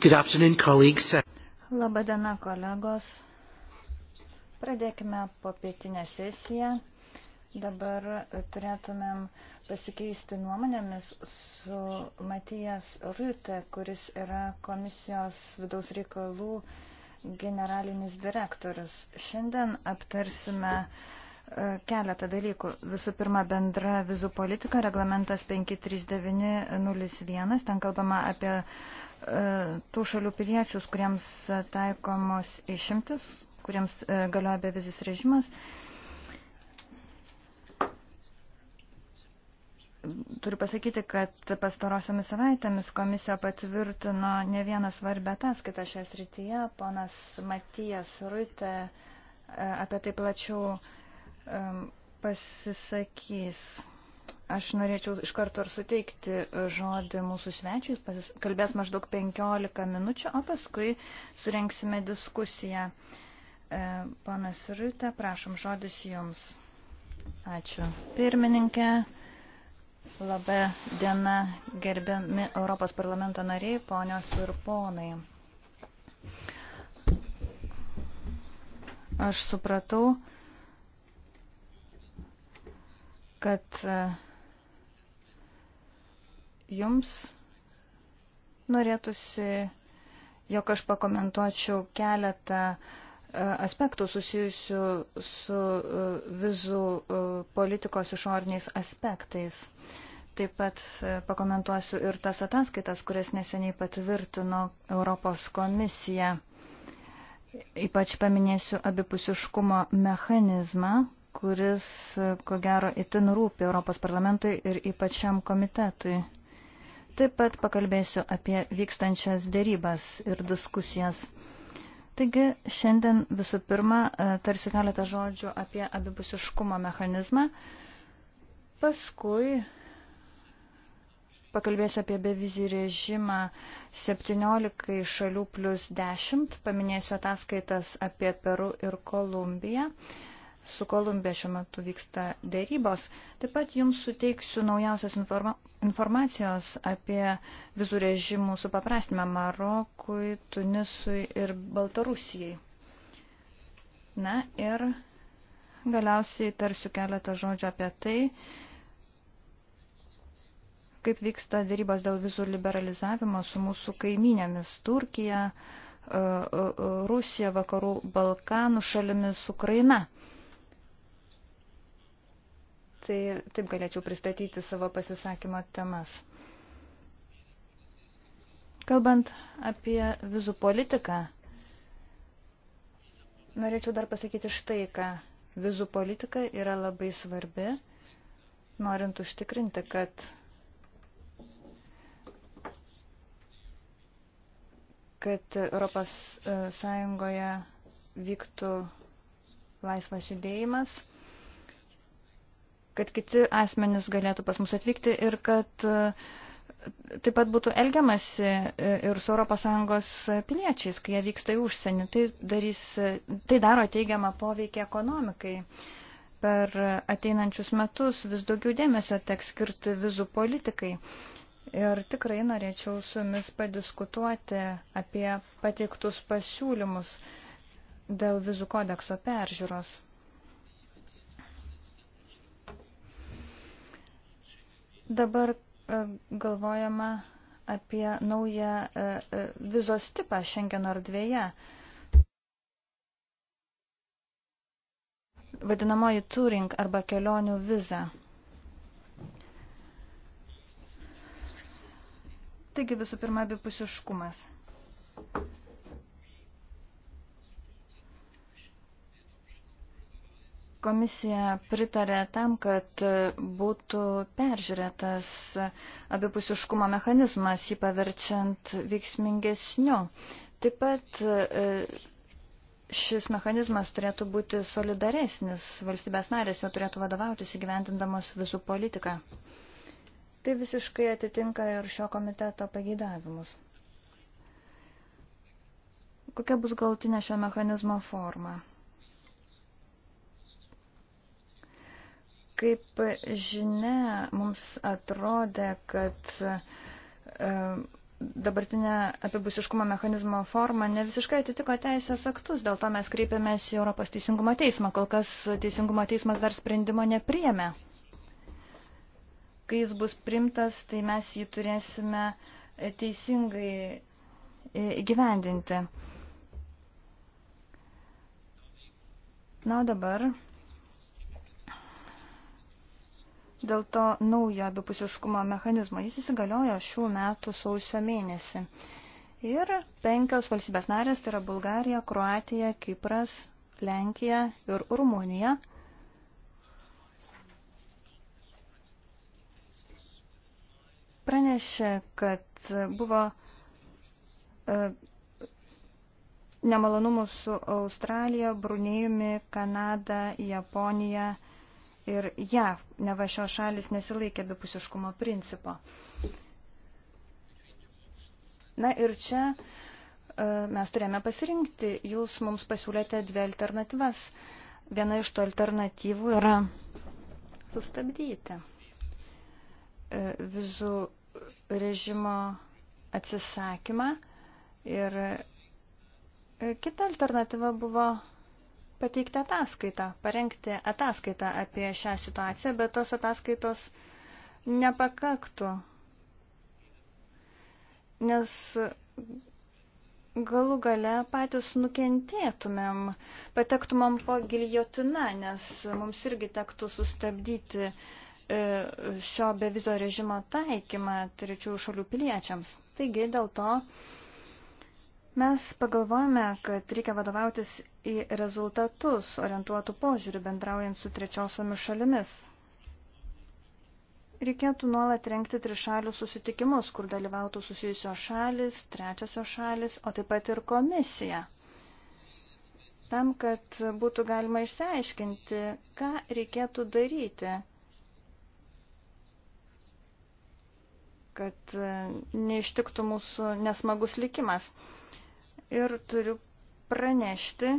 Good afternoon, colleagues. Labadiena, kolegos. Pradėkime popietinę sesiją. Dabar turėtumėm pasikeisti nuomonėmis su Matijas Rute, kuris yra komisijos vidaus reikalų generalinis direktorius. Šiandien aptarsime uh, keletą dalykų. Visų pirma, bendra vizų politika, reglamentas 53901, ten kalbama apie e, tų šalių piliečius, kuriems taikomos išimtis, kuriems e, galioja bevizis režimas. Turiu pasakyti, kad pastarosiomis savaitėmis komisija patvirtino ne vieną svarbę ataskaitą šią srityje. Ponas Matijas Ruitė e, apie tai plačiau pasisakys. Aš norėčiau iš karto ir suteikti e, žodį mūsų svečiais, pasis... kalbės maždaug 15 minučių, o paskui surenksime diskusiją. E, Panas Rūtė, prašom žodis jums. Ačiū. Pirmininkė, laba diena, gerbiami Europos parlamento nariai, ponios ir ponai. Aš supratau, kad e, jums norėtųsi, jog aš pakomentuočiau keletą e, aspektų susijusių su e, vizų politikos išorniais aspektais. Taip pat pakomentuosiu ir tas ataskaitas, kurias neseniai patvirtino Europos komisija. Ypač paminėsiu abipusiškumo mechanizmą, kuris, ko gero, itin rūpi Europos parlamentui ir ypač šiam komitetui. Taip pat pakalbėsiu apie vykstančias dėrybas ir diskusijas. Taigi šiandien visų pirma e, tarsiu keletą žodžių apie abipusiškumo mechanizmą, paskui pakalbėsiu apie bevizį režimą 17 šalių plus 10, paminėsiu ataskaitas apie Peru ir Kolumbiją su Kolumbija šiuo metu vyksta dėrybos. Taip pat jums suteiksiu naujausios informa informacijos apie vizų režimų supaprastinimą Marokui, Tunisui ir Baltarusijai. Na ir galiausiai tarsiu keletą žodžių apie tai, kaip vyksta dėrybos dėl vizų liberalizavimo su mūsų kaiminėmis Turkija, e, e, e, Rusija, Vakarų Balkanų šalimis, Ukraina. Tai taip galėčiau pristatyti savo pasisakymo temas. Kalbant apie vizų politiką, norėčiau dar pasakyti štai, ką vizų politika yra labai svarbi, norint užtikrinti, kad kad Europos e, Sąjungoje vyktų laisvas judėjimas – kad kiti asmenys galėtų pas mus atvykti ir kad e, taip pat būtų elgiamasi e, ir su ES piliečiais, kai jie vyksta į užsienį. Tai, darys, tai daro teigiamą poveikį ekonomikai. Per ateinančius metus vis daugiau dėmesio teks skirti vizų politikai. Ir tikrai norėčiau su jumis padiskutuoti apie pateiktus pasiūlymus dėl vizų kodekso peržiūros. Dabar e, galvojama apie naują e, e, vizos tipą Schengeno erdvėje. Vadinamoji touring arba kelionių viza. Taigi visų pirma abipusiškumas. Komisija pritarė tam, kad būtų peržiūrėtas abipusiškumo mechanizmas, jį paverčiant veiksmingesniu. Taip pat e, šis mechanizmas turėtų būti solidaresnis, valstybės narės jo turėtų vadovautis įgyvendindamos visų politiką. Tai visiškai atitinka ir šio komiteto pageidavimus. Kokia bus galtinė šio mechanizmo forma? Kaip žinia, mums atrodė, kad e, dabartinė apibusiškumo mechanizmo forma ne visiškai atitiko teisės aktus, dėl to mes kreipėmės į Europos teisingumo teismą. Kol kas teisingumo teismas dar sprendimo nepriemė. Kai jis bus primtas, tai mes jį turėsime e, teisingai e, įgyvendinti. Na, o dabar dėl to naujo abipusiškumo mechanizmo. Jis įsigaliojo šių metų sausio mėnesį. Ir penkios valstybės narės, tai yra Bulgarija, Kroatija, Kipras, Lenkija ir Rumunija, pranešė, kad buvo e, nemalonumų su Australija, Brunėjumi, Kanada, Japonija, ir JAV, neva šios šalis nesilaikė bipusiškumo principo. Na ir čia e, mes turėjome pasirinkti, jūs mums pasiūlėte dvi alternatyvas. Viena iš tų alternatyvų yra sustabdyti e, vizų režimo atsisakymą ir e, kita alternatyva buvo pateikti ataskaitą, parengti ataskaitą apie šią situaciją, bet tos ataskaitos nepakaktų. Nes galų gale patys nukentėtumėm, patektumėm po giljotina, nes mums irgi tektų sustabdyti e, šio bevizo režimo taikymą trečiųjų šalių piliečiams. Taigi dėl to Mes pagalvojame, kad reikia vadovautis į rezultatus orientuotų požiūrių bendraujant su trečiosiomis šalimis. Reikėtų nuolat renkti trišalių susitikimus, kur dalyvautų susijusios šalis, trečiosios šalis, o taip pat ir komisija. Tam, kad būtų galima išsiaiškinti, ką reikėtų daryti, kad neištiktų mūsų nesmagus likimas ir turiu pranešti,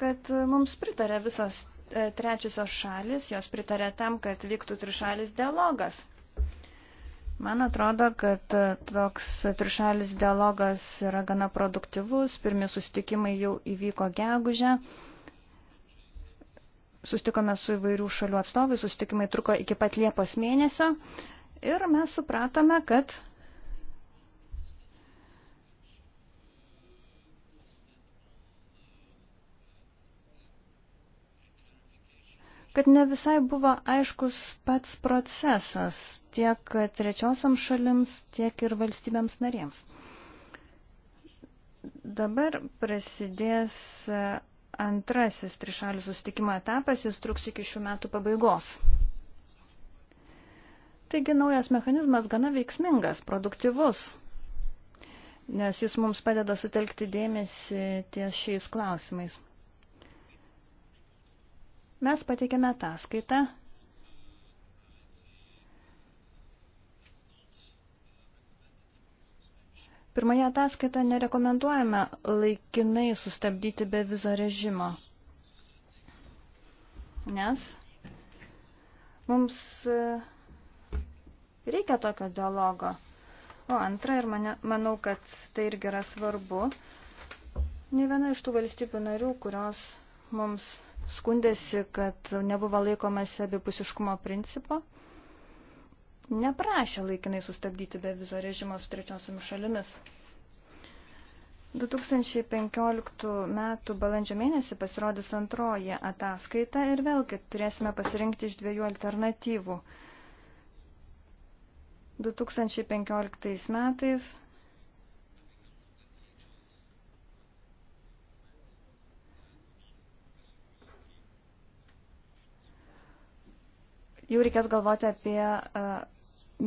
kad mums pritarė visos e, trečiosios šalis, jos pritarė tam, kad vyktų trišalis dialogas. Man atrodo, kad e, toks trišalis dialogas yra gana produktyvus, pirmie susitikimai jau įvyko gegužę. Sustikome su įvairių šalių atstovai, susitikimai truko iki pat Liepos mėnesio ir mes supratome, kad kad ne visai buvo aiškus pats procesas tiek trečiosiam šalims, tiek ir valstybėms narėms. Dabar prasidės antrasis trišalių sustikimo etapas, jis truks iki šių metų pabaigos. Taigi naujas mechanizmas gana veiksmingas, produktyvus, nes jis mums padeda sutelkti dėmesį ties šiais klausimais. Mes pateikėme ataskaitą. Pirmoje ataskaitoje nerekomenduojame laikinai sustabdyti be vizo režimo, nes mums e, reikia tokio dialogo. O antra, ir mane, manau, kad tai irgi yra svarbu, ne viena iš tų valstybių narių, kurios mums skundėsi, kad nebuvo laikomasi abipusiškumo principo, neprašė laikinai sustabdyti be vizo režimo su trečiosiomis šalimis. 2015 m. balandžio mėnesį pasirodys antroji ataskaita ir vėlgi turėsime pasirinkti iš dviejų alternatyvų. 2015 metais jau reikės galvoti apie e,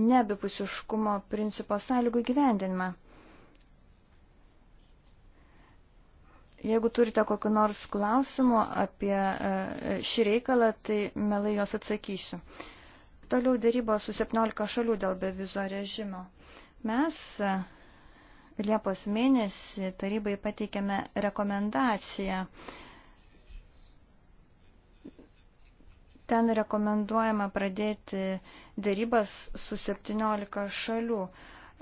nebipusiškumo principo sąlygų įgyvendinimą. Jeigu turite kokiu nors klausimu apie e, šį reikalą, tai melai jos atsakysiu. Toliau dėrybos su 17 šalių dėl bevizo režimo. Mes e, Liepos mėnesį tarybai pateikėme rekomendaciją Ten rekomenduojama pradėti darybas su 17 šalių.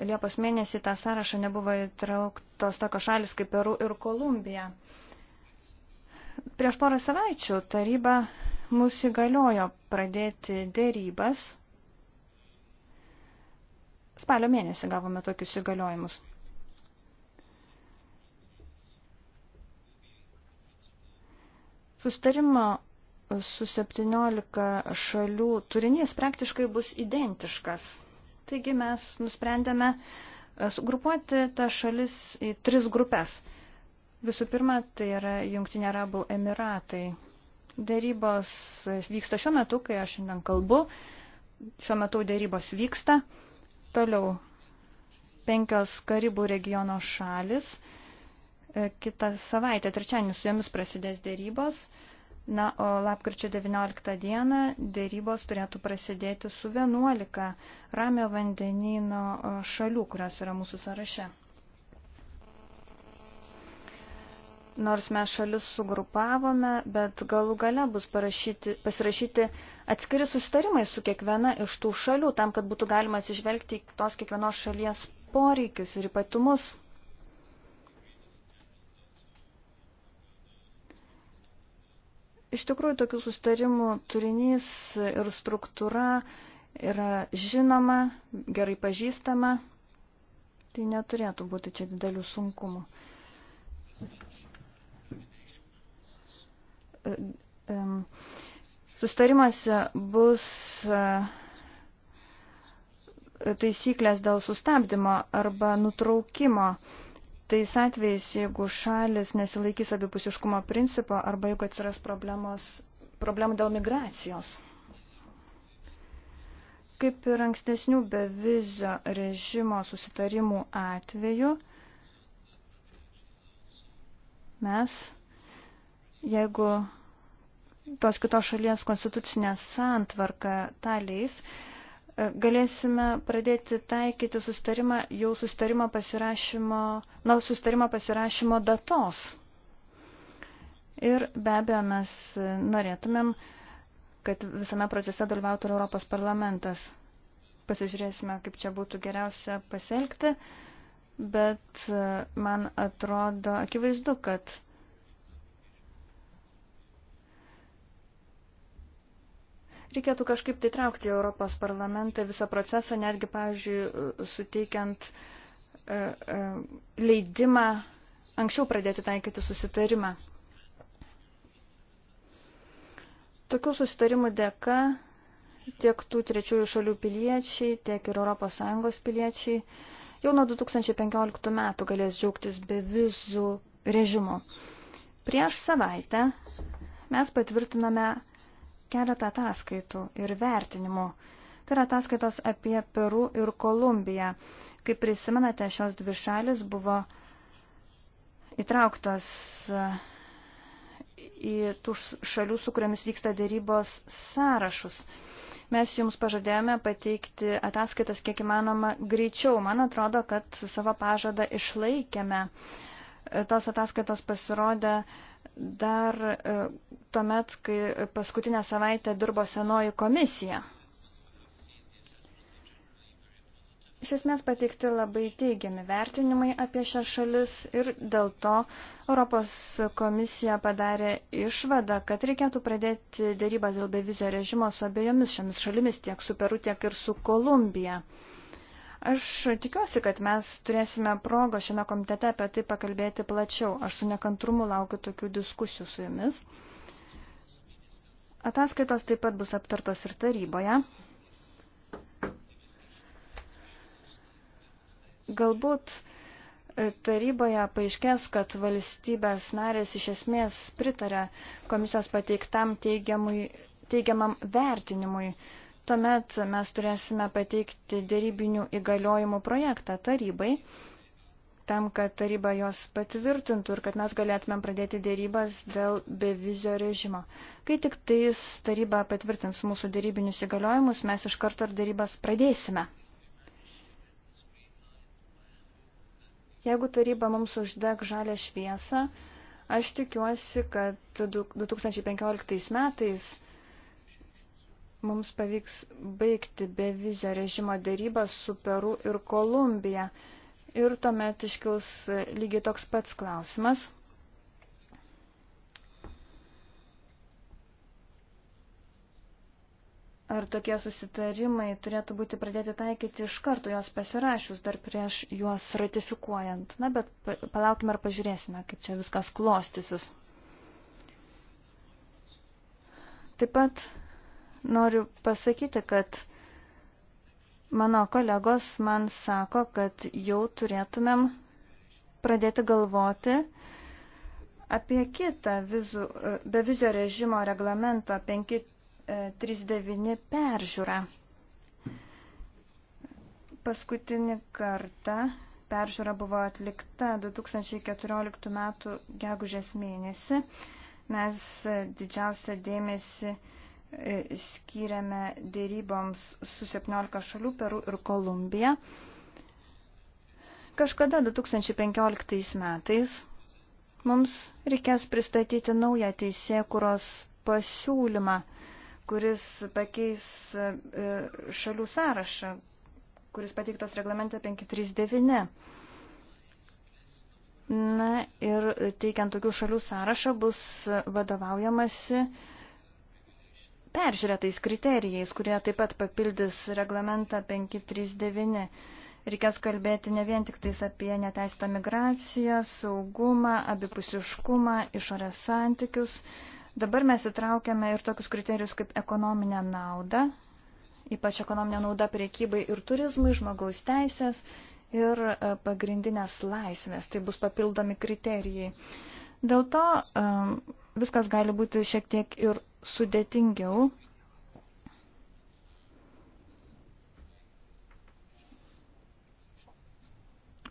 Liepos mėnesį tą sąrašą nebuvo įtrauktos tokios šalis kaip Peru ir Kolumbija. Prieš porą savaičių taryba mus įgaliojo pradėti dėrybas. Spalio mėnesį gavome tokius įgaliojimus. Sustarimo su 17 šalių turinys praktiškai bus identiškas. Taigi mes nusprendėme e, sugrupuoti tą šalis į tris grupės. Visų pirma, tai yra Jungtinė Arabų Emiratai. Dėrybos vyksta šiuo metu, kai aš šiandien kalbu. Šiuo metu dėrybos vyksta. Toliau penkios Karibų regiono šalis. E, Kita savaitė, trečiadienį su jomis prasidės dėrybos. Uh, Na, o lapkričio 19 dieną dėrybos turėtų prasidėti su 11 ramio vandenino šalių, kurios yra mūsų sąraše. Nors mes šalis sugrupavome, bet galų gale bus parašyti, pasirašyti atskiri susitarimai su kiekviena iš tų šalių, tam, kad būtų galima atsižvelgti tos kiekvienos šalies poreikius ir ypatumus. Iš tikrųjų, tokių sustarimų turinys ir struktūra yra žinoma, gerai pažįstama. Tai neturėtų būti čia didelių sunkumų. E, e, sustarimuose bus e, taisyklės dėl sustabdymo arba nutraukimo tais atvejais, jeigu šalis nesilaikys abipusiškumo principo arba jeigu atsiras problemos, problemų dėl migracijos. Kaip ir ankstesnių bevizio režimo susitarimų atveju, mes, jeigu tos kitos šalies konstitucinė santvarka taliais, leis, galėsime pradėti taikyti sustarimą jau sustarimo pasirašymo, nuo sustarimo pasirašymo datos. Ir be abejo mes norėtumėm, kad visame procese dalyvautų ir Europos parlamentas. Pasižiūrėsime, kaip čia būtų geriausia pasielgti, bet man atrodo akivaizdu, kad Reikėtų kažkaip tai traukti Europos parlamentą visą procesą, netgi, pavyzdžiui, suteikiant e, e, leidimą anksčiau pradėti taikyti susitarimą. Tokių susitarimų dėka tiek tų trečiųjų šalių piliečiai, tiek ir ES piliečiai jau nuo 2015 metų galės džiaugtis be vizų režimo. Prieš savaitę mes patvirtiname keletą ataskaitų ir vertinimų. Tai yra ataskaitos apie Peru ir Kolumbiją. Kaip prisimenate, šios dvi šalis buvo įtrauktos e, į tų šalių, su kuriamis vyksta dėrybos sąrašus. Mes jums pažadėjome pateikti ataskaitas kiek įmanoma greičiau. Man atrodo, kad savo pažadą išlaikėme. E, tos ataskaitos pasirodė uh, dar e, tuomet, kai paskutinę savaitę dirbo senoji komisija. Iš esmės pateikti labai teigiami vertinimai apie šią šalis ir dėl to Europos komisija padarė išvadą, kad reikėtų pradėti dėrybas dėl bevizio režimo su abiejomis šiomis šalimis, tiek su Peru, tiek ir su Kolumbija. Aš tikiuosi, kad mes turėsime progą šiame komitete apie tai pakalbėti plačiau. Aš su nekantrumu laukiu tokių diskusijų su jumis. Ataskaitos taip pat bus aptartos ir taryboje. Galbūt e, taryboje paaiškės, kad valstybės narės iš esmės pritarė komisijos pateiktam teigiamui, teigiamam vertinimui Tuomet mes turėsime pateikti dėrybinių įgaliojimų projektą tarybai, tam, kad taryba jos patvirtintų ir kad mes galėtumėm pradėti dėrybas dėl bevizio režimo. Kai tik tais taryba patvirtins mūsų dėrybinius įgaliojimus, mes iš karto ir dėrybas pradėsime. Jeigu taryba mums uždeg žalę šviesą, aš tikiuosi, kad 2015 metais mums pavyks baigti be vizio režimo dėrybas su Peru ir Kolumbija. Ir tuomet iškils lygiai toks pats klausimas. Ar tokie susitarimai turėtų būti pradėti taikyti iš karto jos pasirašius, dar prieš juos ratifikuojant. Na, bet palaukime ir pažiūrėsime, kaip čia viskas klostysis. Taip pat Noriu pasakyti, kad mano kolegos man sako, kad jau turėtumėm pradėti galvoti apie kitą vizų, bevizio režimo reglamento 539 e, peržiūrą. Paskutinį kartą peržiūra buvo atlikta 2014 m. gegužės mėnesį. Mes e, didžiausią dėmesį uh, skiriame dėryboms su 17 šalių Peru ir Kolumbija. Kažkada 2015 metais mums reikės pristatyti naują teisėkuros pasiūlymą, kuris pakeis e, šalių sąrašą, kuris pateiktas reglamente 539. Na ir teikiant tokių šalių sąrašą bus vadovaujamasi uh, peržiūrėtais kriterijais, kurie taip pat papildys reglamentą 539. Reikės kalbėti ne vien tik tais apie neteistą migraciją, saugumą, abipusiškumą, išorės santykius. Dabar mes įtraukiame ir tokius kriterijus kaip ekonominė nauda, ypač ekonominė nauda priekybai ir turizmui, žmogaus teisės ir e, pagrindinės laisvės. Tai bus papildomi kriterijai. Dėl to um, viskas gali būti šiek tiek ir sudėtingiau.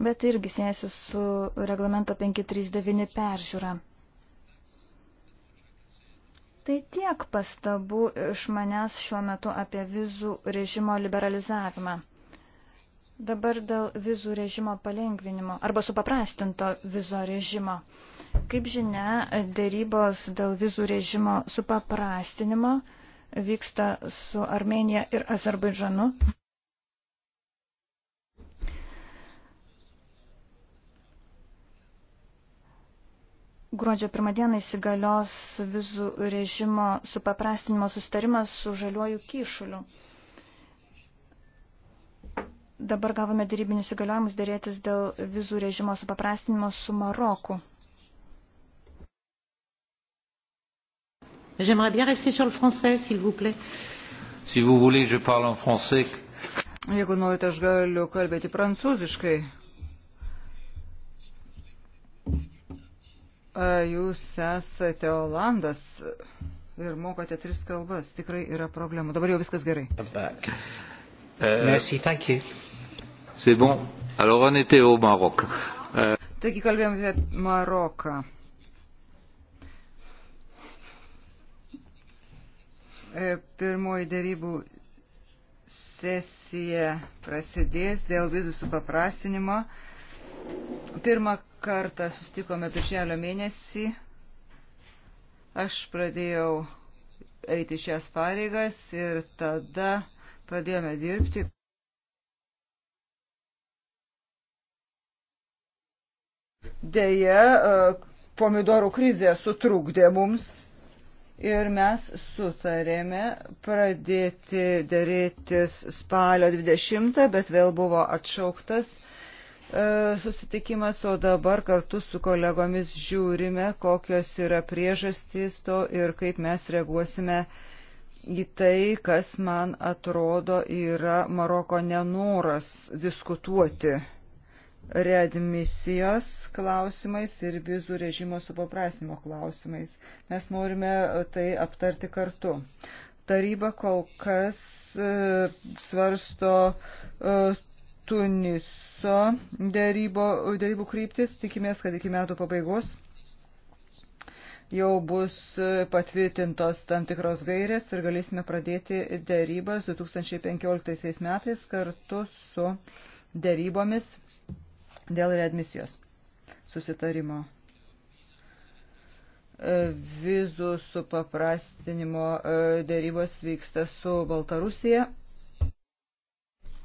Bet tai irgi siejasi su reglamento 539 peržiūra. Tai tiek pastabų iš manęs šiuo metu apie vizų režimo liberalizavimą. Dabar dėl vizų režimo palengvinimo arba supaprastinto vizo režimo. Kaip žinia, dėrybos dėl vizų režimo supaprastinimo vyksta su Armenija ir Azerbaidžanu. Gruodžio pirmą dieną įsigalios vizų režimo supaprastinimo sustarimas su žaliuoju kyšuliu. Dabar gavome dėrybinius įgaliojimus dėrėtis dėl vizų režimo supaprastinimo su Maroku. J'aimerais bien rester sur le français, s'il vous plaît. Si vous voulez, je parle en français. Jeigu norite, aš galiu kalbėti prancūziškai. Jūs esate Olandas ir mokate tris kalbas. Tikrai yra problemų. Dabar jau viskas gerai. Uh, Merci, thank you. C'est bon. Alors on était au Maroc. Euh... Taigi kalbėjome apie Maroką. E, pirmoji dėrybų sesija prasidės dėl vizų supaprastinimo. Pirmą kartą sustikome birželio mėnesį. Aš pradėjau eiti šias pareigas ir tada pradėjome dirbti. Deja, e, pomidorų krizė sutrukdė mums ir mes sutarėme pradėti dėrėtis spalio 20, bet vėl buvo atšauktas e, susitikimas, o dabar kartu su kolegomis žiūrime, kokios yra priežastys to ir kaip mes reaguosime į tai, kas man atrodo yra Maroko nenoras diskutuoti readmisijos klausimais ir vizų režimo supaprasnimo klausimais. Mes norime tai aptarti kartu. Taryba kol kas e, svarsto e, Tuniso dėrybo, dėrybų kryptis. Tikimės, kad iki metų pabaigos jau bus e, patvirtintos tam tikros gairės ir galėsime pradėti dėrybas 2015 metais kartu su dėrybomis dėl readmisijos susitarimo e, vizų supaprastinimo e, dėrybos vyksta su Baltarusija.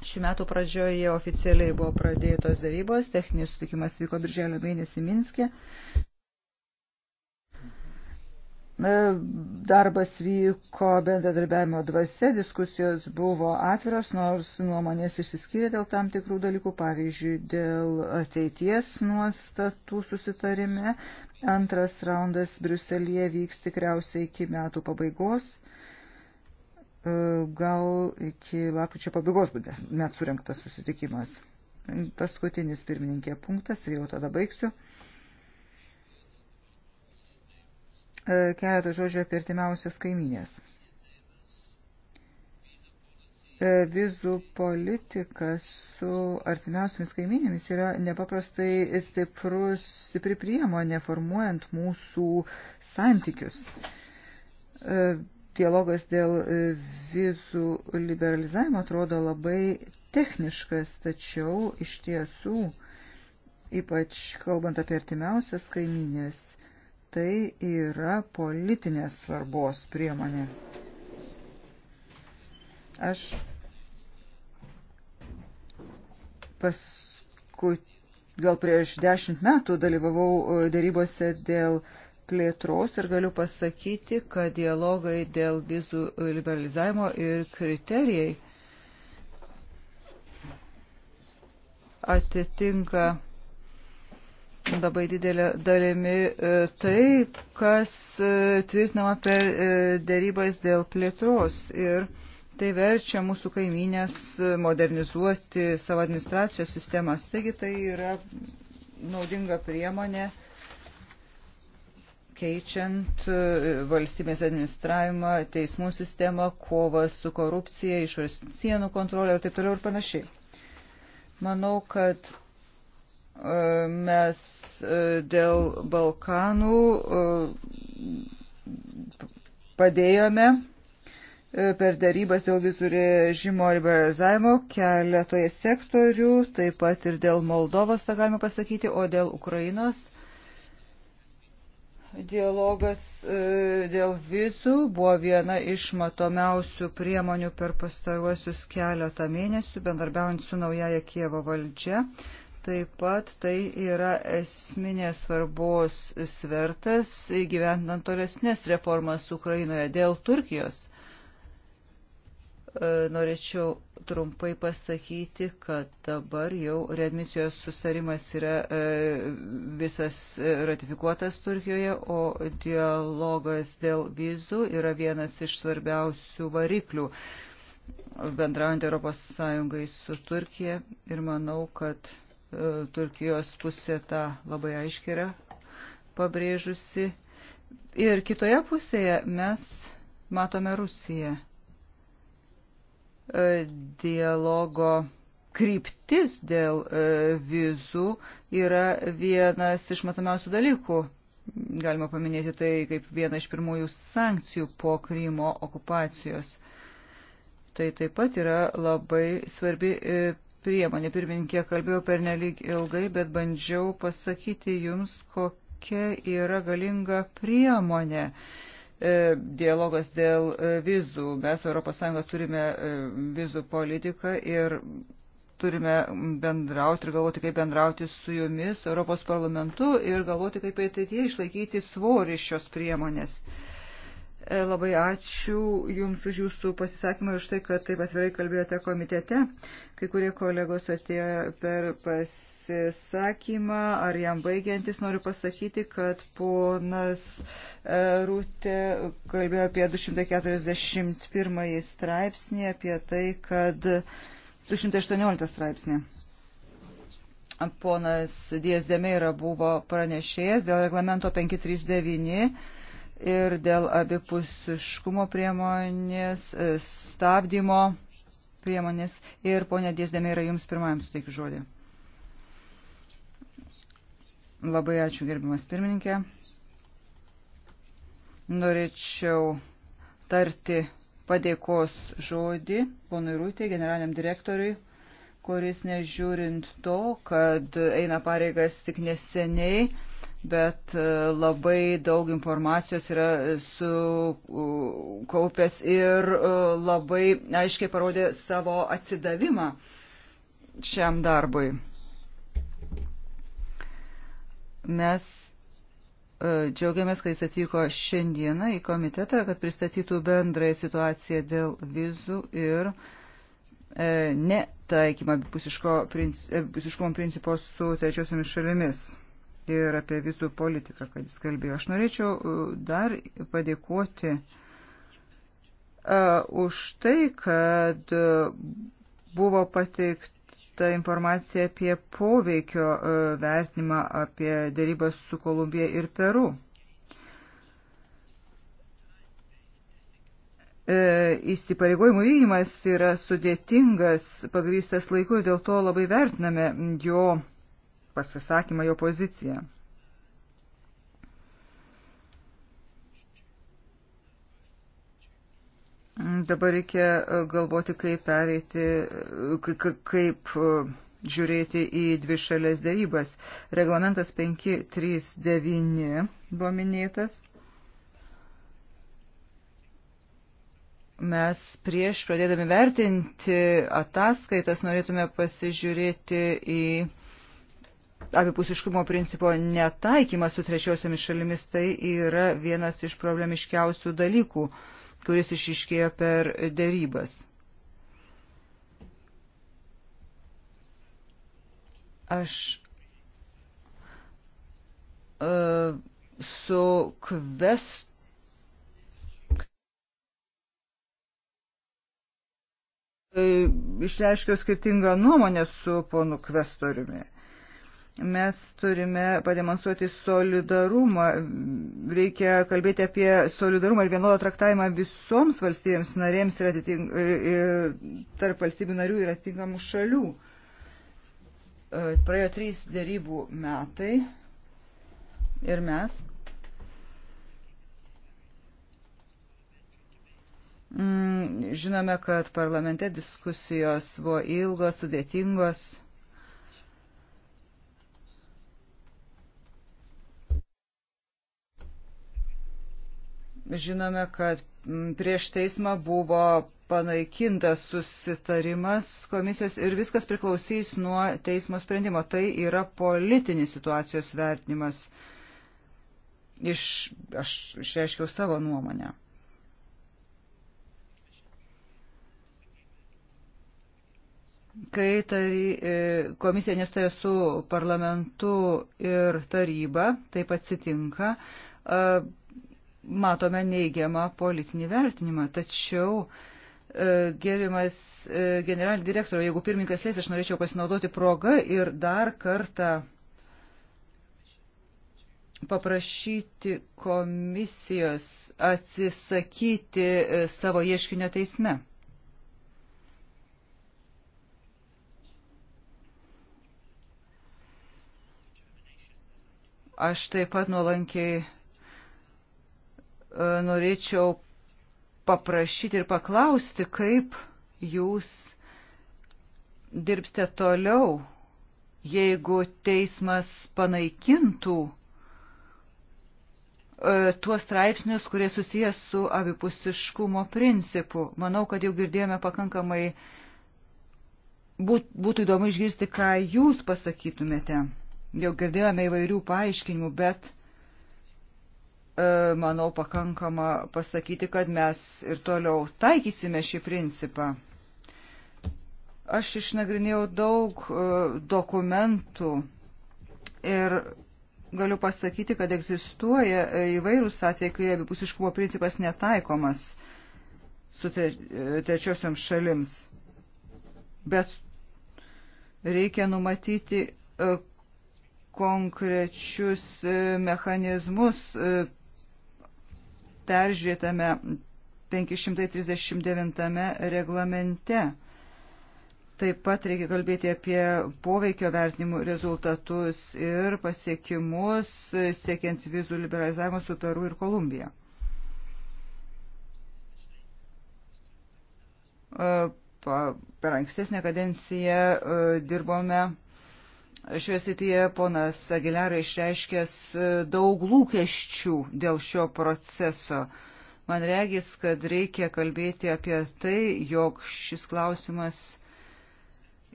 Šiuo metu pradžioje oficialiai buvo pradėtos dėrybos, techninis sutikimas vyko birželio mėnesį Minske. Darbas vyko bendradarbiavimo dvasia, diskusijos buvo atviros, nors nuomonės išsiskyrė dėl tam tikrų dalykų, pavyzdžiui, dėl ateities nuostatų susitarime. Antras raundas Briuselėje vyks tikriausiai iki metų pabaigos, e, gal iki lapkričio pabaigos būdės net surinktas susitikimas. Paskutinis pirmininkė punktas ir jau tada baigsiu. E, keletą žodžių apie artimiausias kaiminės. E, vizų politika su artimiausiamis kaiminėmis yra nepaprastai stiprus, stipri priemonė formuojant mūsų santykius. E, dialogas dėl vizų liberalizavimo atrodo labai techniškas, tačiau iš tiesų, ypač kalbant apie artimiausias kaiminės, tai yra politinės svarbos priemonė. Aš paskui, gal prieš dešimt metų dalyvavau e, darybose dėl plėtros ir galiu pasakyti, kad dialogai dėl vizų liberalizavimo ir kriterijai atitinka labai didelė dalimi tai, kas e, tvirtinama per e, dėrybas dėl plėtros. Ir tai verčia mūsų kaiminės modernizuoti savo administracijos sistemas. Taigi tai yra naudinga priemonė keičiant valstybės administravimą, teismų sistemą, kovą su korupcija, išorės sienų kontrolę ir taip toliau ir panašiai. Manau, kad E, mes e, dėl Balkanų e, padėjome per darybas dėl vizų režimo liberalizavimo keletoje sektorių, taip pat ir dėl Moldovos, tą galima pasakyti, o dėl Ukrainos dialogas dėl vizų buvo viena iš matomiausių priemonių per pastaruosius keletą mėnesių, bendarbiaujant su naujaja Kievo valdžia. Taip pat tai yra esminės svarbos svertas gyventant tolesnės reformas Ukrainoje dėl Turkijos. E, norėčiau trumpai pasakyti, kad dabar jau readmisijos susarimas yra e, visas e, ratifikuotas Turkijoje, o dialogas dėl vizų yra vienas iš svarbiausių variklių bendraujant Europos Sąjungai su Turkija ir manau, kad E, Turkijos pusė tą labai aiškiai yra pabrėžusi. Ir kitoje pusėje mes matome Rusiją. E, dialogo kryptis dėl e, vizų yra vienas iš matomiausių dalykų. Galima paminėti tai kaip vieną iš pirmųjų sankcijų po Krymo okupacijos. Tai taip pat yra labai svarbi priemonė. Pirmininkė kalbėjau per nelik ilgai, bet bandžiau pasakyti jums, kokia yra galinga priemonė. E, dialogas dėl e, vizų. Mes ES turime e, vizų politiką ir turime bendrauti ir galvoti, kaip bendrauti su jumis, Europos parlamentu ir galvoti, kaip ateityje išlaikyti svorį šios priemonės. E, labai ačiū Jums už Jūsų pasisakymą ir už tai, kad taip atvirai kalbėjote komitete. Kai kurie kolegos atėjo per pasisakymą, ar jam baigiantis noriu pasakyti, kad ponas e, Rūtė kalbėjo apie 241 straipsnį, apie tai, kad 218 straipsnį. Ponas Diezdemė yra buvo pranešėjas dėl reglamento 539 ir dėl abipusiškumo priemonės, e, stabdymo priemonės. Ir ponė Dėsdėmė yra jums pirmajam suteikiu žodį. Labai ačiū gerbimas pirmininkė. Norėčiau tarti padėkos žodį ponui Rūtė, generaliniam direktoriui, kuris nežiūrint to, kad eina pareigas tik neseniai, bet e, labai daug informacijos yra e, sukaupęs ir e, labai aiškiai parodė savo atsidavimą šiam darbui. Mes džiaugiamės, kad jis atvyko šiandieną į komitetą, kad pristatytų bendrąją situaciją dėl vizų ir netaikymą abipusiškumo principo su trečiosiomis šalimis ir apie vizų politiką, kad jis kalbėjo. Aš norėčiau uh, dar padėkoti uh, už tai, kad uh, buvo pateikta informacija apie poveikio vertinimą, apie dėrybas su Kolumbija ir Peru. E, įsipareigojimų vykdymas yra sudėtingas, pagrystas laiku ir dėl to labai vertiname jo pasisakymą, jo poziciją. Dabar reikia e, galvoti, kaip pereiti, kaip e, žiūrėti į dvi šalės dėrybas. Reglamentas 539 buvo minėtas. Mes prieš pradėdami vertinti ataskaitas norėtume pasižiūrėti į abipusiškumo principo netaikymas su trečiosiomis šalimis tai yra vienas iš problemiškiausių dalykų, kuris išiškėjo per dėrybas. Aš uh, su kvestu išreiškiau skirtingą nuomonę su ponu kvestoriumi mes turime pademonstruoti solidarumą. Reikia kalbėti apie solidarumą ir vienodą traktavimą visoms valstybėms narėms ir, atitink, ir tarp valstybių narių ir atitinkamų šalių. E, praėjo trys dėrybų metai ir mes. Mm, žinome, kad parlamente diskusijos buvo ilgos, sudėtingos. Žinome, kad prieš teismą buvo panaikintas susitarimas komisijos ir viskas priklausys nuo teismo sprendimo. Tai yra politinis situacijos vertinimas. Iš, aš išreiškiau savo nuomonę. kai tary, e, komisija nesutarė su parlamentu ir taryba, taip atsitinka, e, matome neigiamą politinį vertinimą. Tačiau, e, gerimas e, generalinį direktorių, jeigu pirmininkas leis, aš norėčiau pasinaudoti progą ir dar kartą paprašyti komisijos atsisakyti e, savo ieškinio teisme. Aš taip pat nuolankiai E, norėčiau paprašyti ir paklausti, kaip jūs dirbste toliau, jeigu teismas panaikintų e, tuos straipsnius, kurie susijęs su abipusiškumo principu. Manau, kad jau girdėjome pakankamai. Būtų įdomu išgirsti, ką jūs pasakytumėte. Jau girdėjome įvairių paaiškinimų, bet E, manau, pakankama pasakyti, kad mes ir toliau taikysime šį principą. Aš išnagrinėjau daug e, dokumentų ir galiu pasakyti, kad egzistuoja e, įvairūs atvejai, kai abipusiškumo principas netaikomas su trečiosiom šalims. Bet reikia numatyti konkrečius mechanizmus peržiūrėtame 539 reglamente. Taip pat reikia kalbėti apie poveikio vertinimų rezultatus ir pasiekimus siekiant vizų liberalizavimo su Peru ir Kolumbija. Per ankstesnę kadenciją dirbome Šioje srityje ponas Aguilera išreiškęs e, daug lūkesčių dėl šio proceso. Man regis, kad reikia kalbėti apie tai, jog šis klausimas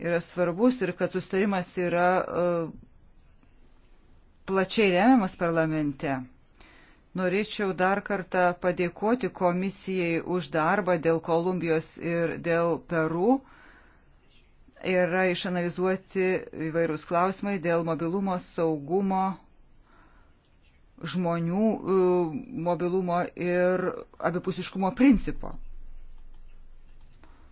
yra svarbus ir kad sustarimas yra e, plačiai remiamas parlamente. Norėčiau dar kartą padėkoti komisijai už darbą dėl Kolumbijos ir dėl Peru. Uh, yra išanalizuoti įvairūs klausimai dėl mobilumo, saugumo, žmonių e, mobilumo ir abipusiškumo principo.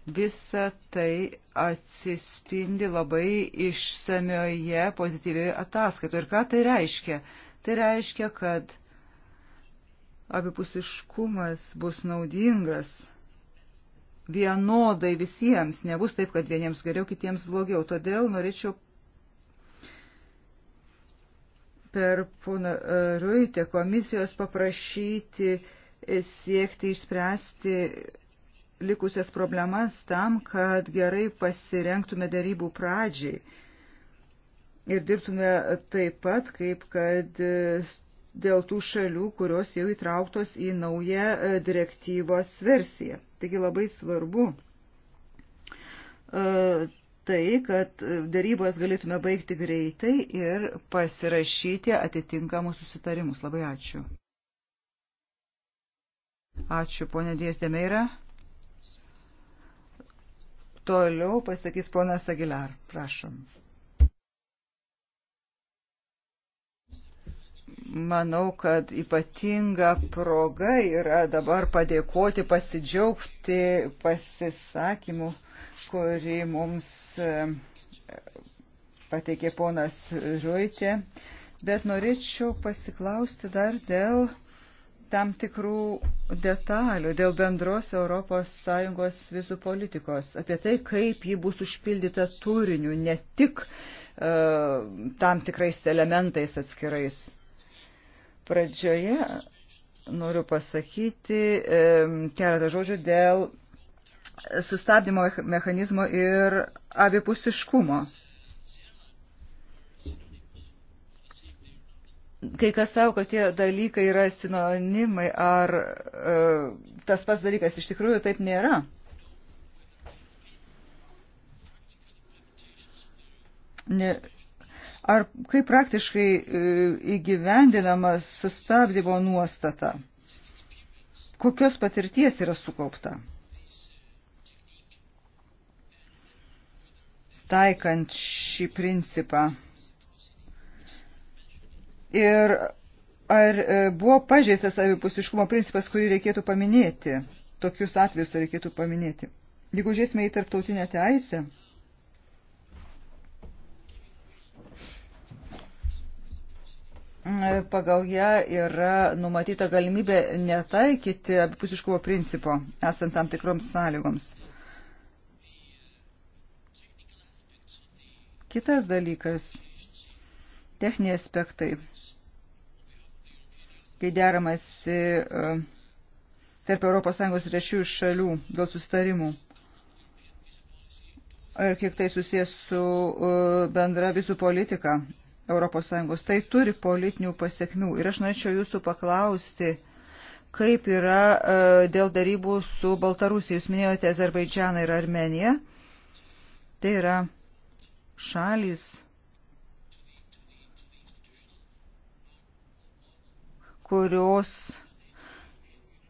Visa tai atsispindi labai išsamioje pozityvioje ataskaitoje. Ir ką tai reiškia? Tai reiškia, kad abipusiškumas bus naudingas vienodai visiems, nebus taip, kad vieniems geriau, kitiems blogiau. Todėl norėčiau per poną e, Ruitę komisijos paprašyti e, siekti išspręsti likusias problemas tam, kad gerai pasirenktume darybų pradžiai ir dirbtume taip pat, kaip kad e, dėl tų šalių, kurios jau įtrauktos į naują e, direktyvos versiją. Taigi labai svarbu e, tai, kad e, darybas galėtume baigti greitai ir pasirašyti atitinkamus susitarimus. Labai ačiū. Ačiū, ponė Dėsdemeira. Toliau pasakys ponas Agilar. Prašom. manau, kad ypatinga proga yra dabar padėkoti, pasidžiaugti pasisakymu, kurį mums e, pateikė ponas Ruitė. Bet norėčiau pasiklausti dar dėl tam tikrų detalių, dėl bendros ES vizų politikos, apie tai, kaip ji bus užpildyta turiniu, ne tik uh, tam tikrais elementais atskirais. Pradžioje noriu pasakyti keletą žodžių dėl sustabdymo mechanizmo ir abipusiškumo. Kai kas savo, kad tie dalykai yra sinonimai, ar e, tas pats dalykas iš tikrųjų taip nėra. Ne, Ar kaip praktiškai e, įgyvendinama sustabdymo nuostata? Kokios patirties yra sukaupta? Taikant šį principą. Ir ar e, buvo pažeistas abipusiškumo principas, kurį reikėtų paminėti? Tokius atvejus reikėtų paminėti. Jeigu žiūrėsime į tarptautinę teisę, pagal ją yra numatyta galimybė netaikyti abipusiškumo principo, esant tam tikroms sąlygoms. Kitas dalykas – techniniai aspektai. Kai deramasi e, tarp ES rečiųjų šalių dėl sustarimų, ir kiek tai susijęs su e, bendra visų politika ES. Tai turi politinių pasiekmių. Ir aš norėčiau jūsų paklausti, kaip yra e, dėl darybų su Baltarusija. Jūs minėjote Azerbaidžianą ir Armeniją. Tai yra šalis, kurios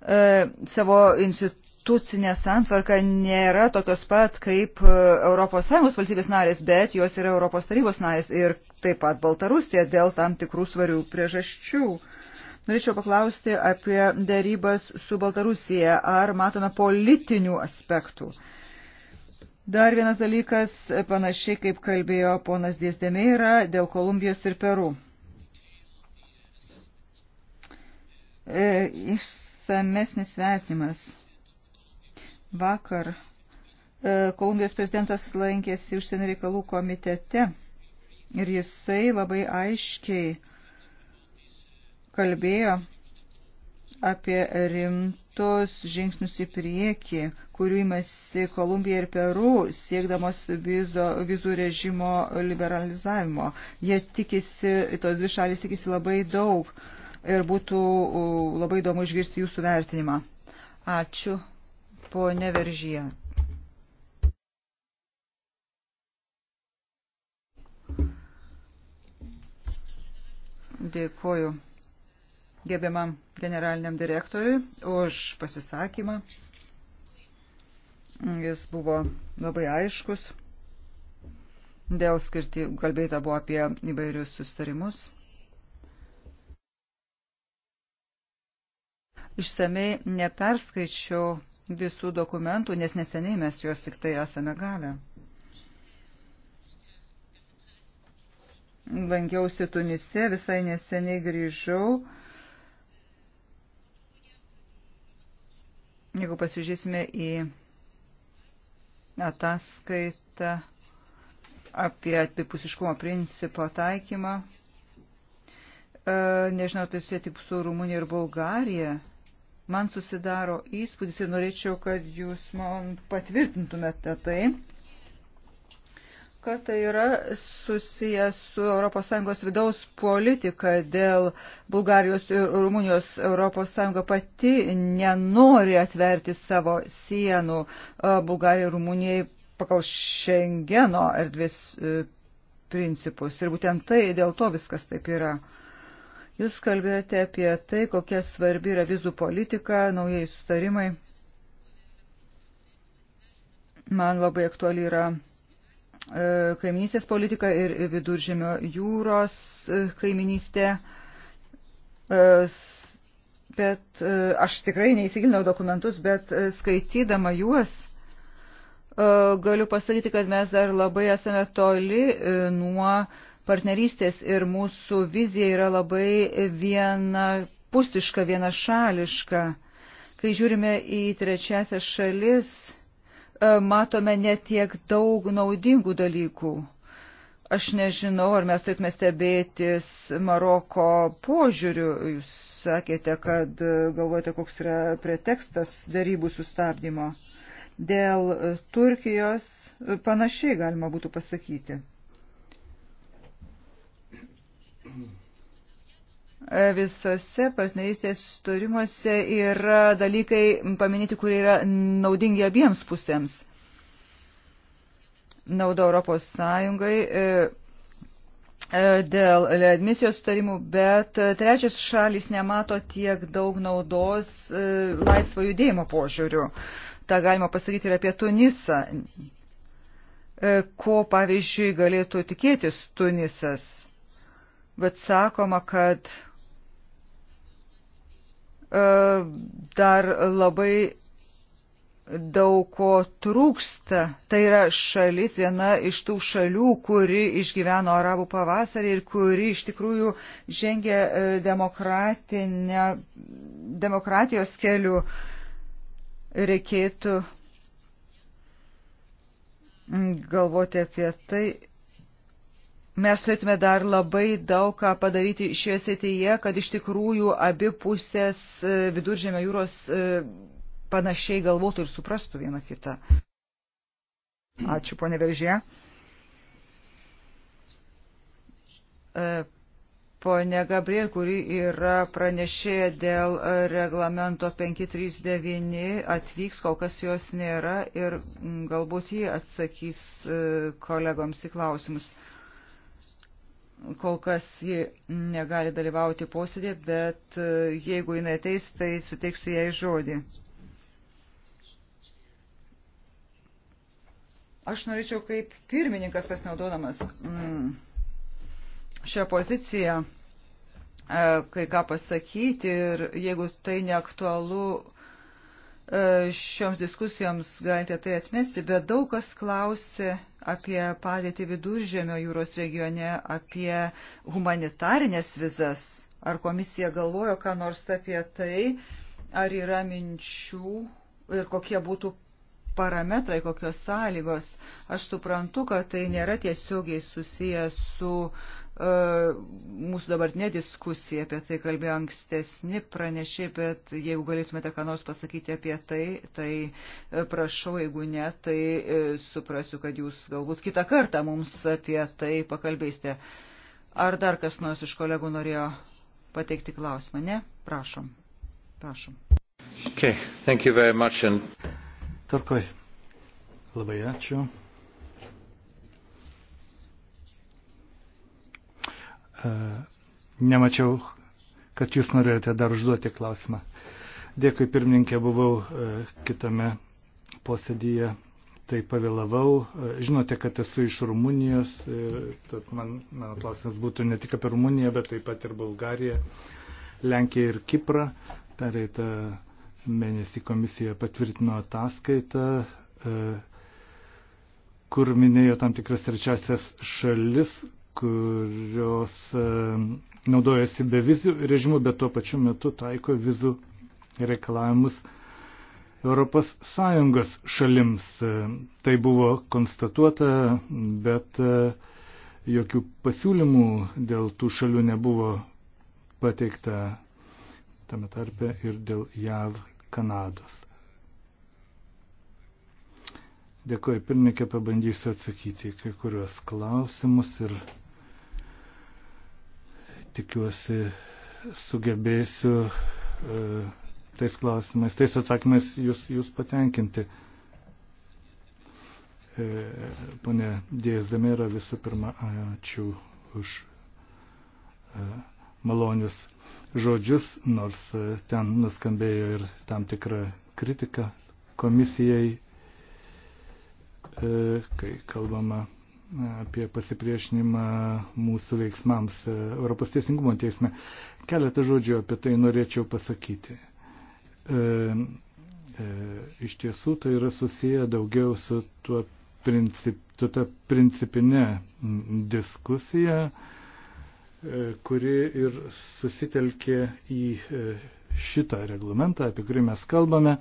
e, savo institucinę santvarką nėra tokios pat kaip ES valstybės narės, bet jos yra ES tarybos narės. Ir taip pat Baltarusija dėl tam tikrų svarių priežasčių. Norėčiau paklausti apie dėrybas su Baltarusija, ar matome politinių aspektų. Dar vienas dalykas, panašiai kaip kalbėjo ponas Dėsdemeira, dėl Kolumbijos ir Peru. E, išsamesnis vertinimas. Vakar e, Kolumbijos prezidentas lankėsi užsienio reikalų komitete Ir jisai labai aiškiai kalbėjo apie rimtus žingsnius į priekį, kurių imasi Kolumbija ir Peru siekdamos vizo, vizų režimo liberalizavimo. Jie tikisi, tos dvi šalis tikisi labai daug ir būtų labai įdomu išgirsti jūsų vertinimą. Ačiū, ponė Veržyje. Dėkuoju gerbiamam generaliniam direktoriui už pasisakymą. Jis buvo labai aiškus. Dėl skirti, kalbėta buvo apie įvairius sustarimus. Išsamei neperskaičiau visų dokumentų, nes neseniai mes juos tik tai esame gavę. lankiausi Tunise, visai neseniai grįžau. Jeigu pasižiūrėsime į ataskaitą apie apipusiškumo principo taikymą, e, nežinau, tai susiję tik su Rumunija ir Bulgarija, man susidaro įspūdis ir norėčiau, kad jūs man patvirtintumėte tai kad tai yra susijęs su ES vidaus politika dėl Bulgarijos ir Rumunijos ES pati nenori atverti savo sienų Bulgarijai ir Rumunijai pagal Šengeno erdvės e, principus. Ir būtent tai dėl to viskas taip yra. Jūs kalbėjote apie tai, kokia svarbi yra vizų politika, naujai sustarimai. Man labai aktuali yra E, kaiminystės politika ir viduržėmio jūros e, kaiminystė. E, bet aš tikrai neįsigilinau dokumentus, bet skaitydama juos galiu pasakyti, kad mes dar labai esame toli nuo partnerystės ir mūsų vizija yra labai vienapusiška, vienašališka. Kai žiūrime į trečiasias šalis, E, matome netiek daug naudingų dalykų. Aš nežinau, ar mes turėtume stebėtis Maroko požiūriu. Jūs sakėte, kad e, galvojate, koks yra pretekstas darybų sustabdymo. Dėl Turkijos e, panašiai galima būtų pasakyti. visose partnerystės sutarimuose yra dalykai paminėti, kurie yra naudingi abiems pusėms. Nauda Europos Sąjungai e, e, dėl admisijos sutarimų, bet trečias šalis nemato tiek daug naudos e, laisvo judėjimo požiūrių. Ta galima pasakyti ir apie Tunisą. Ko, pavyzdžiui, galėtų tikėtis Tunisas? Bet sakoma, kad E, dar labai daug ko trūksta. Tai yra šalis, viena iš tų šalių, kuri išgyveno arabų pavasarį ir kuri iš tikrųjų žengia e, demokratijos keliu. Reikėtų galvoti apie tai mes turėtume dar labai daug ką padaryti šioje srityje, kad iš tikrųjų abi pusės e, viduržėmio jūros e, panašiai galvotų ir suprastų vieną kitą. Ačiū, ponė Veržė. E, Pone Gabriel, kuri yra pranešėja dėl reglamento 539, atvyks, kol kas jos nėra ir galbūt jie atsakys kolegoms į klausimus kol kas ji negali dalyvauti posėdė, bet e, jeigu jinai ateis, tai suteiksiu jai žodį. Aš norėčiau kaip pirmininkas pasinaudodamas mm, šią poziciją, e, kai ką pasakyti ir jeigu tai neaktualu E, šioms diskusijoms galite tai atmesti, bet daug kas klausė apie padėtį viduržėmio jūros regione, apie humanitarinės vizas. Ar komisija galvojo, ką nors apie tai, ar yra minčių ir kokie būtų parametrai, kokios sąlygos. Aš suprantu, kad tai nėra tiesiogiai susijęs su uh, E, mūsų dabartinė diskusija, apie tai kalbėjo ankstesni pranešiai, bet jeigu galėtumėte ką nors pasakyti apie tai, tai e, prašau, jeigu ne, tai e, suprasiu, kad jūs galbūt kitą kartą mums apie tai pakalbėsite. Ar dar kas nors iš kolegų norėjo pateikti klausimą? Ne? Prašom. Prašom. Okay, thank you very much. And... Tarkoj. Labai ačiū. E, nemačiau, kad jūs norėjote dar užduoti klausimą. Dėkui pirmininkė, buvau e, kitame posėdyje, tai pavėlavau. E, žinote, kad esu iš Rumunijos, tad man, mano klausimas būtų ne tik apie Rumuniją, bet taip pat ir Bulgariją, Lenkiją ir Kiprą. Pereitą mėnesį komisija patvirtino ataskaitą kur minėjo tam tikras trečiasias šalis, kurios e, naudojasi be vizų režimu, bet tuo pačiu metu taiko vizų reikalavimus Europos Sąjungos šalims. E, tai buvo konstatuota, bet e, jokių pasiūlymų dėl tų šalių nebuvo pateikta tame tarpe ir dėl JAV Kanados. Dėkuoju, pirmininkė, pabandysiu atsakyti kai kuriuos klausimus ir Tikiuosi sugebėsiu e, tais klausimais, tais atsakymais jūs, jūs patenkinti. E, pone Dėsdemėra, visų pirma, ačiū už e, malonius žodžius, nors ten nuskambėjo ir tam tikra kritika komisijai, kai kalbama apie pasipriešinimą mūsų veiksmams e, Europos Teisingumo teisme. Keletą žodžių apie tai norėčiau pasakyti. E, e, iš tiesų tai yra susiję daugiau su tuo princip, tu ta principinė diskusija, e, kuri ir susitelkė į e, šitą reglamentą, apie kurį mes kalbame.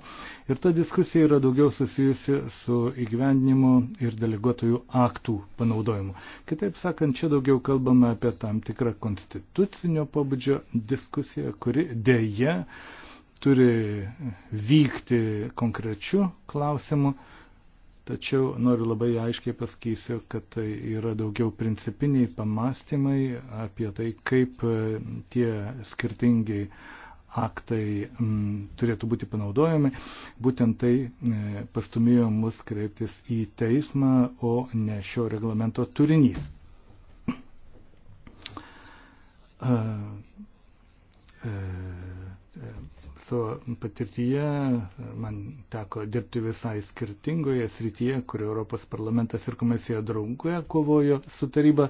Ir ta diskusija yra daugiau susijusi su įgyvendinimu ir deleguotojų aktų panaudojimu. Kitaip sakant, čia daugiau kalbame apie tam tikrą konstitucinio pobūdžio diskusiją, kuri dėje turi vykti konkrečių klausimų. Tačiau noriu labai aiškiai pasakysiu, kad tai yra daugiau principiniai pamastymai apie tai, kaip tie skirtingi uh, aktai m, mm, turėtų būti panaudojami. Būtent tai e, pastumėjo mus kreiptis į teismą, o ne šio reglamento turinys. E, e, savo patirtyje man teko dirbti visai skirtingoje srityje, kur Europos parlamentas ir komisija draugoje kovojo su taryba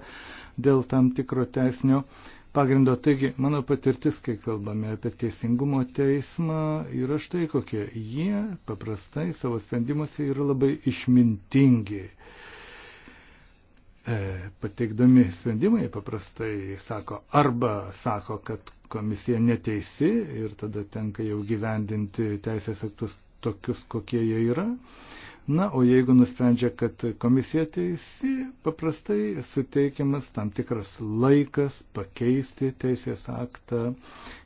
dėl tam tikro teisnio pagrindo. Taigi, mano patirtis, kai kalbame apie teisingumo teismą, yra štai kokie. Jie paprastai savo sprendimuose yra labai išmintingi. E, pateikdami sprendimai paprastai sako arba sako, kad komisija neteisi ir tada tenka jau gyvendinti teisės aktus tokius, kokie jie yra. E, Na, o jeigu nusprendžia, kad komisija teisi, paprastai suteikiamas tam tikras laikas pakeisti teisės aktą,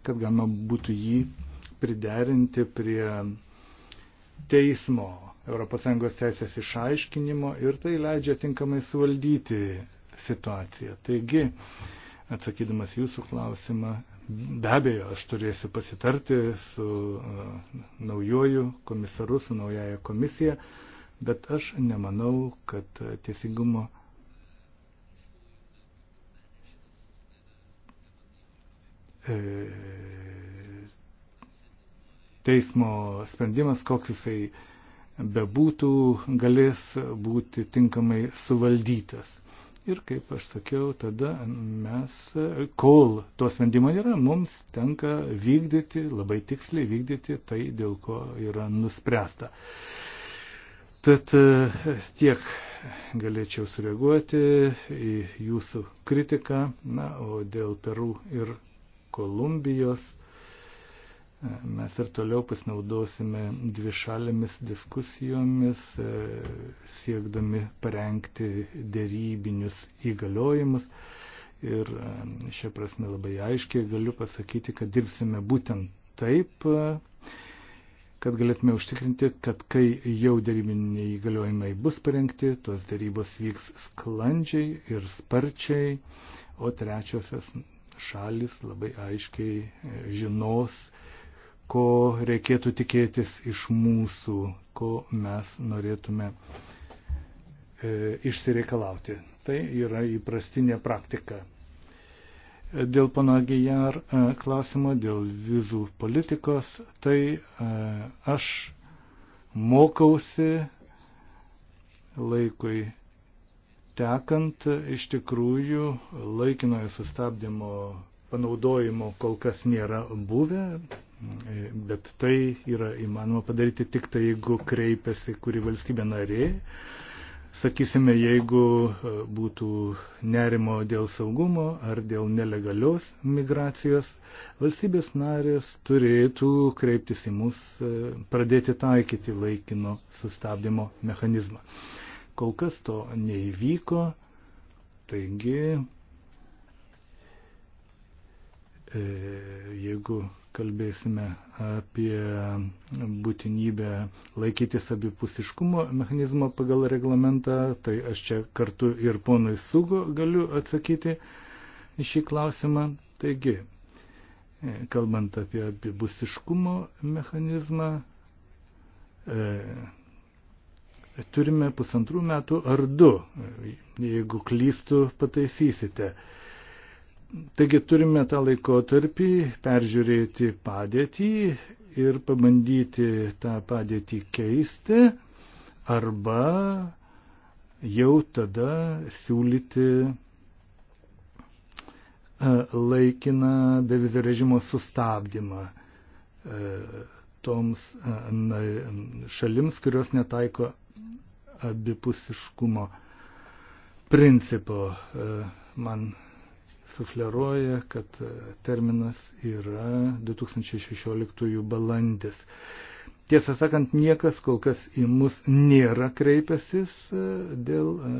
kad galima būtų jį priderinti prie teismo ES teisės išaiškinimo ir tai leidžia tinkamai suvaldyti situaciją. Taigi, atsakydamas jūsų klausimą, Be abejo, aš turėsiu pasitarti su e, naujoju komisaru, su naujaja komisija, bet aš nemanau, kad e, teisingumo e, teismo sprendimas, koks jisai bebūtų, galės būti tinkamai suvaldytas. Ir kaip aš sakiau, tada mes, kol to sprendimo yra, mums tenka vykdyti, labai tiksliai vykdyti tai, dėl ko yra nuspręsta. Tad e, tiek galėčiau sureaguoti į jūsų kritiką, na, o dėl Peru ir Kolumbijos mes ir toliau pasinaudosime dvišalėmis diskusijomis, e, siekdami parengti dėrybinius įgaliojimus. Ir e, šia prasme labai aiškiai galiu pasakyti, kad dirbsime būtent taip, e, kad galėtume užtikrinti, kad kai jau dėrybiniai įgaliojimai bus parengti, tos dėrybos vyks sklandžiai ir sparčiai, o trečiosios šalis labai aiškiai žinos, ko reikėtų tikėtis iš mūsų, ko mes norėtume e, išsireikalauti. Tai yra įprastinė praktika. E, dėl panagijar e, klausimo, dėl vizų politikos, tai e, aš mokausi laikui tekant, iš tikrųjų laikinojo sustabdymo panaudojimo kol kas nėra buvę, Bet tai yra įmanoma padaryti tik tai, jeigu kreipiasi kuri valstybė narė. Sakysime, jeigu e, būtų nerimo dėl saugumo ar dėl nelegalios migracijos, valstybės narės turėtų kreiptis į mus, e, pradėti taikyti laikino sustabdymo mechanizmą. Kol kas to neįvyko, taigi E, jeigu kalbėsime apie būtinybę laikytis abipusiškumo mechanizmo pagal reglamentą, tai aš čia kartu ir ponui Sugo galiu atsakyti į šį klausimą. Taigi, e, kalbant apie abipusiškumo mechanizmą, e, turime pusantrų metų ar du, e, jeigu klystų, pataisysite. E, Taigi turime tą laikotarpį peržiūrėti padėtį ir pabandyti tą padėtį keisti arba jau tada siūlyti e, laikiną bevizio režimo sustabdymą e, toms e, šalims, kurios netaiko abipusiškumo principo. Man sufleruoja, kad terminas yra 2016 balandis. Tiesą sakant, niekas kol kas į mus nėra kreipiasis e, dėl e,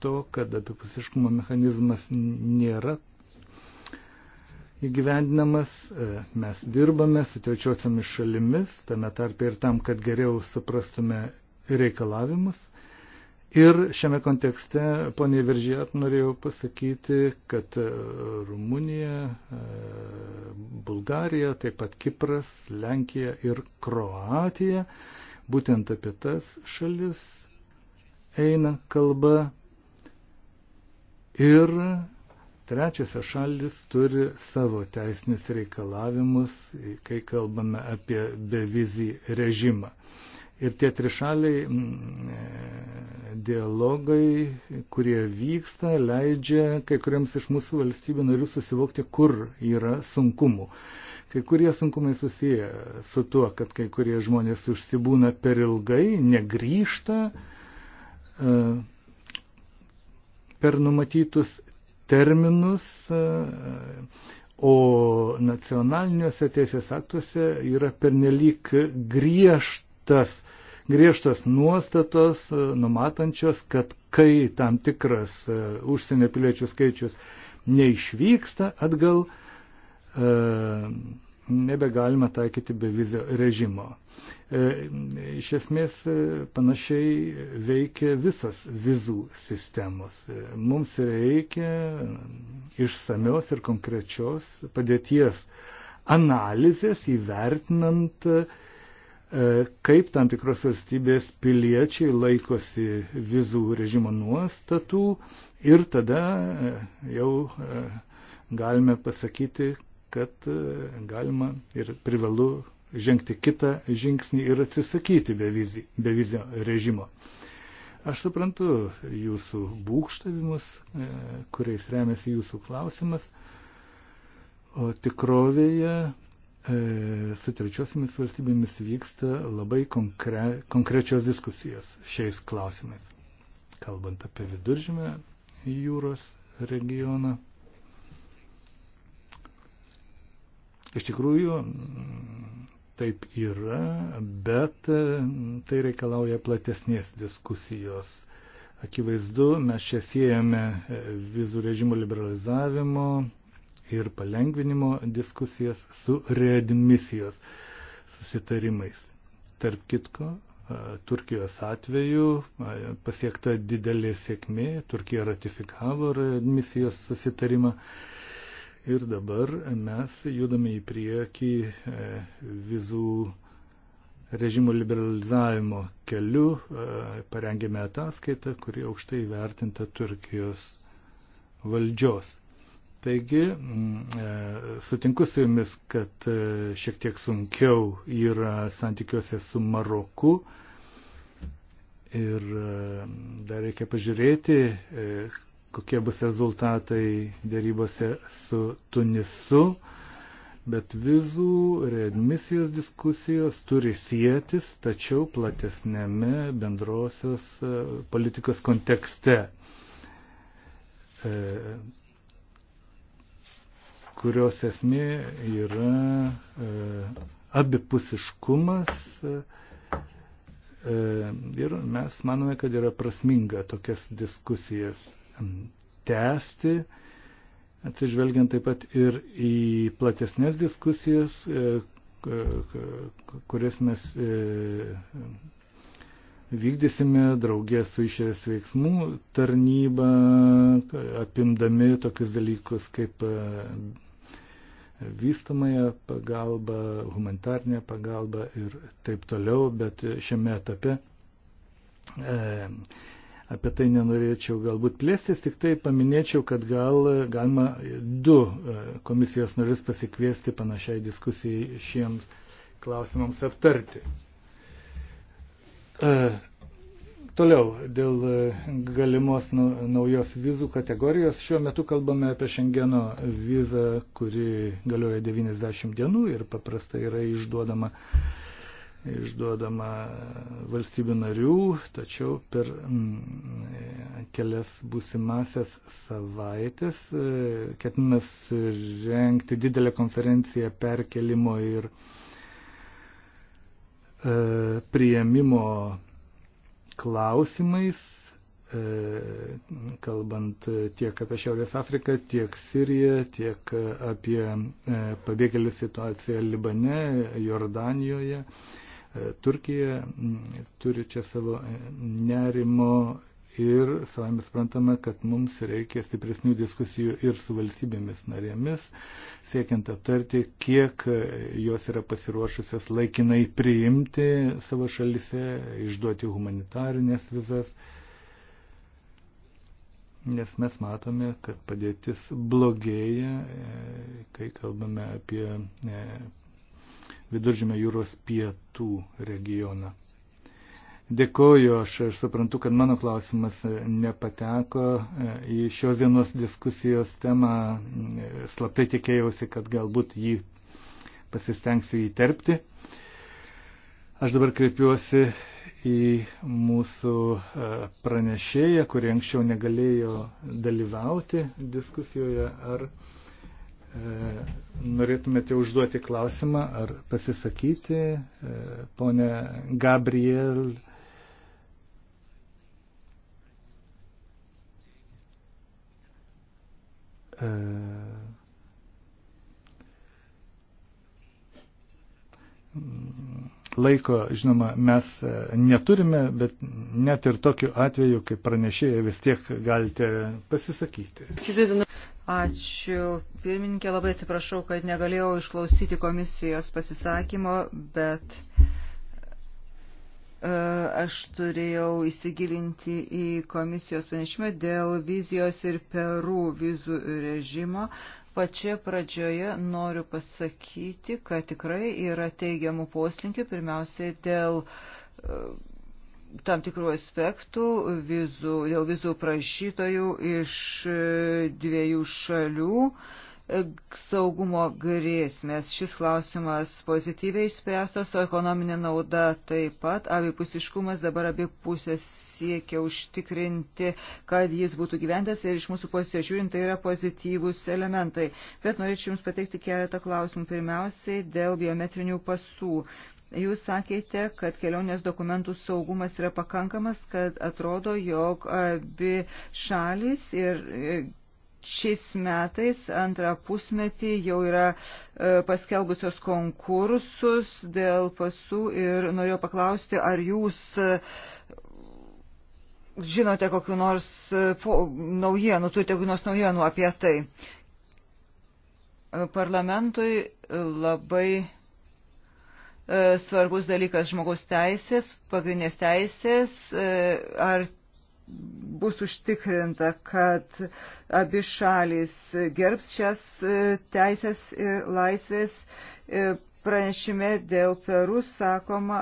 to, kad apipusiškumo mechanizmas nėra įgyvendinamas. E, mes dirbame su trečiosiomis šalimis, tame tarpe ir tam, kad geriau suprastume reikalavimus Ir šiame kontekste, ponė Veržijat, norėjau pasakyti, kad e, Rumunija, e, Bulgarija, taip pat Kipras, Lenkija ir Kroatija, būtent apie tas šalis eina kalba. Ir trečiosios šalis turi savo teisinius reikalavimus, kai kalbame apie bevizį režimą. Ir tie trišaliai e, dialogai, kurie vyksta, leidžia kai kuriems iš mūsų valstybių narių susivokti, kur yra sunkumų. Kai kurie sunkumai susiję su tuo, kad kai kurie žmonės užsibūna per ilgai, negryžta e, per numatytus terminus, e, o nacionaliniuose teisės aktuose yra pernelyg griežtas griežtas nuostatos, e, numatančios, kad kai tam tikras e, užsienio piliečių skaičius neišvyksta atgal, e, nebegalima taikyti bevizio režimo. Iš esmės panašiai veikia visos vizų sistemos. Mums reikia išsamios ir konkrečios padėties analizės įvertinant uh, E, kaip tam tikros valstybės piliečiai laikosi vizų režimo nuostatų ir tada e, jau e, galime pasakyti, kad galima ir privalu žengti kitą žingsnį ir atsisakyti bevizio be režimo. Aš suprantu jūsų būkštavimus, kuriais remiasi jūsų klausimas, o tikrovėje E, su trečiosiamis valstybėmis vyksta labai konkre, konkrečios diskusijos šiais klausimais. Kalbant apie viduržymę jūros regioną. Iš tikrųjų, taip yra, bet tai reikalauja platesnės diskusijos. Akivaizdu, mes čia siejame vizų režimo liberalizavimo ir palengvinimo diskusijas su readmisijos susitarimais. Tarp kitko, Turkijos atveju pasiekta didelė sėkmė, Turkija ratifikavo readmisijos susitarimą. Ir dabar mes judame į priekį e, vizų režimo liberalizavimo keliu parengėme ataskaitą, kuri aukštai įvertinta Turkijos valdžios. Taigi, mm, e, sutinku su jumis, kad e, šiek tiek sunkiau yra santykiuose su Maroku. Ir e, dar reikia pažiūrėti, kokie bus rezultatai dėrybose su Tunisu. Bet vizų readmisijos diskusijos turi sėtis, tačiau platesnėme bendrosios politikos kontekste kurios esmė yra e, abipusiškumas e, e, ir mes manome, kad yra prasminga tokias diskusijas tęsti, atsižvelgiant taip pat ir į platesnės diskusijas, e, kurias mes e, vykdysime draugė su išės veiksmų tarnyba, apimdami tokius dalykus kaip e, vystamąją pagalbą, humanitarnę pagalbą ir taip toliau, bet šiame etape e, apie tai nenorėčiau galbūt plėstis, tik tai paminėčiau, kad gal galima du e, komisijos narius pasikviesti panašiai diskusijai šiems klausimams aptarti. E, Toliau, dėl e, galimos naujos vizų kategorijos šiuo metu kalbame apie Šengeno vizą, kuri galioja 90 dienų ir paprastai yra išduodama, išduodama valstybių narių, tačiau per mm, kelias būsimasias savaitės e, ketiname surenkti didelę konferenciją perkelimo ir e, priėmimo klausimais, e, kalbant tiek apie Šiaurės Afriką, tiek Siriją, tiek apie e, pabėgėlių situaciją Libane, Jordanijoje. E, Turkija turi čia savo nerimo ir savame suprantame, kad mums reikia stipresnių diskusijų ir su valstybėmis narėmis, siekiant aptarti, kiek jos yra pasiruošusios laikinai priimti savo šalise, išduoti humanitarinės vizas nes mes matome, kad padėtis blogėja, kai kalbame apie e, viduržymę jūros pietų regioną. Dėkoju, aš, aš suprantu, kad mano klausimas e, nepateko e, į šios dienos diskusijos temą. E, slaptai tikėjausi, kad galbūt jį pasistengsiu įterpti. Aš dabar kreipiuosi į mūsų pranešėją, kuri anksčiau negalėjo dalyvauti diskusijoje. Ar e, norėtumėte užduoti klausimą ar pasisakyti, e, ponė Gabriel? E, Laiko, žinoma, mes e, neturime, bet net ir tokiu atveju, kaip pranešėjai, vis tiek galite pasisakyti. Ačiū. Pirmininkė, labai atsiprašau, kad negalėjau išklausyti komisijos pasisakymo, bet E, aš turėjau įsigilinti į komisijos pranešimą dėl vizijos ir Perų vizų režimo. Pačioje pradžioje noriu pasakyti, kad tikrai yra teigiamų poslinkių, pirmiausiai dėl e, tam tikrų aspektų vizų, dėl vizų prašytojų iš e, dviejų šalių. Uh, saugumo grėsmės. Šis klausimas pozityviai išspręstas, o ekonominė nauda taip pat. Abipusiškumas dabar abi pusės siekia užtikrinti, kad jis būtų gyventas ir iš mūsų pozicijos žiūrint tai yra pozityvūs elementai. Bet norėčiau Jums pateikti keletą klausimų. Pirmiausiai dėl biometrinių pasų. Jūs sakėte, kad kelionės dokumentų saugumas yra pakankamas, kad atrodo, jog abi šalis ir šiais metais antrą pusmetį jau yra e, paskelbusios konkursus dėl pasų ir norėjau paklausti, ar jūs e, žinote kokiu nors e, naujienų, turite kokiu nors naujienų apie tai. Parlamentui labai svarbus dalykas žmogaus teisės, pagrindinės teisės, ar bus užtikrinta, kad abi šalis gerbs šias e, teisės ir laisvės. E, pranešime dėl Perų sakoma,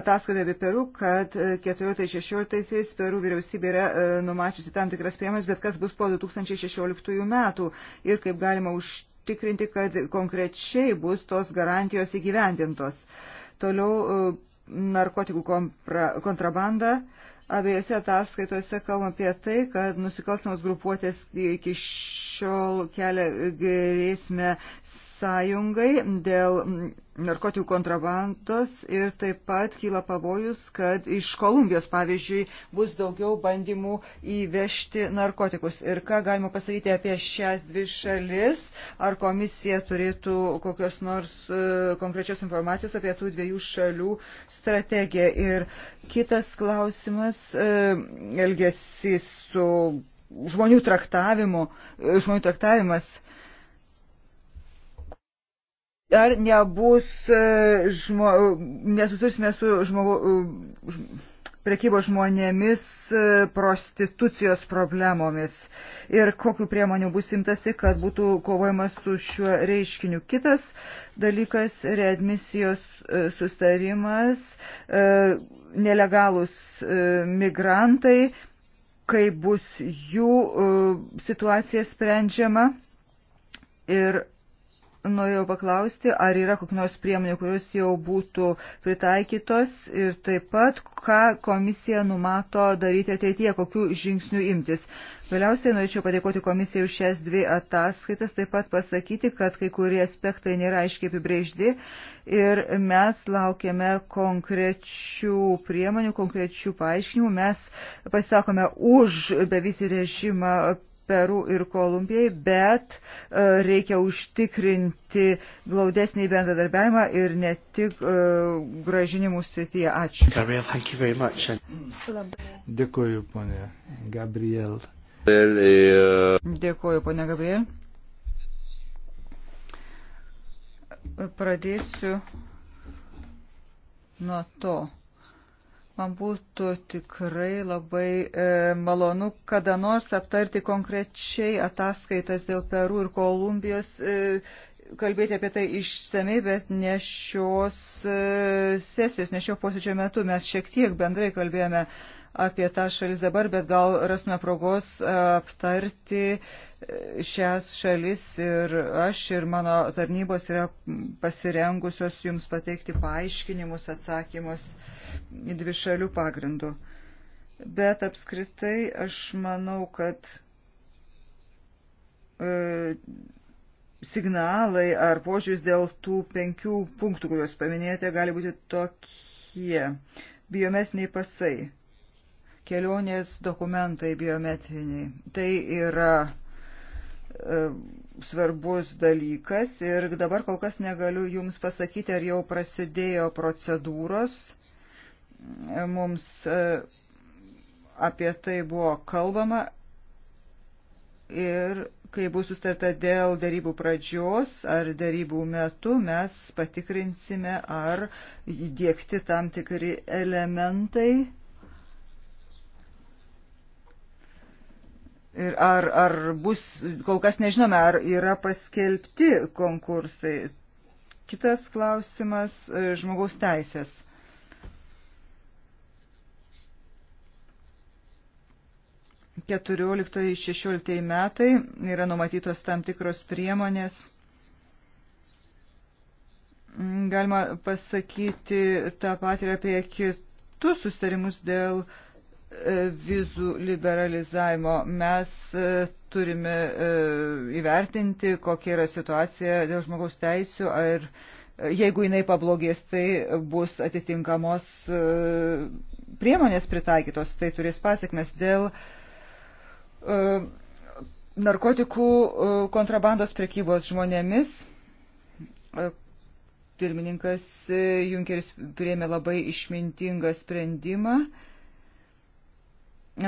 ataskaitoje apie Perų, kad 14-16 e, Perų vyriausybė yra numačiusi tam tikras priemonės, bet kas bus po 2016 metų ir kaip galima užtikrinti, kad konkrečiai bus tos garantijos įgyvendintos. Toliau narkotikų kontrabanda. Kompra, Abiejose ataskaitose kalbam apie tai, kad nusikalstamos grupuotės iki šiol kelia grėsmę Sąjungai dėl narkotikų kontrabandos ir taip pat kyla pavojus, kad iš Kolumbijos, pavyzdžiui, bus daugiau bandymų įvežti narkotikus. Ir ką galima pasakyti apie šias dvi šalis? Ar komisija turėtų kokios nors e, konkrečios informacijos apie tų dviejų šalių strategiją? Ir kitas klausimas e, - elgesys su žmonių traktavimu, e, žmonių traktavimas ar nebus, e, žmo, nesusirsime su žmogu, e, prekybo žmonėmis e, prostitucijos problemomis ir kokiu priemonių bus imtasi, kad būtų kovojama su šiuo reiškiniu. Kitas dalykas - readmisijos sustarimas, nelegalus migrantai, kaip bus jų situacija sprendžiama. Ir norėjau paklausti, ar yra kokios nors priemonių, kurios jau būtų pritaikytos ir taip pat, ką komisija numato daryti ateityje, kokių žingsnių imtis. Vėliausiai norėčiau padėkoti komisijai už šias dvi ataskaitas, taip pat pasakyti, kad kai kurie aspektai nėra aiškiai apibrėžti ir mes laukiame konkrečių priemonių, konkrečių paaiškinimų. Mes pasisakome už bevizį režimą Peru ir Kolumbijai, bet e, reikia užtikrinti glaudesnį bendradarbiavimą ir ne tik e, gražinimų srityje. Ačiū. Gabriel, Dėkuoju, ponė Gabriel. Dėkuoju, ponė Gabriel. Pradėsiu nuo to. Man būtų tikrai labai e, malonu kada nors aptarti konkrečiai ataskaitas dėl Peru ir Kolumbijos, e, kalbėti apie tai išsamei, bet ne šios e, sesijos, ne šio posėdžio metu mes šiek tiek bendrai kalbėjome e, apie tą šalis dabar, bet gal rasme progos aptarti šias šalis ir aš ir mano tarnybos yra pasirengusios jums pateikti paaiškinimus, atsakymus dvi šalių pagrindų. Bet apskritai aš manau, kad e, signalai ar požiūris dėl tų penkių punktų, kuriuos paminėjote, gali būti tokie biometiniai pasai Kelionės dokumentai biometriniai. Tai yra e, svarbus dalykas ir dabar kol kas negaliu Jums pasakyti, ar jau prasidėjo procedūros. Mums e, apie tai buvo kalbama ir kai bus sustarta dėl darybų pradžios ar darybų metu, mes patikrinsime, ar įdėkti tam tikri elementai Ir ar, ar bus, kol kas nežinome, ar yra paskelbti konkursai. Kitas klausimas e, - žmogaus teisės. Keturioliktojai, šešioliktieji metai yra numatytos tam tikros priemonės. Galima pasakyti tą patį ir apie kitus sustarimus dėl uh, E, vizų liberalizavimo. Mes e, turime e, įvertinti, kokia yra situacija dėl žmogaus teisų ir jeigu jinai pablogės, tai bus atitinkamos priemonės pritaikytos, tai turės pasiekmes dėl narkotikų kontrabandos prekybos žmonėmis pirmininkas Junkeris priėmė labai išmintingą sprendimą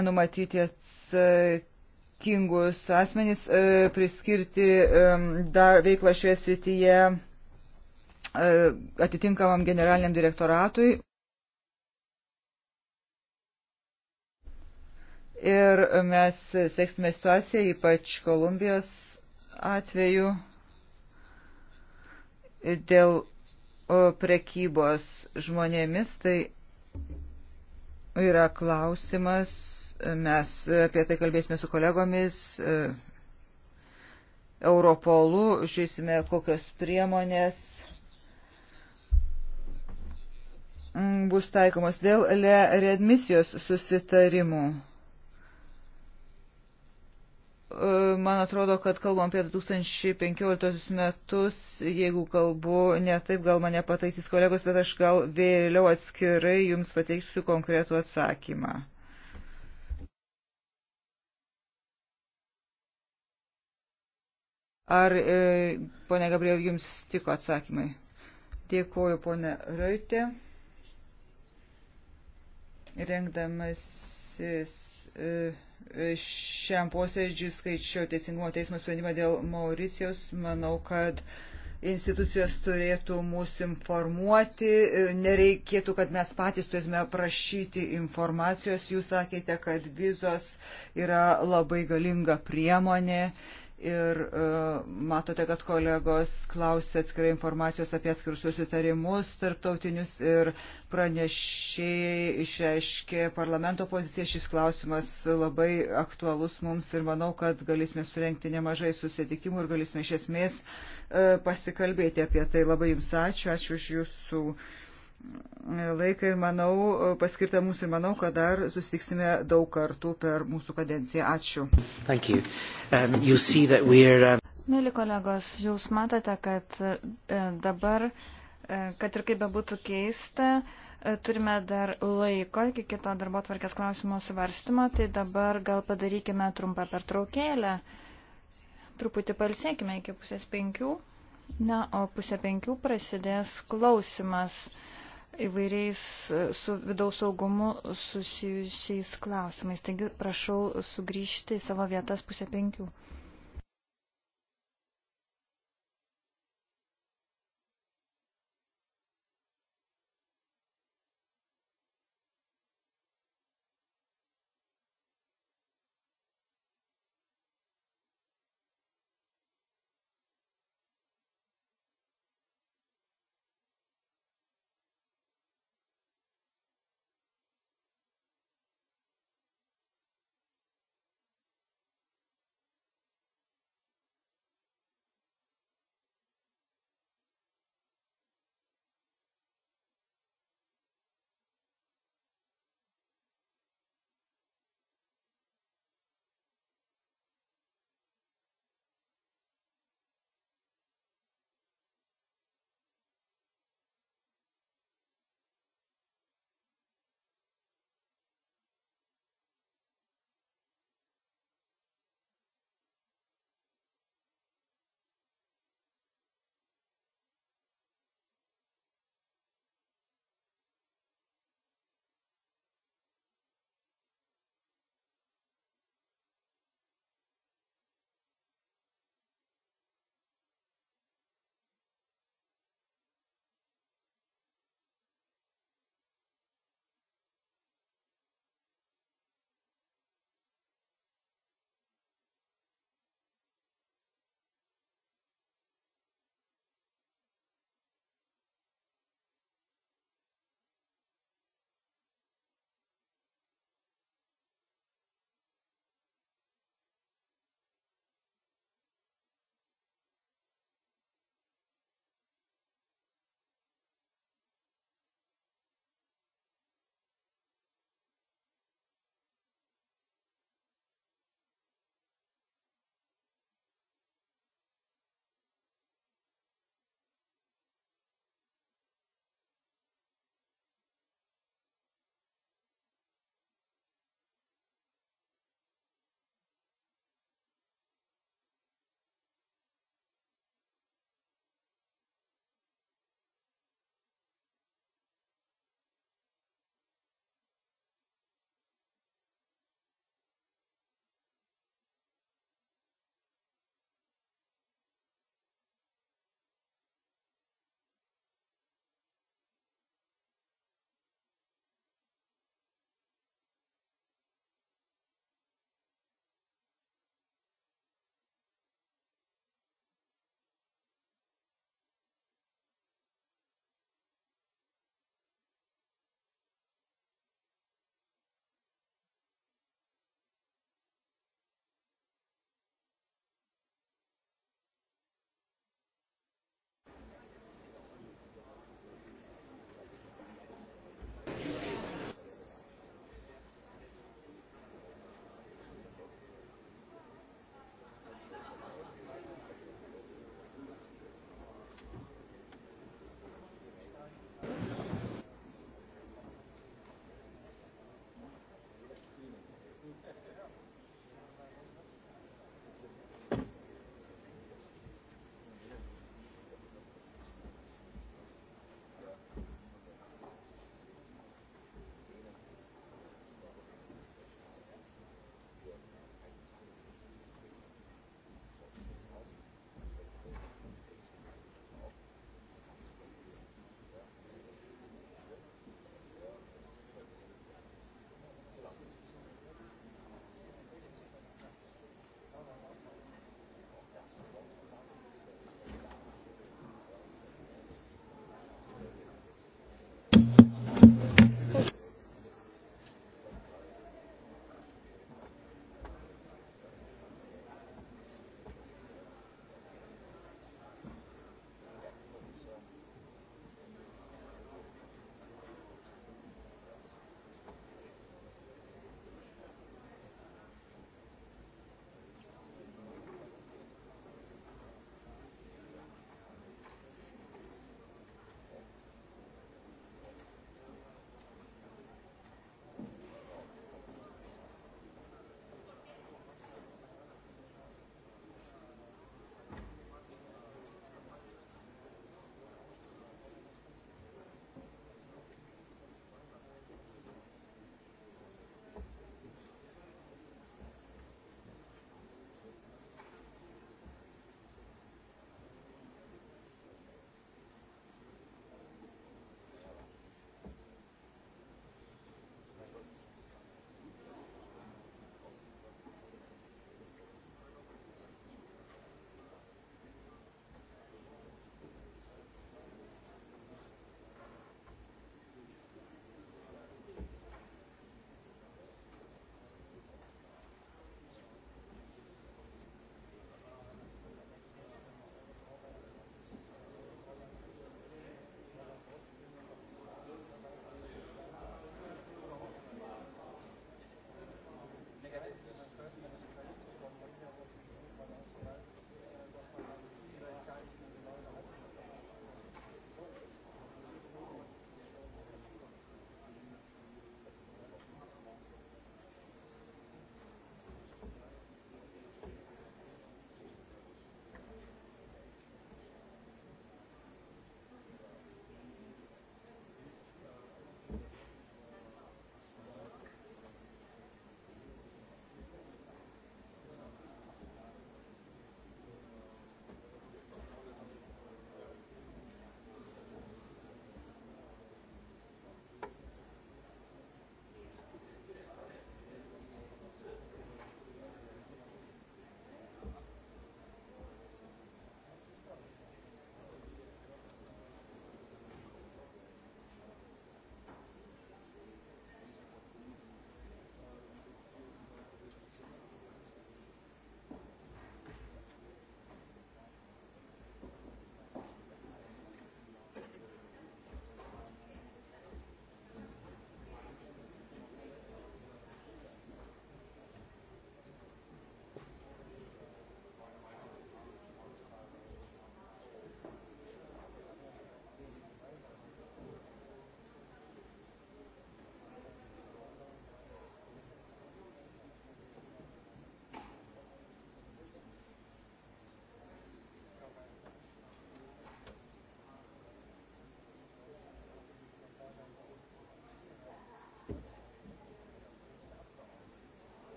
numatyti atsakingus asmenys, e, priskirti dar veiklą šioje srityje e, atitinkamam generaliniam direktoratui. Ir mes seksime situaciją, ypač Kolumbijos atveju, dėl prekybos žmonėmis. Tai yra klausimas Mes apie tai kalbėsime su kolegomis, e, Europolu, žiūrėsime, kokios priemonės mm, bus taikomos dėl readmisijos susitarimų. E, man atrodo, kad kalbam apie 2015 metus, jeigu kalbu ne taip, gal mane pataisys kolegos, bet aš gal vėliau atskirai jums pateiksiu konkretų atsakymą. Ar, e, ponė Gabriel, jums tiko atsakymai? Dėkuoju, ponė Raitė. Rengdamasis e, e, šiam posėdžiui skaičiau Teisingumo teismo sprendimą dėl Mauricijos. Manau, kad institucijos turėtų mūsų informuoti, e, nereikėtų, kad mes patys turėtume prašyti informacijos. Jūs sakėte, kad vizos yra labai galinga priemonė Ir uh, matote, kad kolegos klausė atskirai informacijos apie atskirus susitarimus tarptautinius ir pranešėjai išreiškė parlamento poziciją. Šis klausimas labai aktualus mums ir manau, kad galėsime surenkti nemažai susitikimų ir galėsime iš esmės uh, pasikalbėti apie tai. Labai Jums ačiū, ačiū už Jūsų uh, laiką ir manau, paskirtą mūsų ir manau, kad dar susitiksime daug kartų per mūsų kadenciją. Ačiū. Um, are, um... Mėly kolegos, jūs matote, kad e, dabar, e, kad ir kaip bebūtų keista, e, turime dar laiko iki kito darbo tvarkės klausimo svarstymo, tai dabar gal padarykime trumpą pertraukėlę. Truputį palsėkime iki pusės penkių. Na, o pusė penkių prasidės klausimas įvairiais e, su vidaus saugumu susijusiais klausimais. Taigi prašau sugrįžti į savo vietas pusę penkių.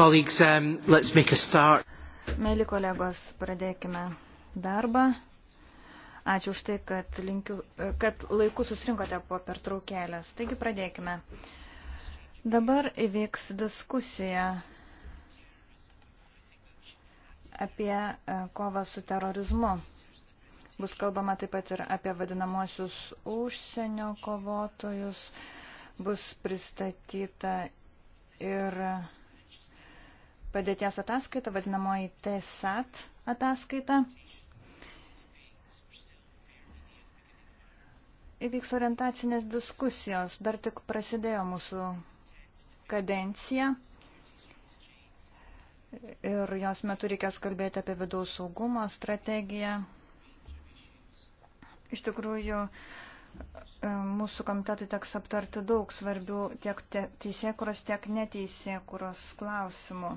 colleagues, um, let's make a start. Mėly kolegos, pradėkime darbą. Ačiū už tai, kad, linkiu, kad laiku susirinkote po pertraukėlės. Taigi pradėkime. Dabar įvyks diskusija apie e, kovą su terorizmu. Bus kalbama taip pat ir apie vadinamosius užsienio kovotojus. Bus pristatyta ir padėties ataskaita, vadinamoji TESAT ataskaita. Įvyks orientacinės diskusijos, dar tik prasidėjo mūsų kadencija ir jos metu reikės kalbėti apie vidaus saugumo strategiją. Iš tikrųjų, e, mūsų komitetui teks aptarti daug svarbių tiek teisėkuros, tiek neteisėkuros klausimų.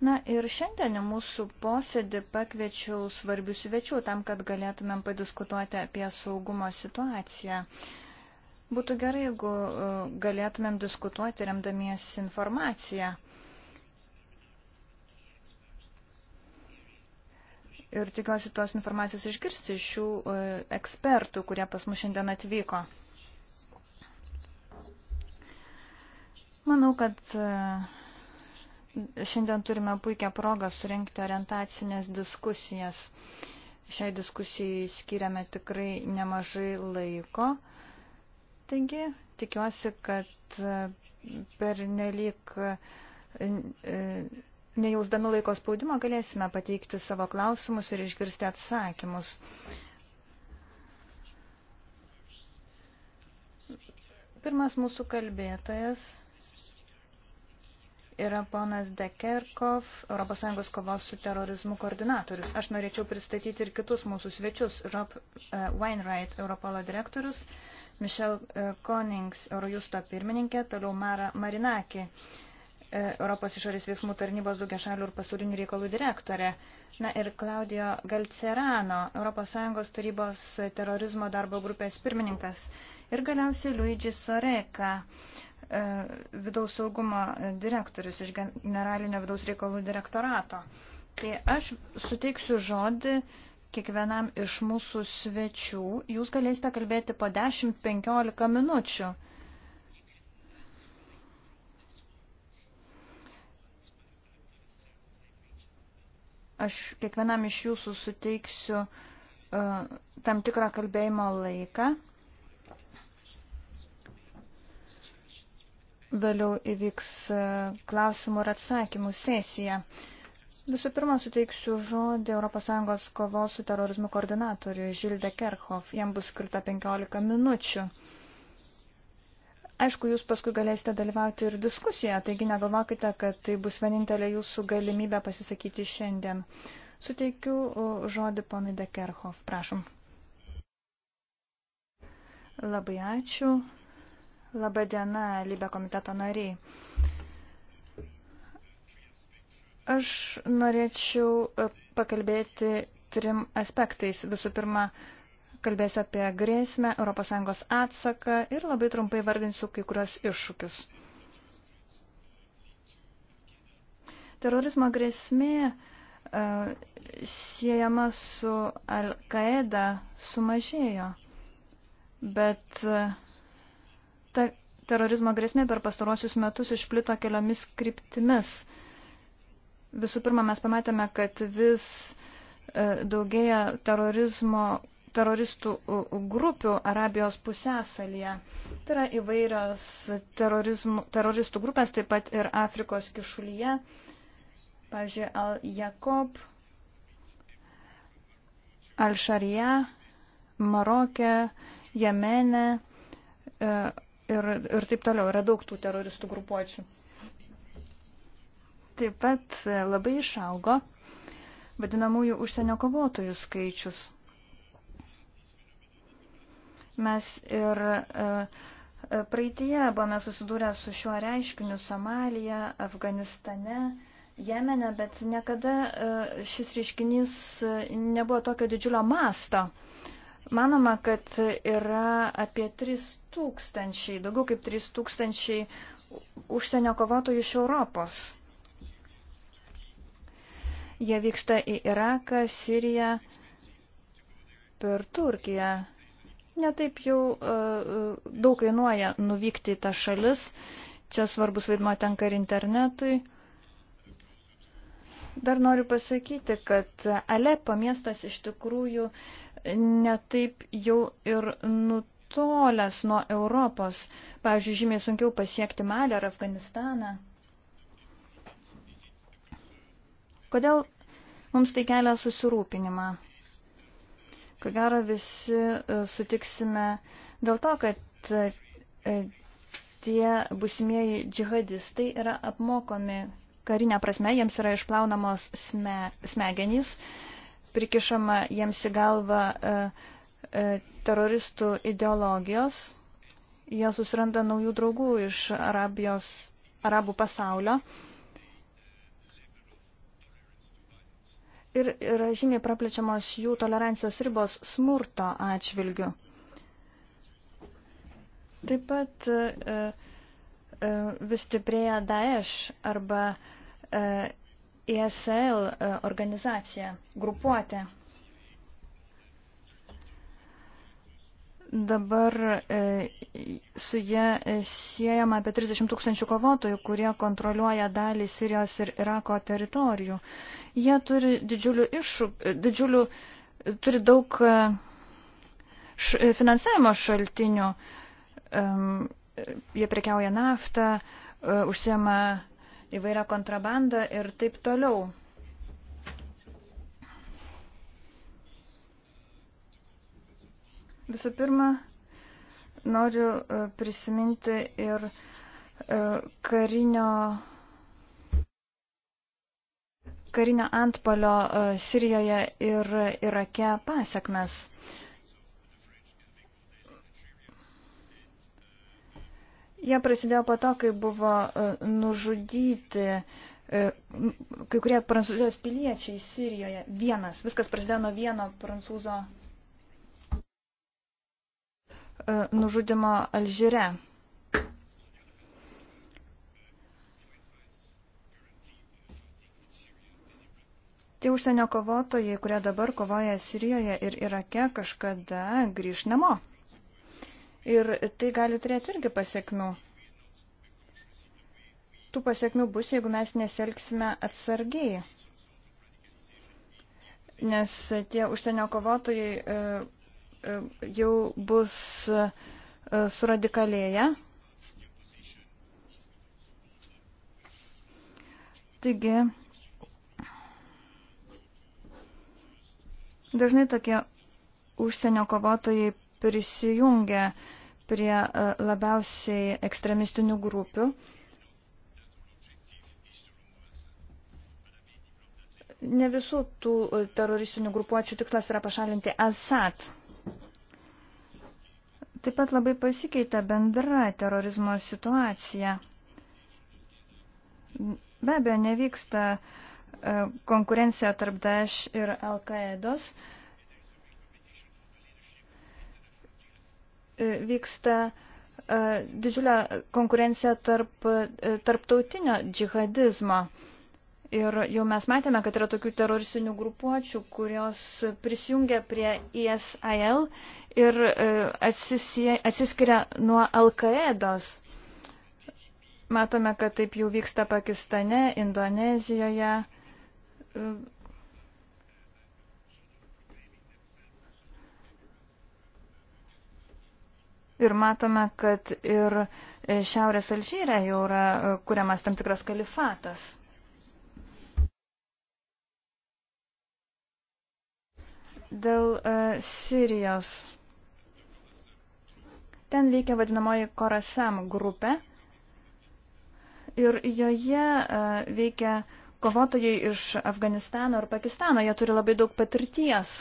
Na ir šiandien į mūsų posėdį pakviečiau svarbių svečių tam, kad galėtumėm padiskutuoti apie saugumo situaciją. Būtų gerai, jeigu e, galėtumėm diskutuoti remdamiesi informaciją. ir tikiuosi tos informacijos išgirsti iš šių e, ekspertų, kurie pas mus šiandien atvyko. Manau, kad e, Šiandien turime puikią progą surinkti orientacinės diskusijas. Šiai diskusijai skiriame tikrai nemažai laiko. Taigi, tikiuosi, kad e, per nelik e, e, nejausdami laiko spaudimo galėsime pateikti savo klausimus ir išgirsti atsakymus. Pirmas mūsų kalbėtojas yra ponas Dekerkov, ES kovos su terorizmu koordinatorius. Aš norėčiau pristatyti ir kitus mūsų svečius. Rob e, Wainwright, Europolo direktorius, Michelle e, Konings, Eurojusto pirmininkė, toliau Mara Marinaki, e, Europos išorės veiksmų tarnybos daugiašalių ir pasaulinių reikalų direktorė. Na ir Claudio Galcerano, ES tarybos terorizmo darbo grupės pirmininkas. Ir galiausiai Luigi Soreka, E, vidaus saugumo direktorius iš generalinio vidaus reikalų direktorato. Tai aš suteiksiu žodį kiekvienam iš mūsų svečių. Jūs galėsite kalbėti po 10-15 minučių. Aš kiekvienam iš jūsų suteiksiu uh, tam tikrą kalbėjimo laiką. Vėliau įvyks e, klausimų ir atsakymų sesija. Visų pirma, suteiksiu žodį ES kovos su terorizmu koordinatoriui Žilde Kerhoff. Jam bus skirta 15 minučių. Aišku, jūs paskui galėsite dalyvauti ir diskusiją, taigi negalvokite, kad tai bus vienintelė jūsų galimybė pasisakyti šiandien. Suteikiu žodį ponui Dekerhoff, prašom. Labai ačiū. Labadiena, Libė komiteto nariai. Aš norėčiau e, pakalbėti trim aspektais. Visų pirma, kalbėsiu apie grėsmę, ES atsaką ir labai trumpai vardinsiu kai kurios iššūkius. Terorizmo grėsmė uh, siejama su Al-Qaeda sumažėjo, bet uh, Terorizmo grėsmė per pastarosius metus išplito keliomis kryptimis. Visų pirma, mes pamatėme, kad vis e, daugėja terorizmo, teroristų grupių Arabijos pusėsalyje. Tai yra įvairios teroristų grupės, taip pat ir Afrikos kišulyje. Pavyzdžiui, Al-Jakob, Al-Sharia, Marokė, Jemene, e, ir, ir taip toliau. Yra daug tų teroristų grupuočių. Taip pat e, labai išaugo vadinamųjų užsienio kovotojų skaičius. Mes ir e, e, praeitie buvome susidūrę su šiuo reiškiniu Somalija, Afganistane, Jemene, bet niekada šis reiškinys nebuvo tokio didžiulio masto. Manoma, kad yra apie 3000, daugiau kaip 3000 užsienio kovotojų iš Europos. Jie vyksta į Iraką, Siriją, per Turkiją. Netaip jau e, e, daug kainuoja nuvykti į tą šalis. Čia svarbus vaidmo tenka ir internetui. Dar noriu pasakyti, kad Alepo miestas iš tikrųjų uh, netaip jau ir nutolęs nuo Europos. Pavyzdžiui, žymiai sunkiau pasiekti Malį ar Afganistaną. Kodėl mums tai kelia susirūpinimą? Ko gero visi e, sutiksime dėl to, kad e, tie busimieji džihadistai yra apmokomi karinė prasme, jiems yra išplaunamos sme, smegenys, prikišama jiems į galvą e, e, teroristų ideologijos. Jie susiranda naujų draugų iš Arabijos, Arabų pasaulio. Ir yra žymiai praplečiamos jų tolerancijos ribos smurto atžvilgių. Taip pat e, vis stiprėja Daesh arba ESL e, organizacija, grupuotė. Dabar e, su jie e, siejama apie 30 tūkstančių kovotojų, kurie kontroliuoja dalį Sirijos ir Irako teritorijų. Jie turi didžiulių iššūk, didžiulių, turi daug š, finansavimo šaltinių. Jie prekiauja naftą, užsiema įvairią kontrabandą ir taip toliau. Visų pirma, noriu e, prisiminti ir e, karinio karinio antpalio e, Sirijoje ir Irake pasiekmes. Jie prasidėjo po to, kai buvo e, nužudyti e, kai kurie prancūzijos piliečiai Sirijoje. Vienas. Viskas prasidėjo nuo vieno prancūzo e, nužudimo Alžyre. Tie užsienio kovotojai, kurie dabar kovoja Sirijoje ir Irake, kažkada grįž namo. Ir tai gali turėti irgi pasiekmių. Tų pasiekmių bus, jeigu mes nesielgsime atsargiai. Nes tie užsienio kovotojai e, e, jau bus e, suradikalėję. Taigi, dažnai tokie užsienio kovotojai prisijungia prie e, labiausiai ekstremistinių grupių. Ne visų tų e, teroristinių grupuočių tikslas yra pašalinti Assad. Taip pat labai pasikeitė bendra terorizmo situacija. Be abejo, nevyksta e, konkurencija tarp Daesh ir Al-Qaedos. Uh, E, vyksta e, didžiulė konkurencija tarp e, tarptautinio džihadizmo. Ir jau mes matėme, kad yra tokių teroristinių grupuočių, kurios prisijungia prie ISIL ir atsisie, atsiskiria nuo Al-Qaedos. Matome, kad taip jau vyksta Pakistane, Indonezijoje, Ir matome, kad ir Šiaurės Alžyre jau yra e, kuriamas tam tikras kalifatas. Dėl uh, Sirijos. Ten veikia vadinamoji Korasam grupė. Ir joje uh, veikia kovotojai iš Afganistano ir Pakistano. Jie turi labai daug patirties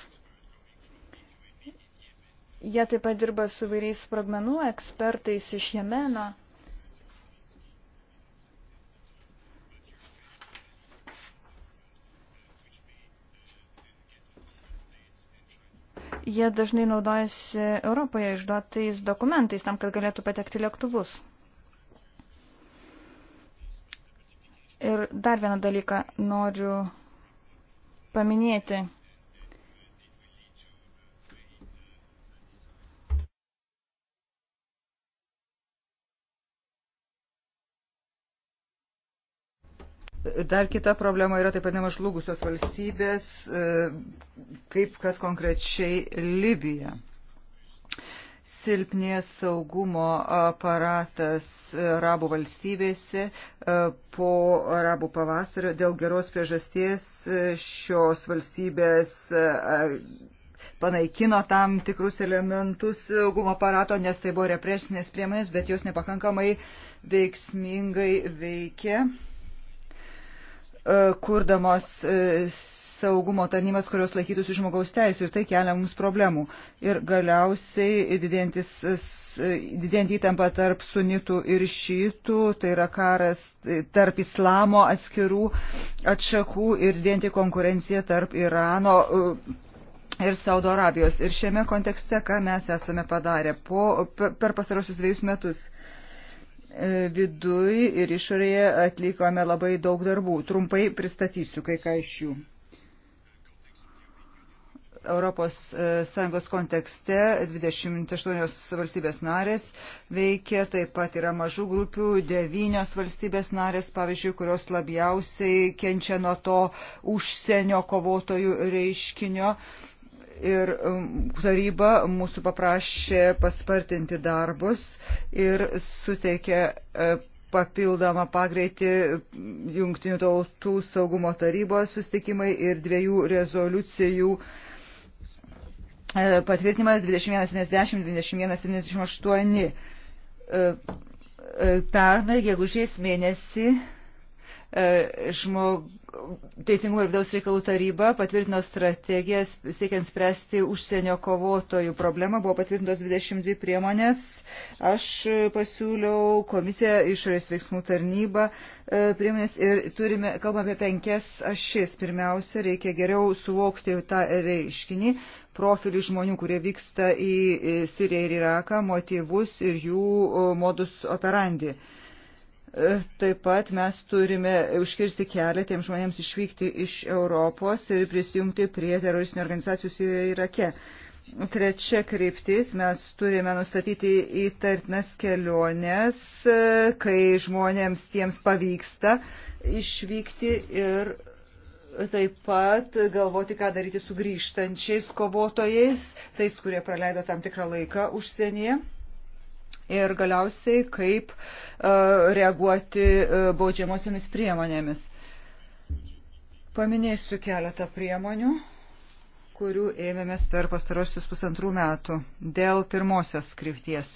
Jie taip pat dirba su vairiais sprogmenų ekspertais iš Jemeno. Jie dažnai naudojasi Europoje išduotais dokumentais tam, kad galėtų patekti lėktuvus. Ir dar vieną dalyką noriu paminėti. Dar kita problema yra taip pat nemažlugusios valstybės, e, kaip kad konkrečiai Libija. Silpnės saugumo aparatas arabų valstybėse e, po arabų pavasario dėl geros priežasties e, šios valstybės panaikino tam tikrus elementus saugumo aparato, nes tai buvo represinės priemonės, bet jos nepakankamai veiksmingai veikė E, kurdamos e, saugumo tarnybas, kurios laikytųsi žmogaus teisų ir tai kelia mums problemų. Ir galiausiai e, didėjant įtampą tarp sunitų ir šytų, tai yra karas tarp islamo atskirų atšakų ir didėjant konkurenciją tarp Irano ir Saudo Arabijos. Ir šiame kontekste, ką mes esame padarę po, per pasarosius dviejus metus viduj ir išorėje atlikome labai daug darbų. Trumpai pristatysiu kai ką iš jų. ES e, kontekste 28 valstybės narės veikia, taip pat yra mažų grupių, 9 valstybės narės, pavyzdžiui, kurios labiausiai kenčia nuo to užsienio kovotojų reiškinio ir um, taryba mūsų paprašė paspartinti darbus ir suteikė e, papildomą pagreitį Junktinių tautų saugumo tarybos sustikimai ir dviejų rezoliucijų e, patvirtinimas 2170, 2178. E, pernai, gegužės mėnesį, E, žmog... Teisingumo ir vidaus reikalų taryba patvirtino strategiją siekiant spręsti užsienio kovotojų problemą. Buvo patvirtintos 22 priemonės. Aš pasiūliau komisiją išorės veiksmų tarnybą e, priemonės ir turime, kalbame apie penkias ašis. Pirmiausia, reikia geriau suvokti tą reiškinį, profilį žmonių, kurie vyksta į Siriją ir Iraką, motyvus ir jų modus operandi. Taip pat mes turime užkirsti kelią tiem žmonėms išvykti iš Europos ir prisijungti prie teroristinių organizacijų Sirijoje ir Irake. Trečia kryptis, mes turime nustatyti įtartinas keliones, kai žmonėms tiems pavyksta išvykti ir taip pat galvoti, ką daryti su grįžtančiais kovotojais, tais, kurie praleido tam tikrą laiką užsienyje ir galiausiai kaip e, reaguoti e, baudžiamosiomis priemonėmis. Paminėsiu keletą priemonių, kurių ėmėmės per pastarosius pusantrų metų dėl pirmosios skripties.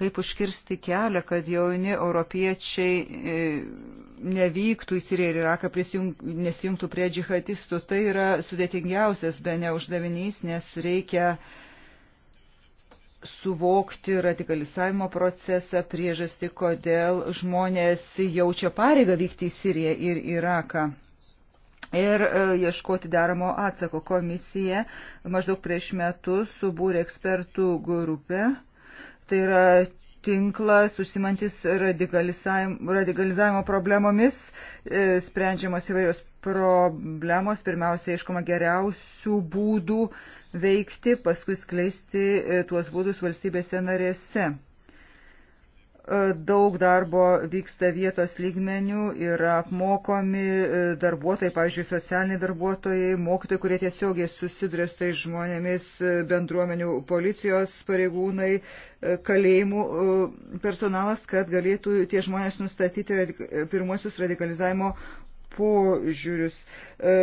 Kaip užkirsti kelią, kad jauni europiečiai e, nevyktų į Siriją ir Iraką, nesijungtų prie džihadistų, tai yra sudėtingiausias be ne uždavinys, nes reikia uh, suvokti radikalizavimo procesą, priežastį, kodėl žmonės jaučia pareigą vykti į Siriją ir Iraką. Ir e, ieškoti deramo atsako. Komisija maždaug prieš metus subūrė ekspertų grupę. Tai yra tinklas, susimantis radikalizavimo problemomis, e, sprendžiamos įvairios problemos, pirmiausia, aiškoma, geriausių būdų veikti, paskui skleisti e, tuos būdus valstybėse narėse. E, daug darbo vyksta vietos lygmenių, yra apmokomi e, darbuotojai, pavyzdžiui, socialiniai darbuotojai, mokytojai, kurie tiesiogiai susiduria su tai žmonėmis, bendruomenių policijos pareigūnai, kalėjimų personalas, kad galėtų tie žmonės nustatyti pirmuosius radikalizavimo požiūrius. E,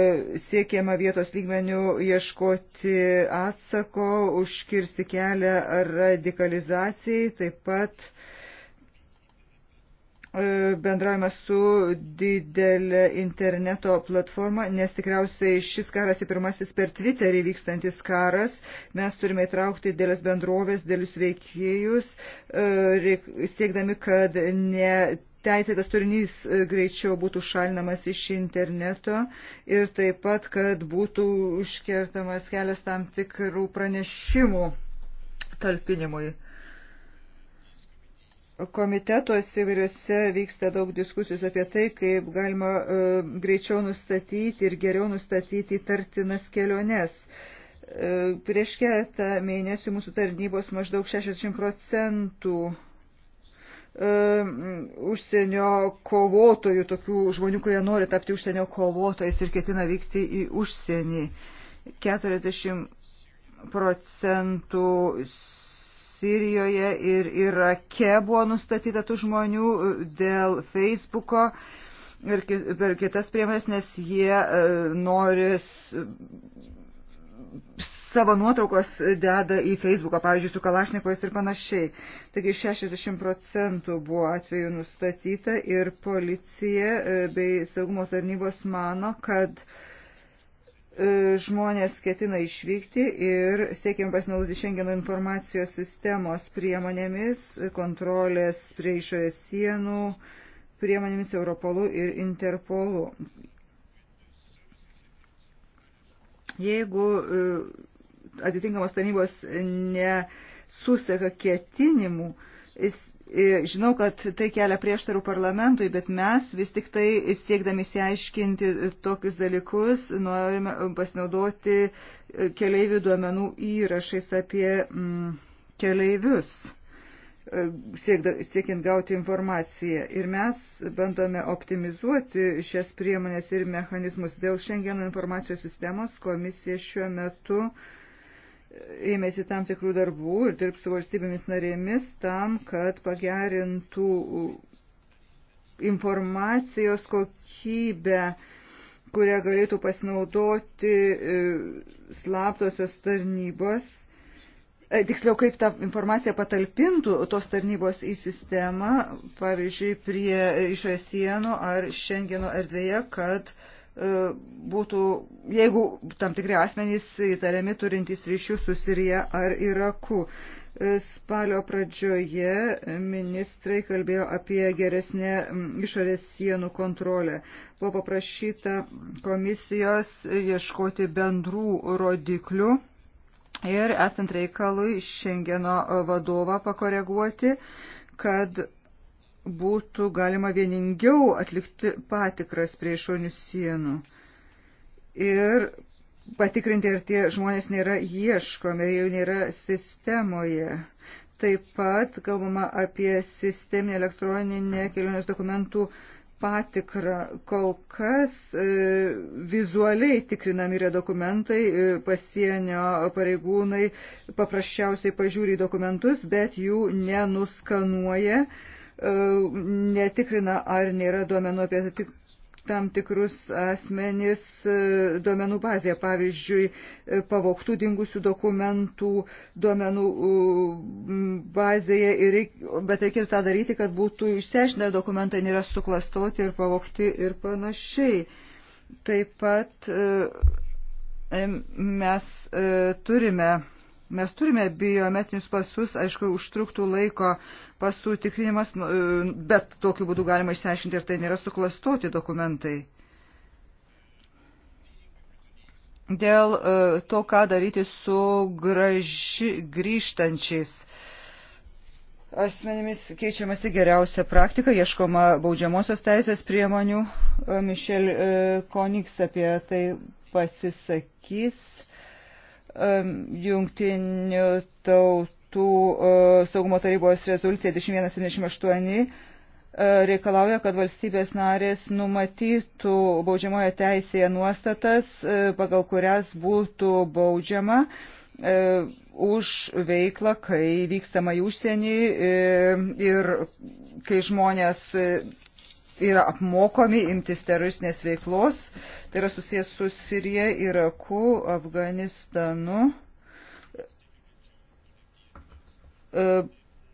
siekiama vietos lygmenių ieškoti atsako, užkirsti kelią radikalizacijai, taip pat e, bendravimą su didelė interneto platforma, nes tikriausiai šis karas ir pirmasis per Twitterį vykstantis karas. Mes turime įtraukti dėlės bendrovės, dėlius veikėjus, e, siekdami, kad ne teisėtas turinys e, greičiau būtų šalinamas iš interneto ir taip pat, kad būtų užkertamas kelias tam tikrų pranešimų talpinimui. Komitetuose įvairiuose vyksta daug diskusijos apie tai, kaip galima e, greičiau nustatyti ir geriau nustatyti tartinas keliones. E, prieš keletą mėnesių mūsų tarnybos maždaug 60 procentų E, užsienio kovotojų, tokių žmonių, kurie nori tapti užsienio kovotojais ir ketina vykti į užsienį. 40 procentų Sirijoje ir Irake buvo nustatyta tų žmonių e, dėl Facebooko ir per kitas priemonės, nes jie e, noris savo nuotraukos deda į Facebooką, pavyzdžiui, su Kalašnikojais ir panašiai. Taigi 60 procentų buvo atveju nustatyta ir policija e, bei saugumo tarnybos mano, kad e, žmonės ketina išvykti ir siekiam pasinaudoti Schengeno informacijos sistemos priemonėmis, kontrolės prie išorės sienų, priemonėmis Europolu ir Interpolu. Jeigu e, atitinkamos tarnybos nesuseka ketinimų. E, žinau, kad tai kelia prieštarų parlamentui, bet mes vis tik tai siekdami įsiaiškinti tokius dalykus norime pasinaudoti e, keleivių duomenų įrašais apie mm, keleivius, e, siekiant gauti informaciją. Ir mes bandome optimizuoti šias priemonės ir mechanizmus. Dėl šiandien informacijos sistemos komisija šiuo metu uh, ėmėsi tam tikrų darbų ir dirbs su valstybėmis narėmis tam, kad pagerintų informacijos kokybę, kurią galėtų pasinaudoti e, slaptosios tarnybos. E, tiksliau, kaip tą informaciją patalpintų tos tarnybos į sistemą, pavyzdžiui, prie e, išorės sienų ar šengeno erdvėje, kad uh, E, būtų, jeigu tam tikri asmenys įtariami turintys ryšių su Sirija ar Iraku. E, spalio pradžioje ministrai kalbėjo apie geresnę išorės sienų kontrolę. Buvo paprašyta komisijos ieškoti bendrų rodiklių ir esant reikalui Šengeno vadovą pakoreguoti, kad būtų galima vieningiau atlikti patikras prie išorinių sienų ir patikrinti, ar tie žmonės nėra ieškomi, jau nėra sistemoje. Taip pat kalbama apie sisteminę elektroninę kelionės dokumentų patikrą. Kol kas e, vizualiai tikrinami yra dokumentai, e, pasienio pareigūnai paprasčiausiai pažiūri dokumentus, bet jų nenuskanuoja. E, E, netikrina, ar nėra duomenų apie tik tam tikrus asmenis e, duomenų bazėje, pavyzdžiui, e, pavoktų dingusių dokumentų duomenų bazėje, ir, bet reikėtų tą daryti, kad būtų išsiaiškinę, ar dokumentai nėra suklastoti ir pavokti ir panašiai. Taip pat mes turime Mes turime biometrinius pasus, aišku, užtruktų laiko pasų tikrinimas, nu, e, bet tokiu būdu galima išsiaiškinti, ar tai nėra suklastoti dokumentai. Dėl e, to, ką daryti su graži, grįžtančiais asmenimis keičiamasi geriausia praktika, ieškoma baudžiamosios teisės priemonių. E, Mišel Koniks apie tai pasisakys Um, jungtinių tautų uh, saugumo tarybos rezoliucija 2178 uh, reikalauja, kad valstybės narės numatytų baudžiamoje teisėje nuostatas, uh, pagal kurias būtų baudžiama už veiklą, kai vykstama į užsienį ir kai žmonės yra apmokomi imtis teroristinės veiklos. Tai yra susijęs su Sirija, Iraku, Afganistanu. E,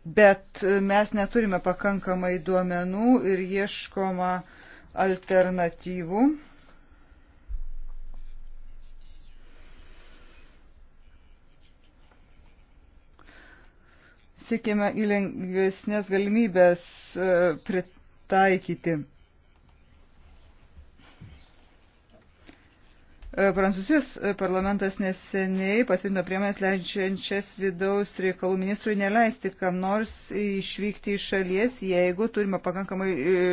bet mes neturime pakankamai duomenų ir ieškoma alternatyvų. Siekime į lengvesnės galimybės e, prit taikyti. E, Prancūzijos parlamentas neseniai patvirtino priemonės leidžiančias vidaus reikalų ministrui neleisti kam nors išvykti iš šalies, jeigu turime pakankamai e,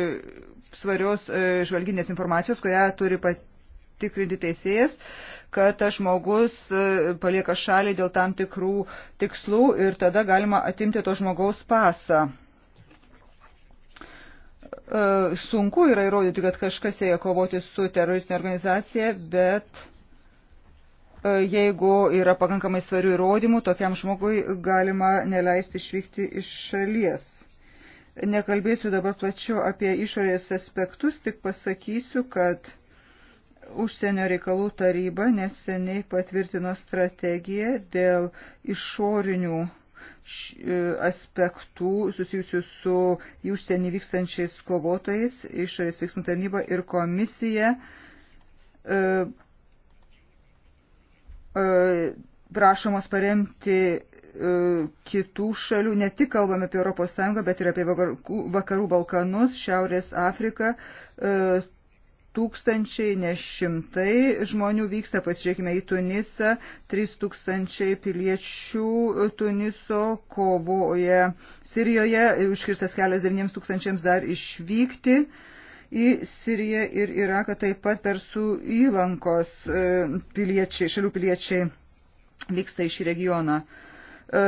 svarios e, žvalginės informacijos, kurią turi patikrinti teisėjas, kad tas žmogus palieka šalį dėl tam tikrų tikslų ir tada galima atimti to žmogaus pasą. E, sunku yra įrodyti, kad kažkas ėjo kovoti su teroristinė organizacija, bet e, jeigu yra pakankamai svarių įrodymų, tokiam žmogui galima neleisti išvykti iš šalies. Nekalbėsiu dabar plačiau apie išorės aspektus, tik pasakysiu, kad Užsienio reikalų taryba neseniai patvirtino strategiją dėl išorinių E, aspektų susijusių su į užsienį vykstančiais kovotojais, išorės veiksmų tarnyba ir komisija e, e, prašomos paremti kitų šalių, ne tik kalbame apie ES, bet ir apie Vakarų Balkanus, Šiaurės Afriką, tūkstančiai, ne šimtai žmonių vyksta, pasižiūrėkime į Tunisą, trys tūkstančiai piliečių Tuniso kovoje Sirijoje, užkirstas kelias devyniems tūkstančiams dar išvykti į Siriją ir Iraką taip pat persų įlankos e, piliečiai, šalių piliečiai vyksta iš regioną. regiono E,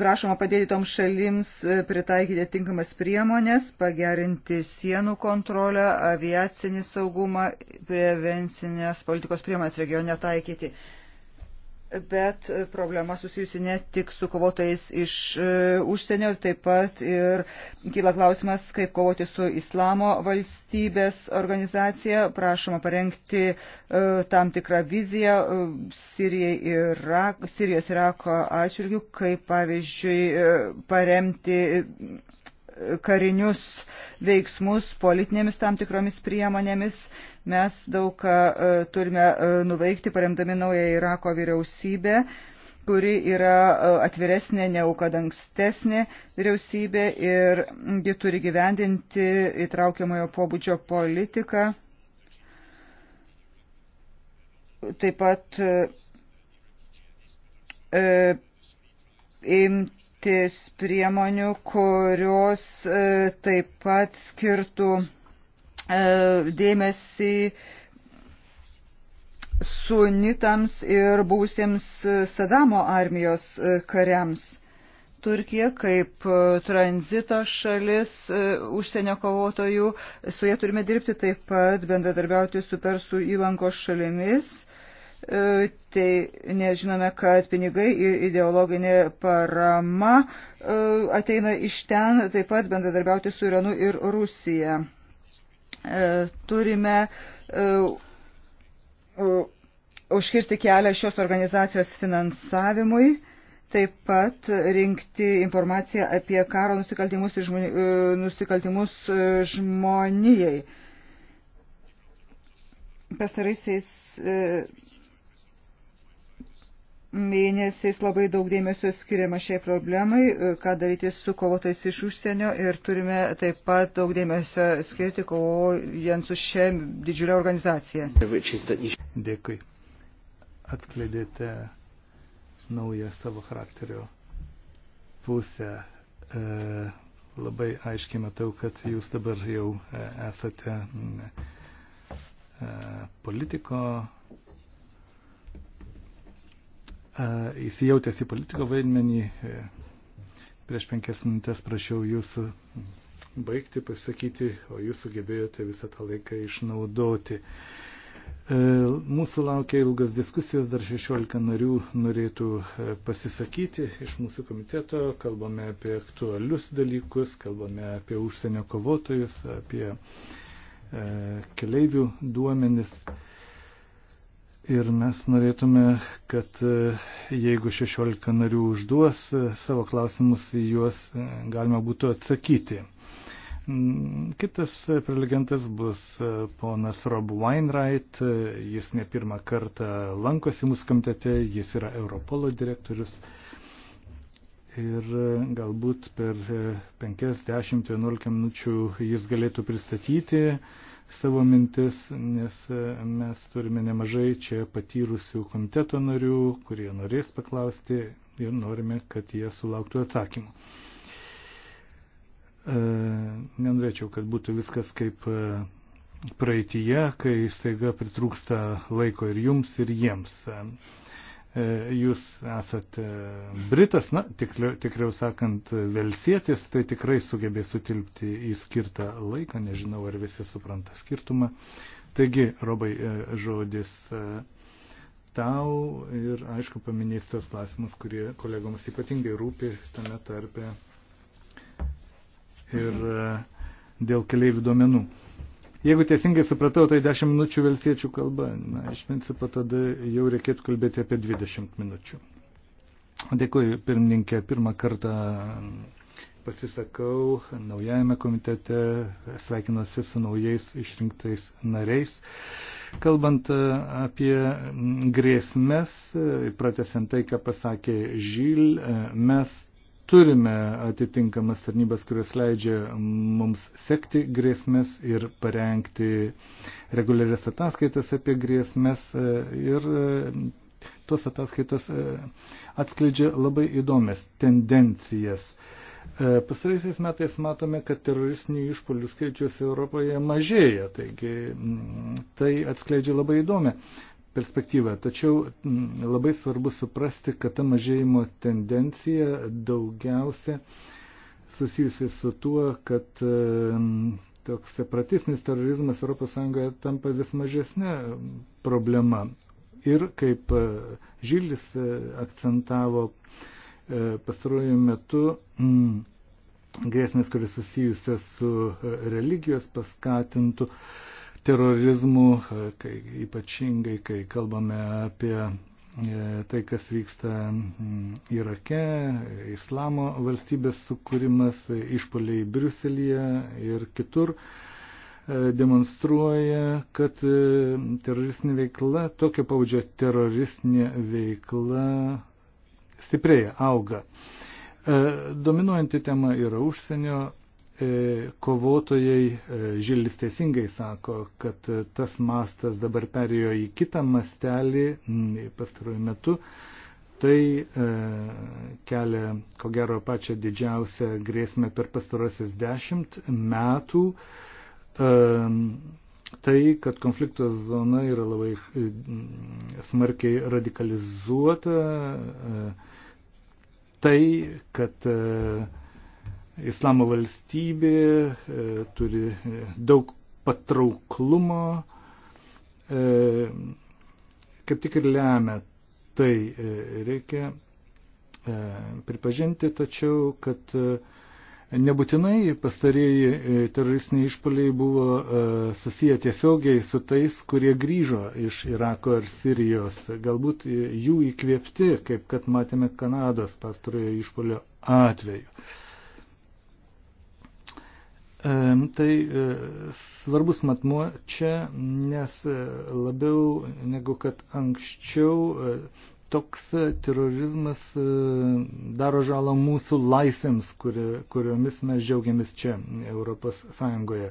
prašoma padėti toms šalims e, pritaikyti tinkamas priemonės, pagerinti sienų kontrolę, aviacinį saugumą, prevencinės politikos priemonės regione taikyti bet problema susijusi ne tik su kovotojais iš e, užsienio, taip pat ir kyla klausimas, kaip kovoti su islamo valstybės organizacija. Prašoma parengti e, tam tikrą viziją e, Sirijos Irako atžvilgių, kaip pavyzdžiui paremti karinius veiksmus politinėmis tam tikromis priemonėmis. Mes daug ką e, turime e, nuveikti, paremdami naują Irako vyriausybę kuri yra e, atviresnė negu kad ankstesnė vyriausybė ir ji turi gyvendinti įtraukiamojo pobūdžio politiką. Taip pat e, imti imtis priemonių, kurios e, taip pat skirtų e, dėmesį sunitams ir būsiems Sadamo armijos e, kariams. Turkija kaip tranzito šalis užsienio kovotojų, su jie turime dirbti taip pat, bendradarbiauti su Persų įlankos šalimis E, tai nežinome, kad pinigai ir ideologinė parama e, ateina iš ten, taip pat bendradarbiauti su Iranu ir Rusija. E, turime užkirsti kelią šios organizacijos finansavimui, taip pat rinkti informaciją apie karo nusikaltimus ir žmoni, nusikaltimus žmonijai. Pastaraisiais mėnesiais labai daug dėmesio skiriama šiai problemai, e, ką daryti su kovotais iš užsienio ir turime taip pat daug dėmesio skirti kovojant su šia didžiulė organizacija. Dėkui. Atskleidėte naują savo charakterio pusę. E, labai aiškiai matau, kad jūs dabar jau e, esate mm, e, politiko įsijautęs į politiko vaidmenį. E, prieš penkias minutės prašiau jūsų baigti pasakyti, o jūs sugebėjote visą tą laiką išnaudoti. E, mūsų laukia ilgas diskusijos, dar 16 narių norėtų e, pasisakyti iš mūsų komiteto. Kalbame apie aktualius dalykus, kalbame apie užsienio kovotojus, apie keleivių duomenis. E, Ir mes norėtume, kad e, jeigu 16 narių užduos e, savo klausimus, į juos e, galima būtų atsakyti. Mm, kitas prelegentas bus ponas Rob Weinreit, jis ne pirmą kartą lankosi mūsų komitete, jis yra Europolo direktorius. Ir galbūt per 50-11 minučių jis galėtų pristatyti uh, savo mintis, nes e, mes turime nemažai čia patyrusių komiteto narių, kurie norės paklausti ir norime, kad jie sulauktų atsakymų. E, nenorėčiau, kad būtų viskas kaip e, praeitie, kai staiga pritrūksta laiko ir jums, ir jiems. E, jūs esate Britas, na, tikliau, tikriau sakant, Velsietis, tai tikrai sugebė sutilpti į skirtą laiką, nežinau, ar visi supranta skirtumą. Taigi, Robai, e, žodis e, tau ir, aišku, paminės tas klausimus, kurie kolegoms ypatingai rūpi tame tarpe ir dėl keliaivių duomenų. Jeigu teisingai supratau, tai 10 minučių velsiečių kalba. Na, iš principo tada jau reikėtų kalbėti apie 20 minučių. Dėkuoju, pirmininkė. Pirmą kartą pasisakau naujajame komitete, sveikinuosi su naujais išrinktais nariais. Kalbant e, apie grėsmės, pratesiant tai, ką pasakė Žyl, e, mes turime atitinkamas tarnybas, kurios leidžia mums sekti grėsmės ir parengti reguliarias ataskaitas apie grėsmės e, ir e, tuos ataskaitas e, atskleidžia labai įdomias tendencijas. Pasaraisiais metais matome, kad teroristinių išpolių skaičius Europoje mažėja, taigi tai atskleidžia labai įdomią perspektyvą. Tačiau labai svarbu suprasti, kad ta mažėjimo tendencija daugiausia susijusi su tuo, kad toks separatistinis terorizmas ES tampa vis mažesnė problema. Ir kaip e, Žilis e, akcentavo e, pastaruoju metu, grėsmės, kuris susijusios su religijos paskatintų terorizmu, kai, ypatingai kai kalbame apie e, tai, kas vyksta Irake, islamo valstybės sukūrimas, išpoliai Briuselėje ir kitur e, demonstruoja, kad e, teroristinė veikla, tokia paudžia teroristinė veikla stiprėja, auga. Dominuojanti tema yra užsienio E, kovotojai, e, Žilis teisingai sako, kad e, tas mastas dabar perėjo į kitą mastelį pastaruoju metu, tai kelia, ko gero, pačią didžiausią grėsmę per pastarosius dešimt metų. Tai, kad konflikto zona yra labai smarkiai radikalizuota, tai, kad uh, Islamo valstybė e, turi e, daug patrauklumo, e, kaip tik ir lemia tai reikia pripažinti, tačiau, kad nebūtinai pastarėjai teroristiniai išpoliai buvo susiję tiesiogiai su tais, kurie grįžo iš Irako ar Sirijos. Galbūt jų įkvėpti, kaip kad matėme Kanados pastarojo išpolio atveju. E, tai e, svarbus matmuo čia, nes e, labiau negu kad anksčiau toks terorizmas daro žalą mūsų laisvėms, kuri, kuriomis mes džiaugiamės čia, Europos Sąjungoje.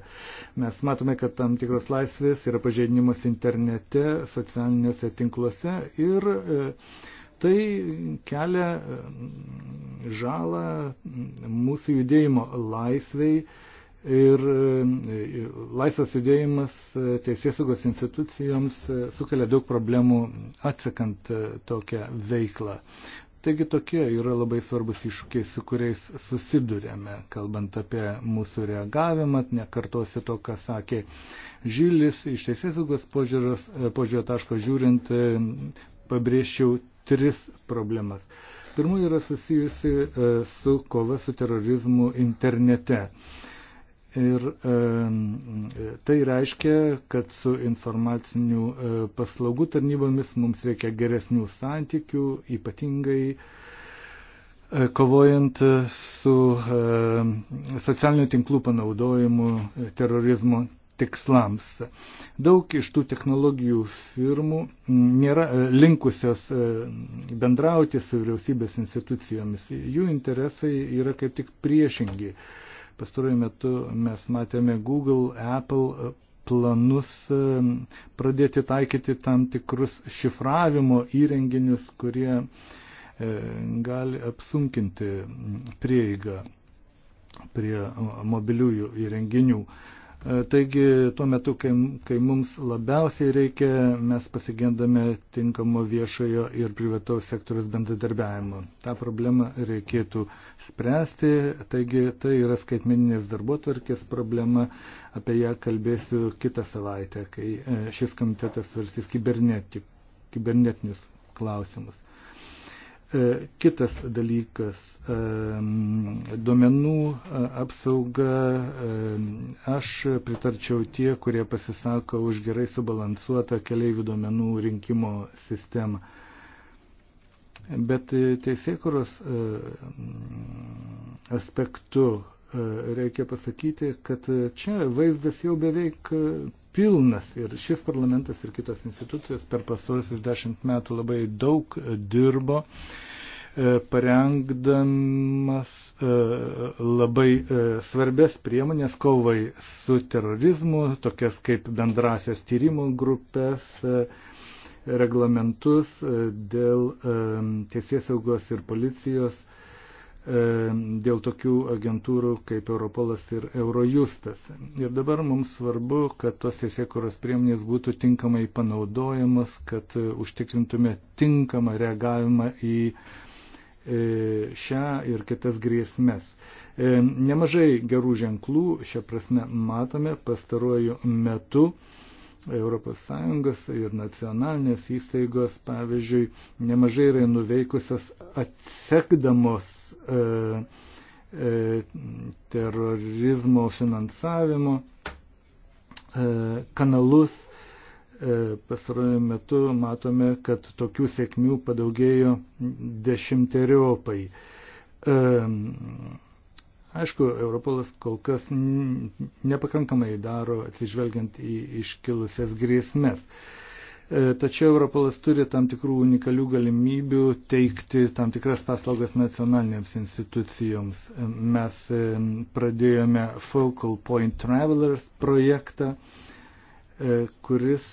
Mes matome, kad tam tikros laisvės yra pažeidinimas internete, socialiniuose tinkluose ir tai kelia žalą mūsų judėjimo laisvėj ir e, laisvas judėjimas e, teisėsaugos institucijoms e, sukelia daug problemų atsekant tokią veiklą. Taigi tokie yra labai svarbus iššūkiai, su kuriais susidurėme, kalbant apie mūsų reagavimą, nekartosiu to, ką sakė Žilis, iš teisėsaugos požiūrio taško žiūrint, pabrėžčiau tris problemas. Pirmoji yra susijusi su kova su terorizmu internete. E, Ir e, tai reiškia, kad su informacinių e, paslaugų tarnybomis mums reikia geresnių santykių, ypatingai e, kovojant su e, socialinių tinklų panaudojimu e, terorizmo tikslams. Daug iš tų technologijų firmų nėra e, linkusios e, bendrauti su vyriausybės institucijomis. Jų interesai yra kaip tik priešingi. Pastaruoju metu mes matėme Google, Apple e, planus e, pradėti taikyti tam tikrus šifravimo įrenginius, kurie e, gali apsunkinti prieigą prie mobiliųjų įrenginių. E, taigi tuo metu, kai, kai mums labiausiai reikia, mes pasigendame tinkamo viešojo ir privataus sektoriaus bendradarbiavimo. Ta problema reikėtų spręsti, taigi tai yra skaitmeninės darbotvarkės problema, apie ją kalbėsiu kitą savaitę, kai e, šis komitetas svarstys kibernetinius klausimus. E, kitas dalykas e, - duomenų e, apsauga. Aš pritarčiau tie, kurie pasisako už gerai subalansuotą keliaivių duomenų rinkimo sistemą. Bet teisėkuros aspektu E, reikia pasakyti, kad čia vaizdas jau beveik pilnas ir šis parlamentas ir kitos institucijos per pastarosius dešimt metų labai daug dirbo, e, parengdamas e, labai svarbės priemonės kovai su terorizmu, tokias kaip bendrasias tyrimų grupės, reglamentus dėl tiesies saugos ir policijos E, dėl tokių agentūrų kaip Europolas ir Eurojustas. Ir dabar mums svarbu, kad tos teisėkuros priemonės būtų tinkamai panaudojamas, kad užtikrintume tinkamą reagavimą į e, šią ir kitas grėsmės. E, nemažai gerų ženklų šią prasme matome pastaruoju metu. ES ir nacionalinės įstaigos, pavyzdžiui, nemažai yra nuveikusios atsekdamos E, e, terorizmo finansavimo e, kanalus. Pastarojame metu matome, kad tokių sėkmių padaugėjo dešimteriopai. Aišku, Europolas kol kas nepakankamai daro atsižvelgiant į iškilusias grėsmės. E, E, tačiau Europolas turi tam tikrų unikalių galimybių teikti tam tikras paslaugas nacionalinėms institucijoms. E, mes e, pradėjome Focal Point Travelers projektą, kuris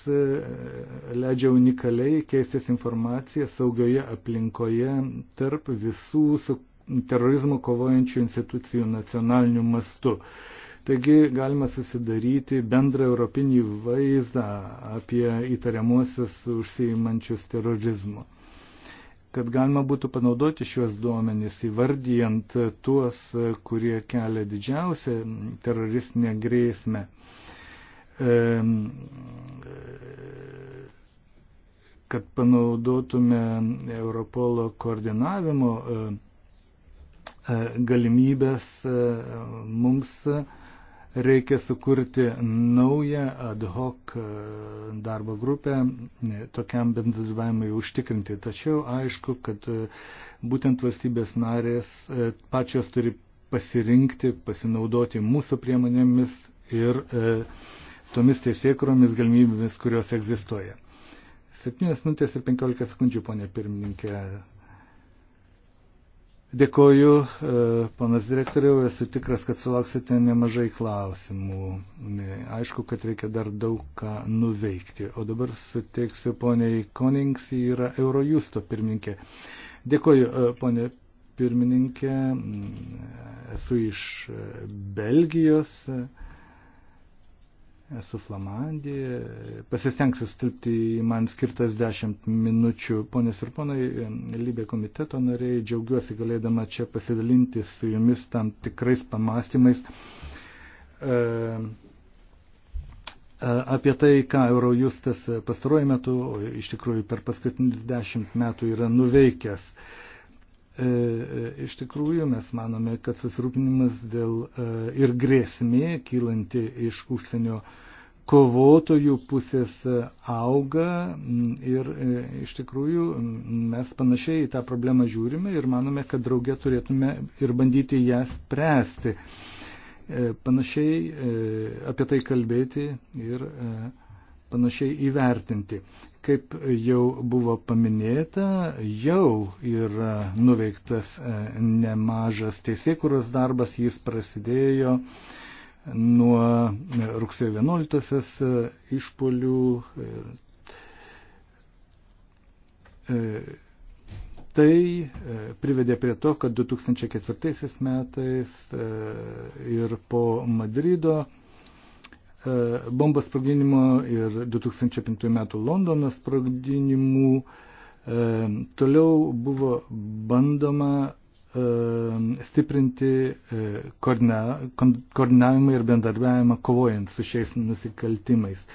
leidžia unikaliai keistis informaciją saugioje aplinkoje tarp visų su terorizmu kovojančių institucijų nacionaliniu mastu. Taigi galima susidaryti bendrą europinį vaizdą apie įtariamuosius užsiimančius terorizmu. Kad galima būtų panaudoti šiuos duomenys įvardyjant tuos, kurie kelia didžiausią teroristinę grėsmę. Kad panaudotume Europolo koordinavimo e, e, galimybės e, mums Reikia sukurti naują ad hoc e, darbo grupę e, tokiam bendradarbiavimui užtikrinti. Tačiau aišku, kad e, būtent valstybės narės pačios turi pasirinkti, pasinaudoti mūsų priemonėmis ir e, tomis teisėkromis galimybėmis, kurios egzistuoja. 7 minutės ir 15 sekundžių, ponė pirmininkė, Dėkoju, e, panas direktoriau, esu tikras, kad sulauksite nemažai klausimų. Aišku, kad reikia dar daug ką nuveikti. O dabar suteiksiu poniai Konings, ji yra Eurojusto pirmininkė. Dėkoju, e, ponė pirmininkė, esu iš e, Belgijos esu Flamandija, pasistengsiu stilpti į man skirtas 10 minučių. Ponės ir ponai, Lybė komiteto nariai, džiaugiuosi galėdama čia pasidalinti su jumis tam tikrais pamastymais e, e apie tai, ką Eurojustas pastaruoju metu, o iš tikrųjų per paskutinius 10 metų yra nuveikęs. E, E, e, iš tikrųjų, mes manome, kad susirūpinimas dėl e, ir grėsmė kylanti iš užsienio kovotojų pusės auga ir iš tikrųjų mes panašiai į tą problemą žiūrime ir manome, kad draugė turėtume ir bandyti ją spręsti. Panašiai apie tai kalbėti ir panašiai įvertinti. Kaip jau buvo paminėta, jau yra nuveiktas e, nemažas teisėkuros darbas, jis prasidėjo nuo rugsėjo 11-osios e, išpolių. E, tai privedė prie to, kad 2004 metais ir po Madrido E, bombos sprogdinimo ir 2005 metų Londono sprogdinimų. E, toliau buvo bandoma e, stiprinti koordinavimą ir bendarbiavimą kovojant su šiais nusikaltimais.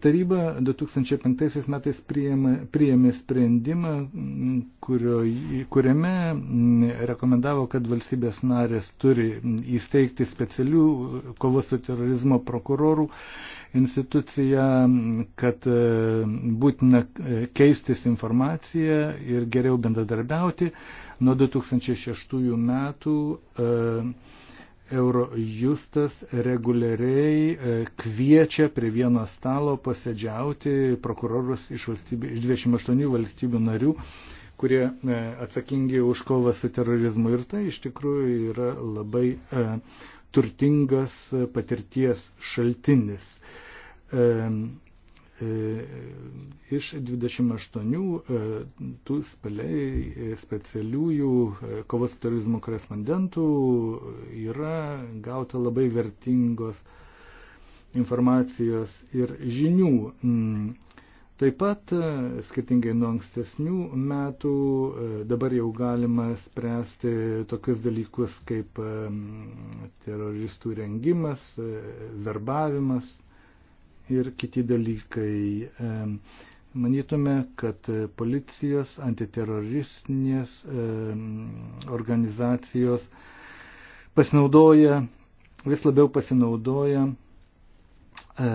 Taryba 2005 metais priėmė, priėmė sprendimą, kurio, kuriame rekomendavo, kad valstybės narės turi įsteigti specialių kovos su terorizmo prokurorų instituciją, kad e, būtina e, keistis informaciją ir geriau bendradarbiauti. Nuo 2006 metų e, Eurojustas reguliariai e, kviečia prie vieno stalo pasėdžiauti prokurorus iš, valstybių, iš 28 valstybių narių, kurie e, atsakingi už kovą su terorizmu. Ir tai iš tikrųjų yra labai e, turtingas patirties šaltinis. E, E, iš 28 e, tų spaliai e, specialiųjų kovos terorizmų korespondentų yra gauta labai vertingos informacijos ir žinių. Mm. Taip pat, skirtingai nuo ankstesnių metų, dabar jau galima spręsti tokius dalykus kaip teroristų rengimas, verbavimas ir kiti dalykai. Manytume, kad policijos, antiteroristinės organizacijos pasinaudoja, vis labiau pasinaudoja e,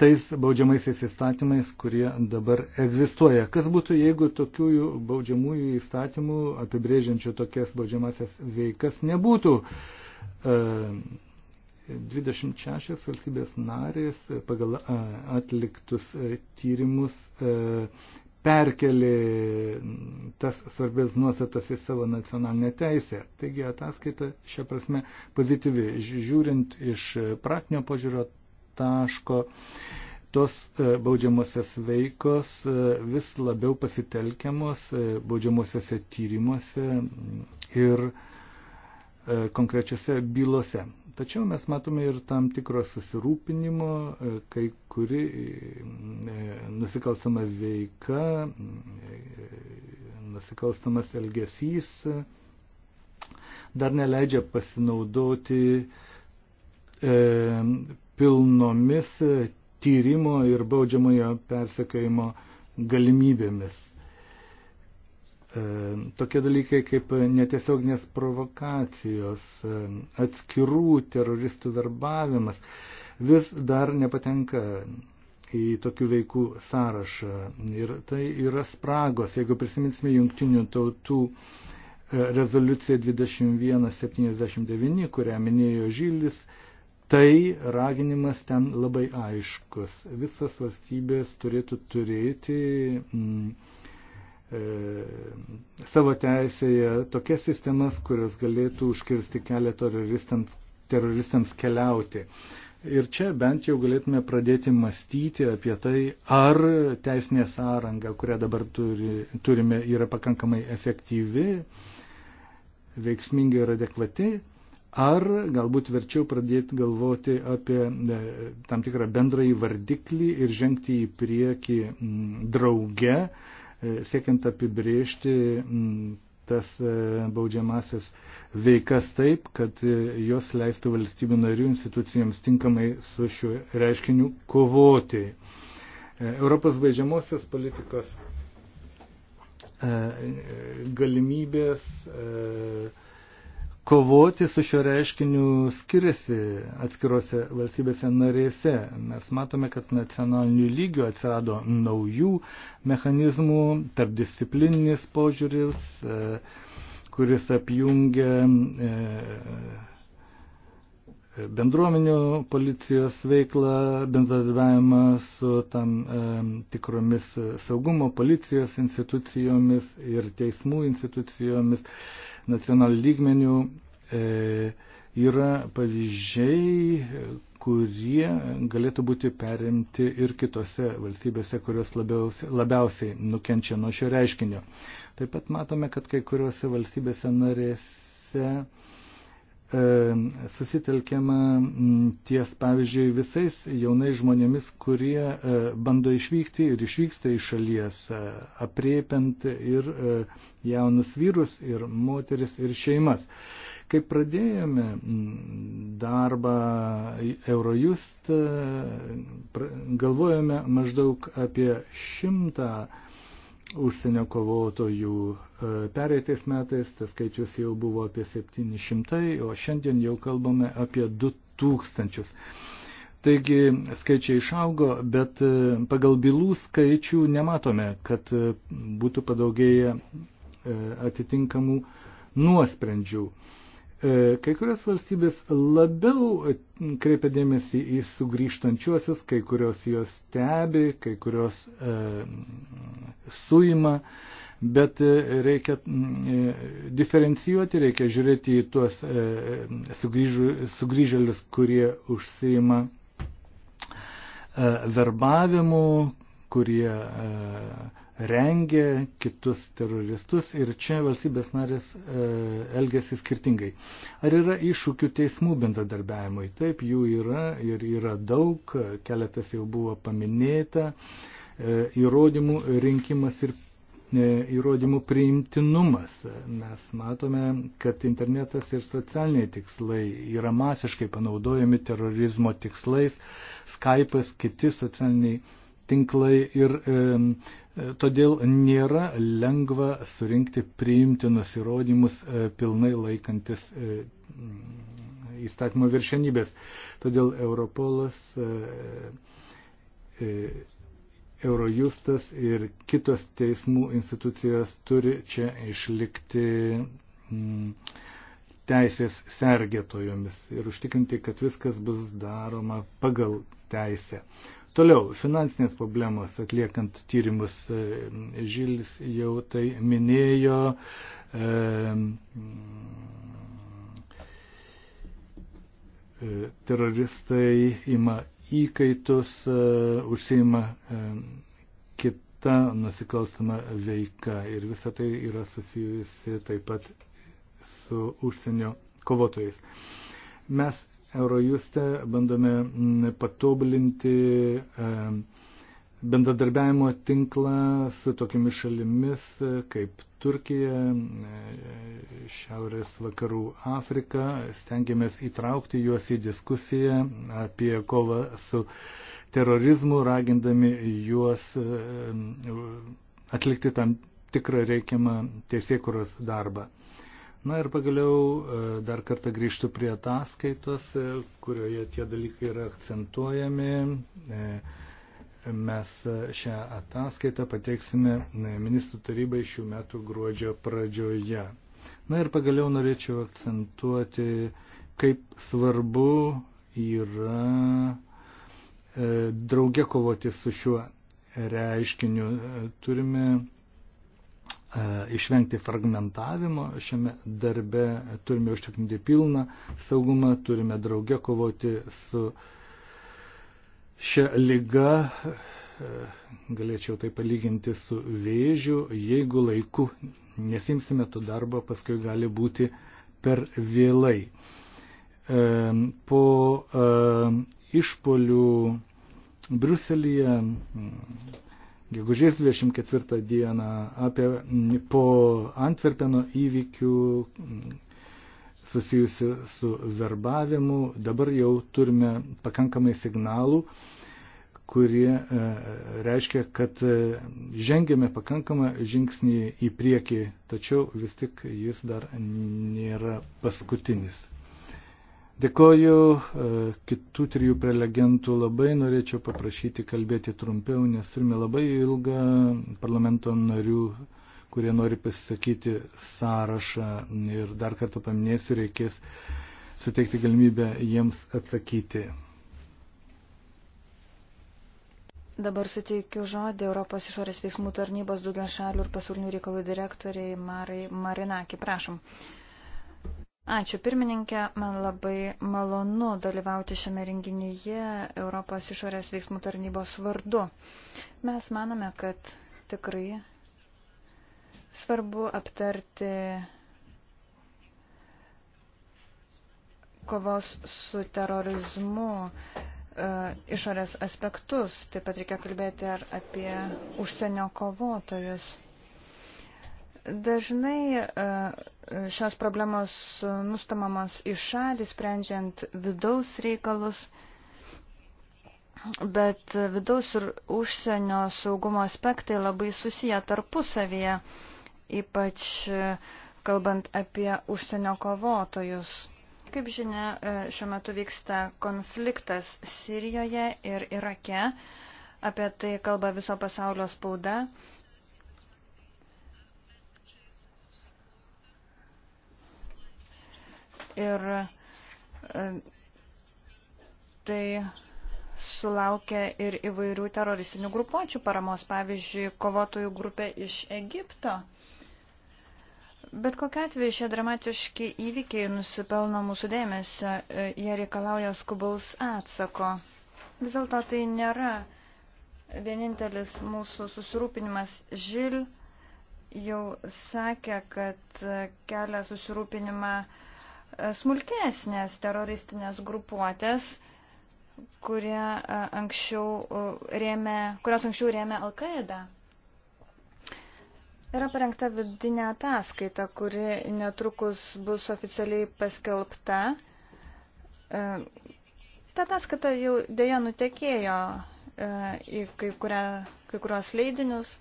tais baudžiamaisiais įstatymais, kurie dabar egzistuoja. Kas būtų, jeigu tokių baudžiamųjų įstatymų apibrėžiančių tokias baudžiamasias veikas nebūtų? E, 26 valstybės narės pagal atliktus tyrimus perkelė tas svarbės nuostatas į savo nacionalinę teisę. Taigi ataskaita šią prasme pozityvi. Žiūrint iš praktinio požiūrio taško, tos baudžiamosios veikos vis labiau pasitelkiamos baudžiamosiose tyrimuose ir konkrečiose bylose. Tačiau mes matome ir tam tikro susirūpinimo, e, kai kuri e, nusikalstama veika, e, nusikalstamas elgesys dar neleidžia pasinaudoti pilnomis tyrimo ir baudžiamojo persekėjimo galimybėmis. E, tokie dalykai kaip netiesioginės provokacijos, e, atskirų teroristų darbavimas vis dar nepatenka į tokių veikų sąrašą. Ir tai yra spragos. Jeigu prisiminsime jungtinių tautų e, rezoliuciją 2179, kurią minėjo Žylis, tai raginimas ten labai aiškus. Visas valstybės turėtų turėti. Mm, E, savo teisėje tokias sistemas, kurios galėtų užkirsti kelią teroristams, teroristams keliauti. Ir čia bent jau galėtume pradėti mąstyti apie tai, ar teisinė sąranga, kurią dabar turi, turime, yra pakankamai efektyvi, veiksminga ir adekvati, ar galbūt verčiau pradėti galvoti apie e, tam tikrą bendrąjį vardiklį ir žengti į priekį drauge, E, siekiant apibriežti tas e, baudžiamasis veikas taip, kad e, jos leistų valstybių narių institucijoms tinkamai su šiuo reiškiniu kovoti. Europos baudžiamosios politikos galimybės kovoti su šio reiškiniu skiriasi atskirose valstybėse narėse. Mes matome, kad nacionaliniu lygiu atsirado naujų mechanizmų, tarpdisciplininis požiūris, e, kuris apjungia e, bendruomenių policijos veiklą, bendradarbiavimą su tam e, tikromis saugumo policijos institucijomis ir teismų institucijomis nacionalinių lygmenių e, yra pavyzdžiai, kurie galėtų būti perimti ir kitose valstybėse, kurios labiausiai, labiausiai nukenčia nuo šio reiškinio. Taip pat matome, kad kai kuriuose valstybėse narėse E, susitelkiama ties, pavyzdžiui, visais jaunais žmonėmis, kurie e, bando išvykti ir išvyksta iš šalies, e, apriepiant ir jaunus vyrus, ir moteris, ir šeimas. Kai pradėjome darbą Eurojust, galvojame maždaug apie šimtą 100 užsienio kovotojų. E, pereitais metais tas skaičius jau buvo apie 700, o šiandien jau kalbame apie 2000. Taigi skaičiai išaugo, bet e, pagal bylų skaičių nematome, kad e, būtų padaugėję atitinkamų nuosprendžių. E, kai kurios valstybės labiau e, kreipia dėmesį į sugrįžtančiuosius, kai kurios juos stebi, kai kurios e, suima, bet e, reikia e, diferencijuoti, reikia žiūrėti į tuos e, sugrįžu, sugrįžėlius, kurie užsima e, verbavimu, kurie e, rengia kitus teroristus ir čia valstybės narės e, elgesi skirtingai. Ar yra iššūkių teismų bendradarbiavimui? Taip, jų yra ir yra daug, keletas jau buvo paminėta, e, įrodymų rinkimas ir e, įrodymų priimtinumas. Mes matome, kad internetas ir socialiniai tikslai yra masiškai panaudojami terorizmo tikslais, Skype'as, kiti socialiniai tinklai ir e, todėl nėra lengva surinkti priimtinus įrodymus e, pilnai laikantis e, mm, įstatymo viršenybės. Todėl Europolas, e, Eurojustas ir kitos teismų institucijos turi čia išlikti mm, teisės sergėtojomis ir užtikrinti, kad viskas bus daroma pagal teisę. Toliau, finansinės problemos atliekant tyrimus. E, Žilis jau tai minėjo. E, e, teroristai ima įkaitus, užsima kita nusikalstama veika ir visa tai yra susijusi taip pat su užsienio kovotojais. Mes Eurojuste bandome mm, patobulinti e, bendradarbiavimo tinklą su tokiamis šalimis e, kaip Turkija, e, Šiaurės vakarų Afrika. Stengiamės įtraukti juos į diskusiją apie kovą su terorizmu, ragindami juos atlikti tam tikrą reikiamą teisėkuros darbą. Na ir pagaliau e, dar kartą grįžtu prie ataskaitos, e, kurioje tie dalykai yra akcentuojami. E, mes šią ataskaitą pateiksime ministrų tarybai šių metų gruodžio pradžioje. Na ir pagaliau norėčiau akcentuoti, kaip svarbu yra drauge kovoti su šiuo reiškiniu. Turime E, išvengti fragmentavimo šiame darbe, turime užtikrinti pilną saugumą, turime drauge kovoti su šia lyga, e, galėčiau tai palyginti su vėžiu, jeigu laiku nesimsime to darbo, paskui gali būti per vėlai. E, po išpolių Bruselėje gegužės 24 dieną apie po Antverpeno įvykių susijusi su verbavimu. Dabar jau turime pakankamai signalų, kurie e, reiškia, kad e, žengėme pakankamą žingsnį į priekį, tačiau vis tik jis dar nėra paskutinis. Dėkoju e, kitų trijų prelegentų labai, norėčiau paprašyti kalbėti trumpiau, nes turime labai ilgą parlamento narių, kurie nori pasisakyti sąrašą ir dar kartą paminėsiu, reikės suteikti galimybę jiems atsakyti. Dabar suteikiu žodį Europos išorės veiksmų tarnybos daugia šalių ir pasaulinių reikalų direktoriai Marai Marinaki. Prašom. Uh, Ačiū pirmininkė, man labai malonu dalyvauti šiame renginyje Europos išorės veiksmų tarnybos vardu. Mes manome, kad tikrai svarbu aptarti kovos su terorizmu e, išorės aspektus. Taip pat reikia kalbėti ir apie užsienio kovotojus. Dažnai e, šios problemos nustamamos į šalį, sprendžiant vidaus reikalus, bet vidaus ir užsienio saugumo aspektai labai susiję tarpusavėje, ypač e, kalbant apie užsienio kovotojus. Kaip žinia, e, šiuo metu vyksta konfliktas Sirijoje ir Irake, apie tai kalba viso pasaulio spauda. ir e, tai sulaukia ir įvairių teroristinių grupuočių paramos, pavyzdžiui, kovotojų grupė iš Egipto. Bet kokia atveju šie dramatiški įvykiai nusipelno mūsų dėmesio, e, jie reikalauja skubaus atsako. Vis dėlto tai nėra vienintelis mūsų susirūpinimas. Žil jau sakė, kad e, kelia susirūpinimą uh, smulkesnės teroristinės grupuotės, kurie anksčiau rėmė, kurios anksčiau rėmė Al-Qaeda. Yra parengta vidinė ataskaita, kuri netrukus bus oficialiai paskelbta. Ta ataskaita jau dėja nutekėjo į kai, kurią, kai kurios leidinius.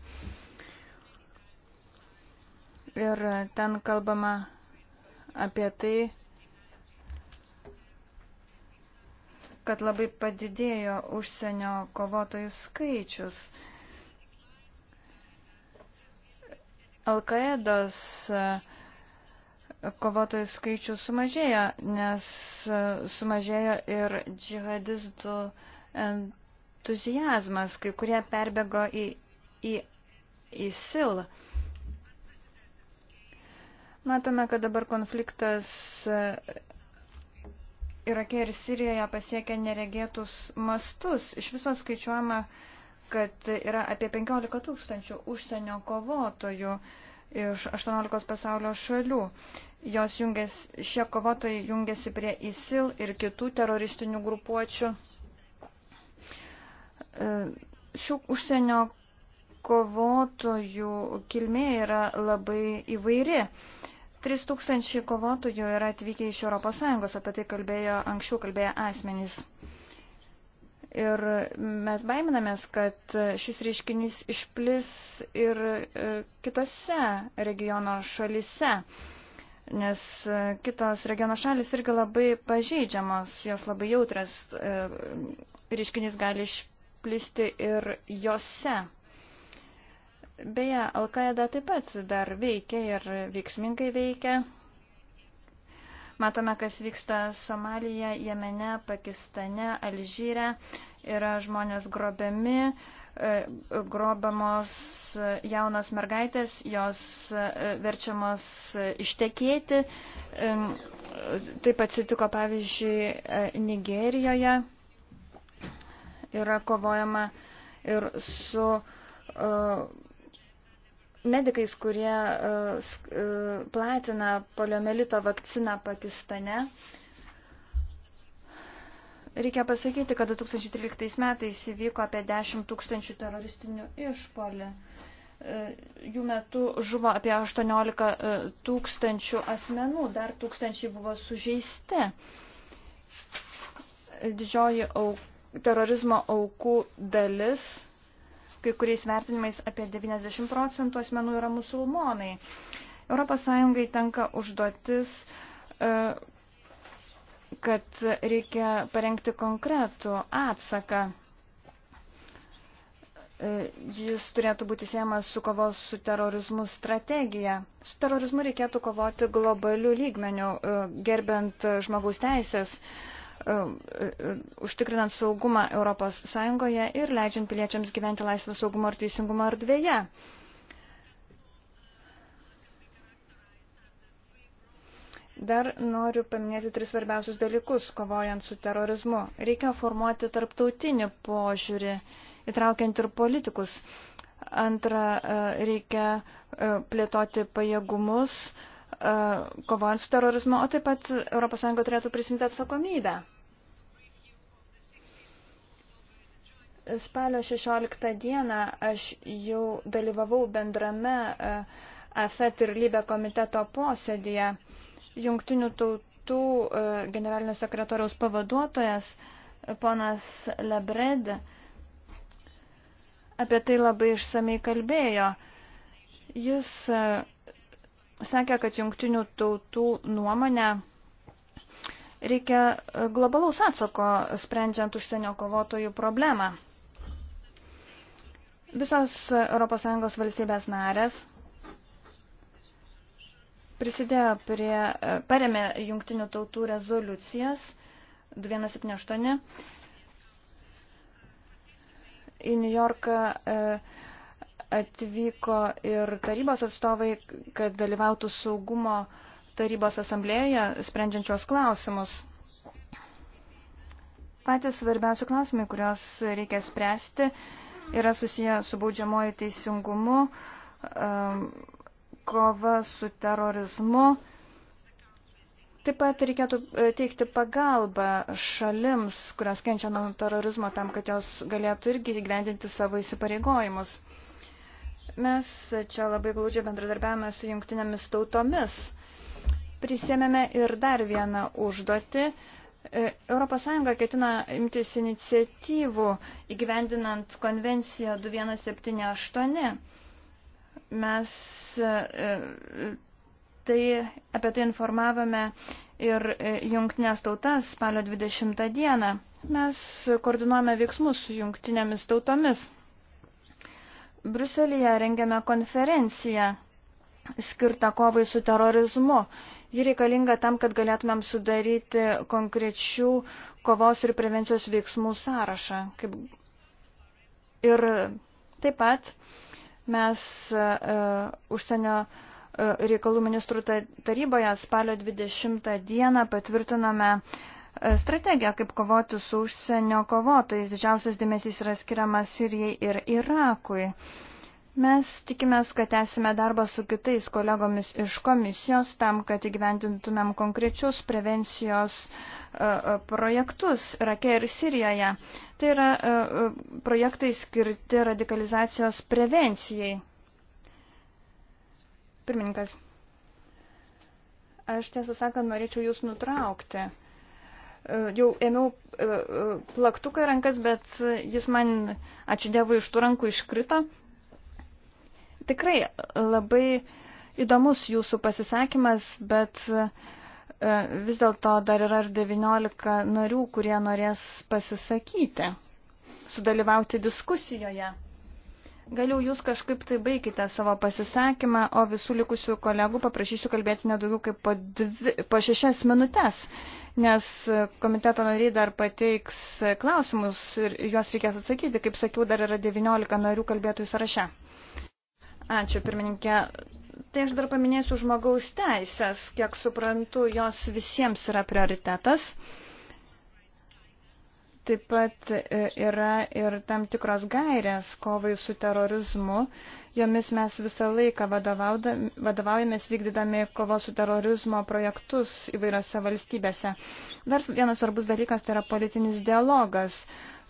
Ir ten kalbama apie tai, kad labai padidėjo užsienio kovotojų skaičius. Alkaedos e, kovotojų skaičius sumažėjo, nes e, sumažėjo ir džihadistų entuzijazmas, kai kurie perbėgo į, į ISIL. Į Matome, kad dabar konfliktas e, Irake ir Sirijoje pasiekia neregėtus mastus. Iš viso skaičiuojama, kad yra apie 15 tūkstančių užsienio kovotojų iš 18 pasaulio šalių. Jos jungės, šie kovotojai jungiasi prie ISIL ir kitų teroristinių grupuočių. E, Šių užsienio kovotojų kilmė yra labai įvairi. 3000 kovotojų yra atvykę iš ES, apie tai kalbėjo anksčiau kalbėjo asmenys. Ir mes baiminamės, kad šis reiškinys išplis ir e, kitose regiono šalise, nes e, kitos regiono šalis irgi labai pažeidžiamos, jos labai jautres, e, reiškinys gali išplisti ir jose. Beje, Al-Qaeda taip pat dar veikia ir veiksmingai veikia. Matome, kas vyksta Somalija, Jemene, Pakistane, Alžyre. Yra žmonės grobiami, e, grobamos jaunos mergaitės, jos e, verčiamos ištekėti. E, taip atsitiko pavyzdžiui Nigerijoje. Yra kovojama ir su uh, medikais, kurie e, e, platina poliomelito vakciną Pakistane. Reikia pasakyti, kad 2013 metais įvyko apie 10 tūkstančių teroristinių išpolį. E, jų metu žuvo apie 18 tūkstančių asmenų, dar tūkstančiai buvo sužeisti. Didžioji au, terorizmo aukų dalis kai kuriais vertinimais apie 90 procentų asmenų yra musulmonai. ES tenka užduotis, e, kad reikia parengti konkretų atsaką. E, jis turėtų būti siejamas su kovos su terorizmu strategija. Su terorizmu reikėtų kovoti globalių lygmenių, e, gerbent žmogaus teisės Um, e, e, užtikrinant saugumą ES ir leidžiant piliečiams gyventi laisvą saugumo ir teisingumo erdvėje. Dar noriu paminėti tris svarbiausius dalykus, kovojant su terorizmu. Reikia formuoti tarptautinį požiūrį, įtraukiant ir politikus. Antra, e, reikia plėtoti pajėgumus, E, kovojant su terorizmu, o taip pat ES turėtų prisimti atsakomybę. Spalio 16 dieną aš jau dalyvavau bendrame e, AFET ir Lybė komiteto posėdėje. Jungtinių tautų e, generalinio sekretoriaus pavaduotojas ponas Lebred apie tai labai išsamei kalbėjo. Jis sakė, kad jungtinių tautų nuomonę reikia globalaus atsako, sprendžiant užsienio kovotojų problemą. Visos ES valstybės narės prisidėjo prie, paremė jungtinių tautų rezoliucijas 278. Į New Yorką e, atvyko ir tarybos atstovai, kad dalyvautų saugumo tarybos asamblėje sprendžiančios klausimus. Patys svarbiausių klausimai, kurios reikia spręsti, yra susiję su baudžiamoju teisingumu, um, kova su terorizmu. Taip pat reikėtų e, teikti pagalbą šalims, kurios kenčia nuo terorizmo, tam, kad jos galėtų irgi įgyvendinti savo įsipareigojimus. Mes čia labai glaudžiai bendradarbiavame su jungtinėmis tautomis. Prisėmėme ir dar vieną užduotį. ES ketina imtis iniciatyvų įgyvendinant konvenciją 2178. Mes e, tai, apie tai informavome ir e, jungtinės tautas spalio 20 dieną. Mes koordinuojame veiksmus su jungtinėmis tautomis. Bruselėje rengiame konferenciją skirtą kovai su terorizmu. Ji reikalinga tam, kad galėtumėm sudaryti konkrečių kovos ir prevencijos veiksmų sąrašą. Kaip... Ir taip pat mes uh, užsienio uh, reikalų ministrų taryboje spalio 20 dieną patvirtinome uh, strategiją, kaip kovoti su užsienio kovotojais. Didžiausias dėmesys yra skiriamas Sirijai ir Irakui. Mes tikimės, kad esime darbą su kitais kolegomis iš komisijos tam, kad įgyvendintumėm konkrečius prevencijos e, e, projektus Irake ir Sirijoje. Tai yra e, projektai skirti radikalizacijos prevencijai. Pirmininkas, aš tiesą sakant, norėčiau jūs nutraukti jau ėmiau e, e, plaktuką į rankas, bet jis man, ačiū Dievui, iš tų rankų iškrito. Tikrai labai įdomus jūsų pasisakymas, bet e, vis dėlto dar yra ir 19 narių, kurie norės pasisakyti, sudalyvauti diskusijoje. Galiau jūs kažkaip tai baigite savo pasisakymą, o visų likusių kolegų paprašysiu kalbėti nedaugiau kaip po, dvi, po šešias minutės nes komiteto nariai dar pateiks klausimus ir juos reikės atsakyti. Kaip sakiau, dar yra 19 narių kalbėtojų sąraše. Ačiū, pirmininkė. Tai aš dar paminėsiu žmogaus teisės, kiek suprantu, jos visiems yra prioritetas. Uh, Taip pat e, yra ir tam tikros gairės kovai su terorizmu. Jomis mes visą laiką vadovaujamės vykdydami kovos su terorizmo projektus įvairiose valstybėse. Dar vienas svarbus dalykas tai yra politinis dialogas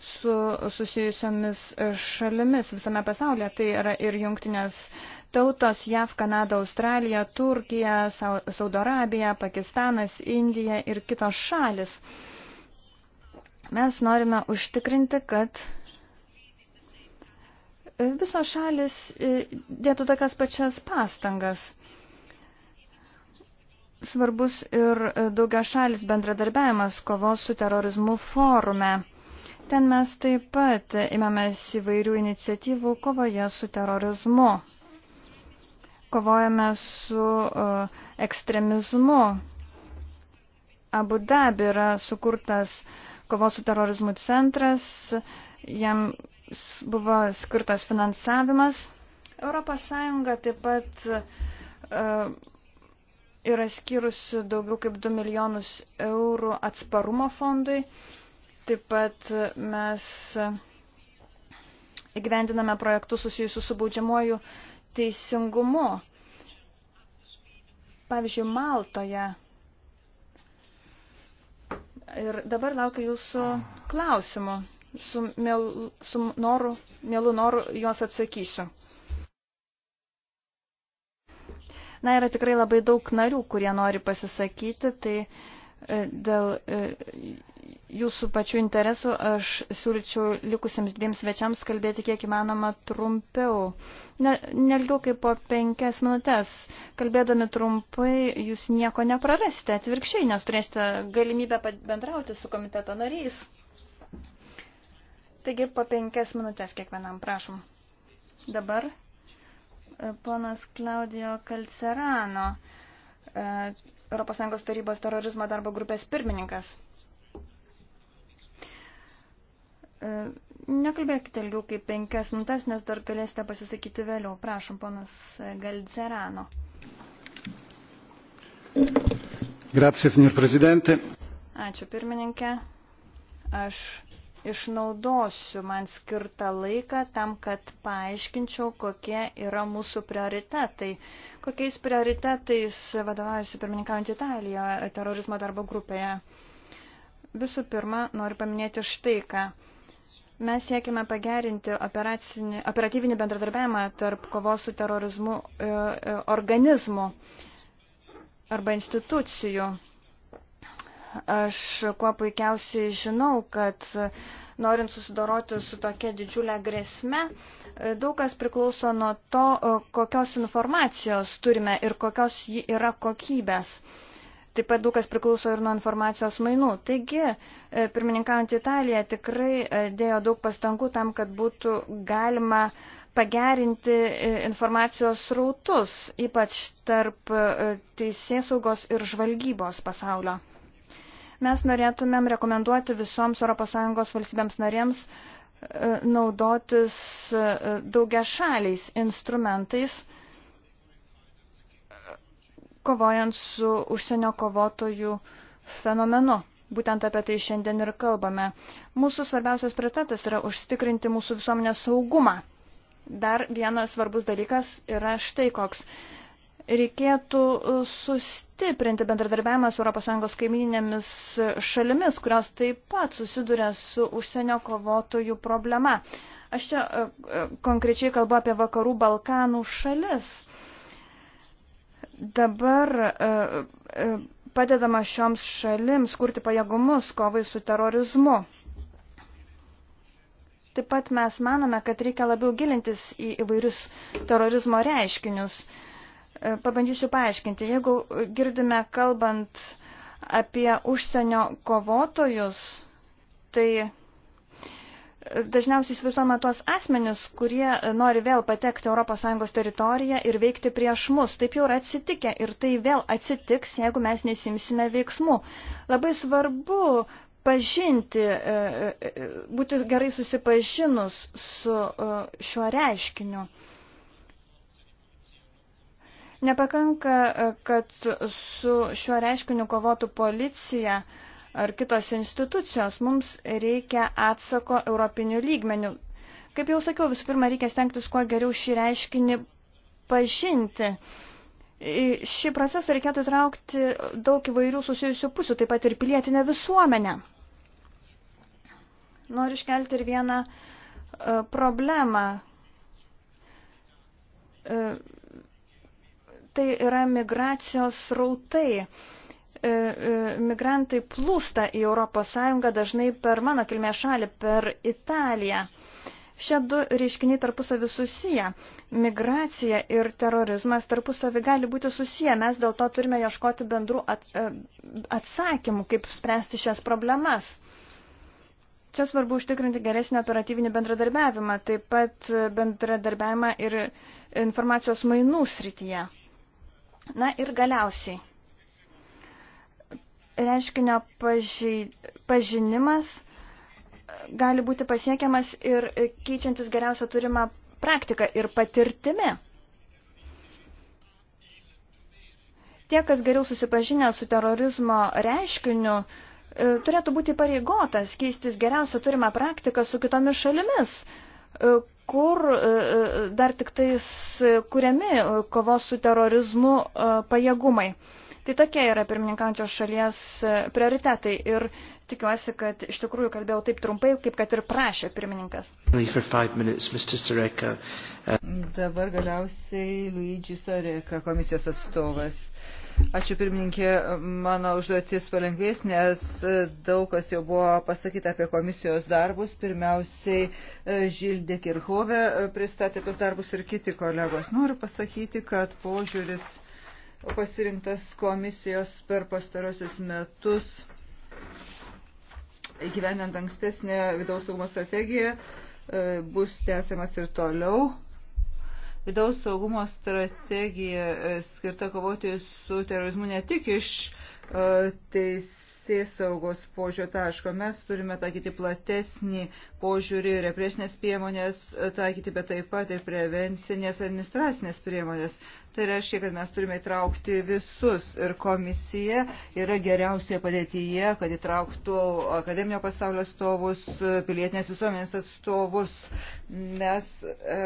su susijusiomis šalimis visame pasaulyje. Tai yra ir jungtinės tautos, JAV, Kanada, Australija, Turkija, Saudo Arabija, Pakistanas, Indija ir kitos šalis. Mes norime užtikrinti, kad visos šalis dėtų tokias pačias pastangas. Svarbus ir daugia šalis bendradarbiavimas kovos su terorizmu forume. Ten mes taip pat imamės įvairių iniciatyvų kovoje su terorizmu. Kovojame su uh, ekstremizmu. Abu Dabi yra sukurtas uh, kovos su terorizmu centras, jam buvo skirtas finansavimas. ES taip pat uh, yra skyrusi daugiau kaip 2 milijonus eurų atsparumo fondui. Taip pat mes įgyvendiname projektus susijusius su baudžiamuoju teisingumu. Pavyzdžiui, Maltoje Ir dabar laukiu jūsų klausimų. Su, mėl, su noru, mielu noru juos atsakysiu. Na, yra tikrai labai daug narių, kurie nori pasisakyti, tai E, dėl e, jūsų pačių interesų aš siūlyčiau likusiems dviems svečiams kalbėti kiek įmanoma trumpiau. Ne, nelgiau kaip po penkias minutės. Kalbėdami trumpai, jūs nieko neprarasite, atvirkščiai, nes turėsite galimybę bendrauti su komiteto nariais. Taigi po penkias minutės kiekvienam prašom. Dabar e, ponas Klaudijo Kalcerano ES tarybos terorizmo darbo grupės pirmininkas. E, nekalbėkite ilgiau kaip penkias minutės, nes dar galėsite pasisakyti vėliau. Prašom, ponas Galcerano. Grazie, signor Presidente. Ačiū, pirmininkė. Aš išnaudosiu man skirtą laiką tam, kad paaiškinčiau, kokie yra mūsų prioritetai. Kokiais prioritetais vadovaujasi pirmininkaujant Italiją terorizmo darbo grupėje. Visų pirma, noriu paminėti štai ką. Mes siekime pagerinti operatyvinį bendradarbiavimą tarp kovos su terorizmu e, e, organizmų arba institucijų. Aš kuo puikiausiai žinau, kad norint susidoroti su tokia didžiulė grėsme, daug kas priklauso nuo to, kokios informacijos turime ir kokios ji yra kokybės. Taip pat daug kas priklauso ir nuo informacijos mainų. Taigi, e, pirmininkaujant Italiją tikrai e, dėjo daug pastangų tam, kad būtų galima pagerinti e, informacijos rautus, ypač tarp teisėsaugos ir žvalgybos pasaulio. Mes norėtumėm rekomenduoti visoms ES valstybėms narėms e, naudotis e, daugia šaliais instrumentais, kovojant su užsienio kovotojų fenomenu. Būtent apie tai šiandien ir kalbame. Mūsų svarbiausias prioritetas yra užtikrinti mūsų visuomenės saugumą. Dar vienas svarbus dalykas yra štai koks reikėtų e, sustiprinti bendradarbiavimą su ES kaimininėmis šalimis, kurios taip pat susiduria su užsienio kovotojų problema. Aš čia e, e, konkrečiai kalbu apie vakarų Balkanų šalis. Dabar padedama šioms šalims kurti pajėgumus kovai su terorizmu. Taip pat mes manome, kad reikia labiau gilintis į įvairius terorizmo reiškinius. Uh, E, pabandysiu paaiškinti. Jeigu girdime kalbant apie užsienio kovotojus, tai e, dažniausiai įsivaizduojame tuos asmenis, kurie e, nori vėl patekti ES teritoriją ir veikti prieš mus. Taip jau yra atsitikę ir tai vėl atsitiks, jeigu mes nesimsime veiksmų. Labai svarbu pažinti, būti gerai susipažinus su šiuo reiškiniu. Nepakanka, e, kad su šiuo reiškiniu kovotų policija ar kitos institucijos. Mums reikia atsako europinių lygmenių. Kaip jau sakiau, visų pirma, reikia stengtis kuo geriau šį reiškinį pažinti. Į šį procesą reikėtų traukti daug įvairių susijusių pusių, taip pat ir pilietinę visuomenę. Noriu iškelti ir vieną e, problemą. E, tai yra migracijos rautai. E, e, migrantai plūsta į ES dažnai per mano kilmės šalį, per Italiją. Šie du reiškiniai tarpusavį susiję. Migracija ir terorizmas tarpusavį gali būti susiję. Mes dėl to turime ieškoti bendrų at, e, atsakymų, kaip spręsti šias problemas. Čia svarbu užtikrinti geresnį operatyvinį bendradarbiavimą, taip pat bendradarbiavimą ir informacijos mainų srityje. Na ir galiausiai. Reiškinio paži... pažinimas e, gali būti pasiekiamas ir keičiantis geriausią turimą praktiką ir patirtimi. Tie, kas geriau susipažinę su terorizmo reiškiniu, e, turėtų būti pareigotas keistis geriausią turimą praktiką su kitomis šalimis, e, kur e, e, dar tik tais e, kuriami kovos su terorizmu pajėgumai. Tai tokie yra pirmininkančios šalies e, prioritetai ir tikiuosi, kad iš tikrųjų kalbėjau taip trumpai, kaip kad ir prašė pirmininkas. Uh, Dabar galiausiai Luigi Soreka, komisijos atstovas. Ačiū pirmininkė, mano užduotis palengvės, nes e, daug kas jau buvo pasakyta apie komisijos darbus. Pirmiausiai e, Žildė Kirchove pristatė tos darbus ir kiti kolegos. Noriu pasakyti, kad požiūris pasirinktas komisijos per pastarosius metus įgyvenant ankstesnę vidaus saugumo strategiją e, bus tęsiamas ir toliau. Vidaus saugumo strategija e, skirta kovoti su terorizmu ne tik iš e, teis teisės saugos požio taško. Mes turime taikyti platesnį požiūrį, represinės priemonės taikyti, bet taip pat ir prevencinės administracinės priemonės. Tai reiškia, kad mes turime įtraukti visus ir komisija yra geriausioje padėtyje, kad įtrauktų akademinio pasaulio atstovus, pilietinės visuomenės atstovus. Mes, e,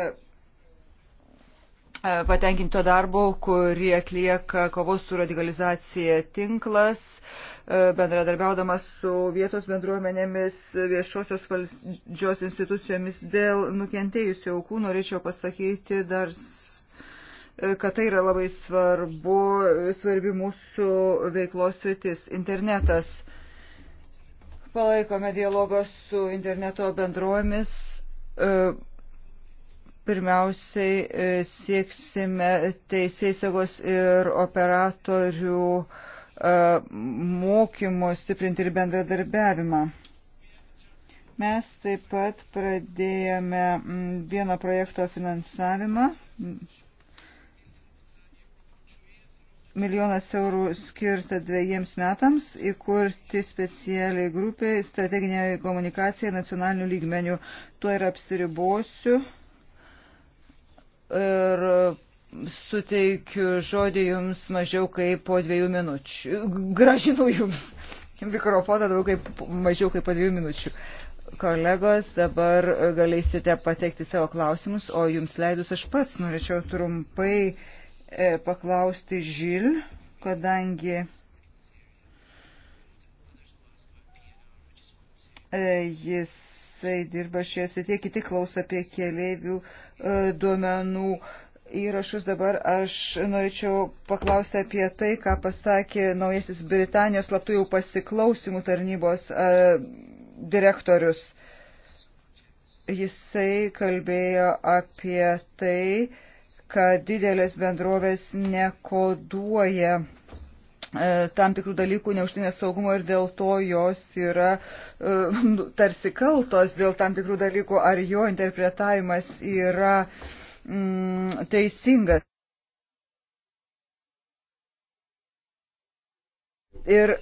E, patenkinto darbo, kurį atlieka kovos su radikalizacija tinklas, e, bendradarbiaudamas su vietos bendruomenėmis viešosios valdžios institucijomis dėl nukentėjusių aukų, norėčiau pasakyti dar e, kad tai yra labai svarbu, svarbi mūsų veiklos sritis. Internetas. Palaikome dialogą su interneto bendruomis Pirmiausiai e, sieksime teisėsaugos ir operatorių e, mokymo stiprinti ir bendradarbiavimą. Mes taip pat pradėjome vieno projekto finansavimą milijonas eurų skirta dviejiems metams įkurti specialiai grupiai strateginė komunikacija nacionalinių lygmenių. Tuo ir apsiribosiu ir suteikiu žodį jums mažiau kaip po dviejų minučių. Gražinu jums mikrofoną daugiau kaip mažiau kaip po dviejų minučių. Kolegos, dabar galėsite pateikti savo klausimus, o jums leidus aš pats norėčiau trumpai e, paklausti Žil, kadangi e, jisai dirba šioje srityje, kiti klaus apie keliaivių e, E, duomenų įrašus. Dabar aš norėčiau paklausti apie tai, ką pasakė naujasis Britanijos slaptųjų pasiklausimų tarnybos e, direktorius. Jisai kalbėjo apie tai, kad didelės bendrovės nekoduoja E, tam tikrų dalykų neužtinė saugumo ir dėl to jos yra e, nu, tarsi kaltos dėl tam tikrų dalykų, ar jo interpretavimas yra mm, teisingas. Ir e,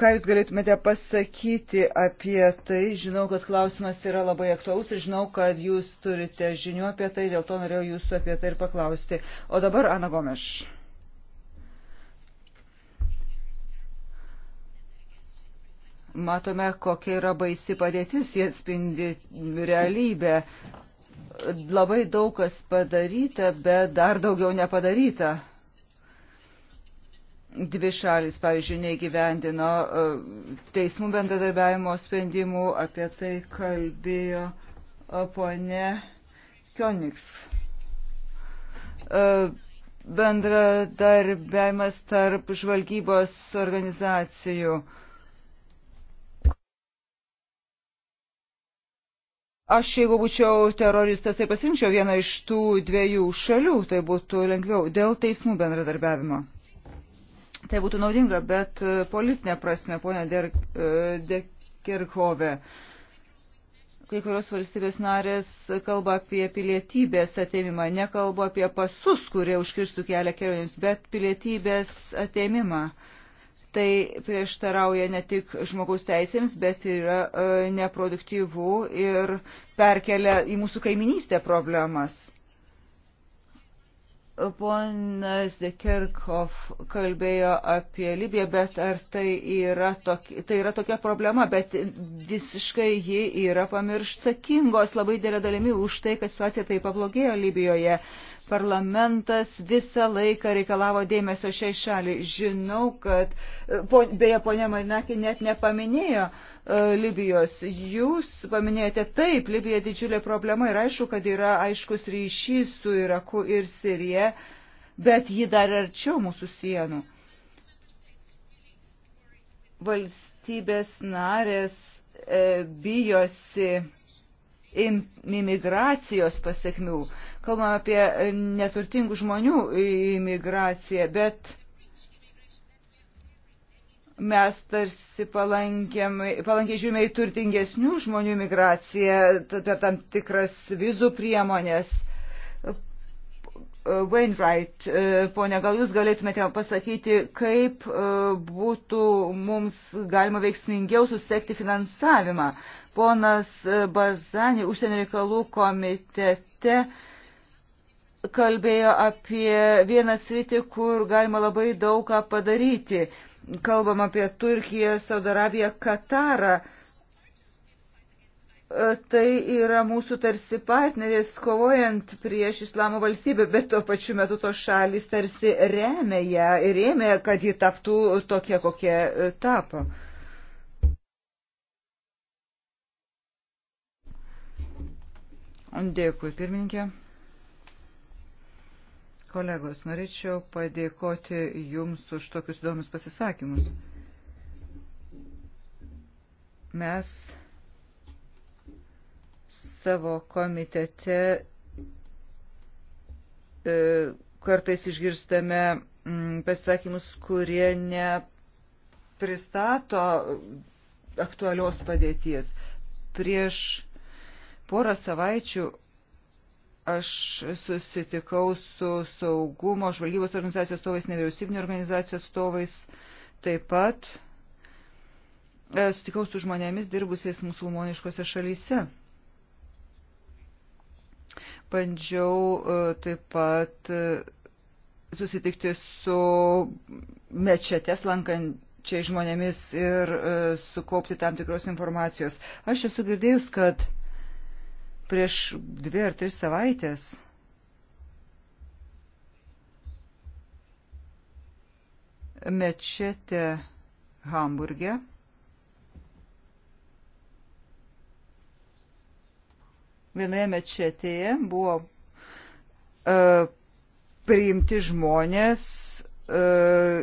ką Jūs galėtumėte pasakyti apie tai? Žinau, kad klausimas yra labai aktualus ir žinau, kad Jūs turite žinių apie tai, dėl to norėjau Jūsų apie tai ir paklausti. O dabar Ana Gomeš. matome, kokia yra baisi padėtis, jie atspindi realybę. Labai daug kas padaryta, bet dar daugiau nepadaryta. Dvi šalis, pavyzdžiui, neįgyvendino e, teismų bendradarbiavimo sprendimų, apie tai kalbėjo e, ponė Kioniks e, bendradarbiavimas tarp žvalgybos organizacijų. Aš jeigu būčiau teroristas, tai pasirinkčiau vieną iš tų dviejų šalių, tai būtų lengviau dėl teismų bendradarbiavimo. Tai būtų naudinga, bet e, politinė prasme, ponia Dekirchove, e, kai kurios valstybės narės kalba apie pilietybės atėmimą, nekalba apie pasus, kurie užkirstų kelią kelionėms, bet pilietybės atėmimą. Uh, Tai prieštarauja ne tik žmogaus teisėms, bet yra e, neproduktyvų ir perkelia į mūsų kaiminystę problemas. Ponas De Kirchhoff kalbėjo apie Libiją, bet ar tai yra, tokia, tai yra tokia problema, bet visiškai ji yra pamirštsakingos labai dėlė dalimi už tai, kad situacija taip pablogėjo Libijoje parlamentas visą laiką reikalavo dėmesio šiai šaliai. Žinau, kad, e, beje, ponė Marinakė net nepaminėjo e, Libijos. Jūs paminėjote taip, Libija didžiulė problema ir aišku, kad yra aiškus ryšys su Iraku ir Sirija, bet ji dar arčiau mūsų sienų. Valstybės narės e, bijosi imigracijos pasiekmių kalbame apie e, neturtingų žmonių imigraciją, bet mes tarsi palankiai žiūrime į turtingesnių žmonių imigraciją per tam tikras vizų priemonės. Wainwright, e, ponė, gal jūs galėtumėte pasakyti, kaip e, būtų mums galima veiksmingiau susekti finansavimą. Ponas Barzani, užsienio reikalų komitete, kalbėjo apie vieną sritį, kur galima labai daug ką padaryti. Kalbam apie Turkiją, Saudarabiją, Katarą. E, tai yra mūsų tarsi partneris kovojant prieš islamo valstybę, bet tuo pačiu metu tos šalis tarsi remia ją ir rėmė, kad ji taptų tokia, kokia e, tapo. Dėkui, pirmininkė kolegos, norėčiau padėkoti Jums už tokius įdomius pasisakymus. Mes savo komitete e, kartais išgirstame mm, pasisakymus, kurie nepristato aktualios padėties. Prieš porą savaičių Aš susitikau su saugumo žvalgybos organizacijos atstovais, nevyriausybinio organizacijos atstovais, taip pat e, sutikau su žmonėmis dirbusiais musulmoniškose šalyse. Bandžiau e, taip pat e, susitikti su mečetės lankančiai žmonėmis ir sukaupti tam tikros informacijos. Aš esu girdėjus, kad prieš dvi ar tris savaitės. Mečete Hamburge. Vienoje mečetėje buvo uh, priimti žmonės, e,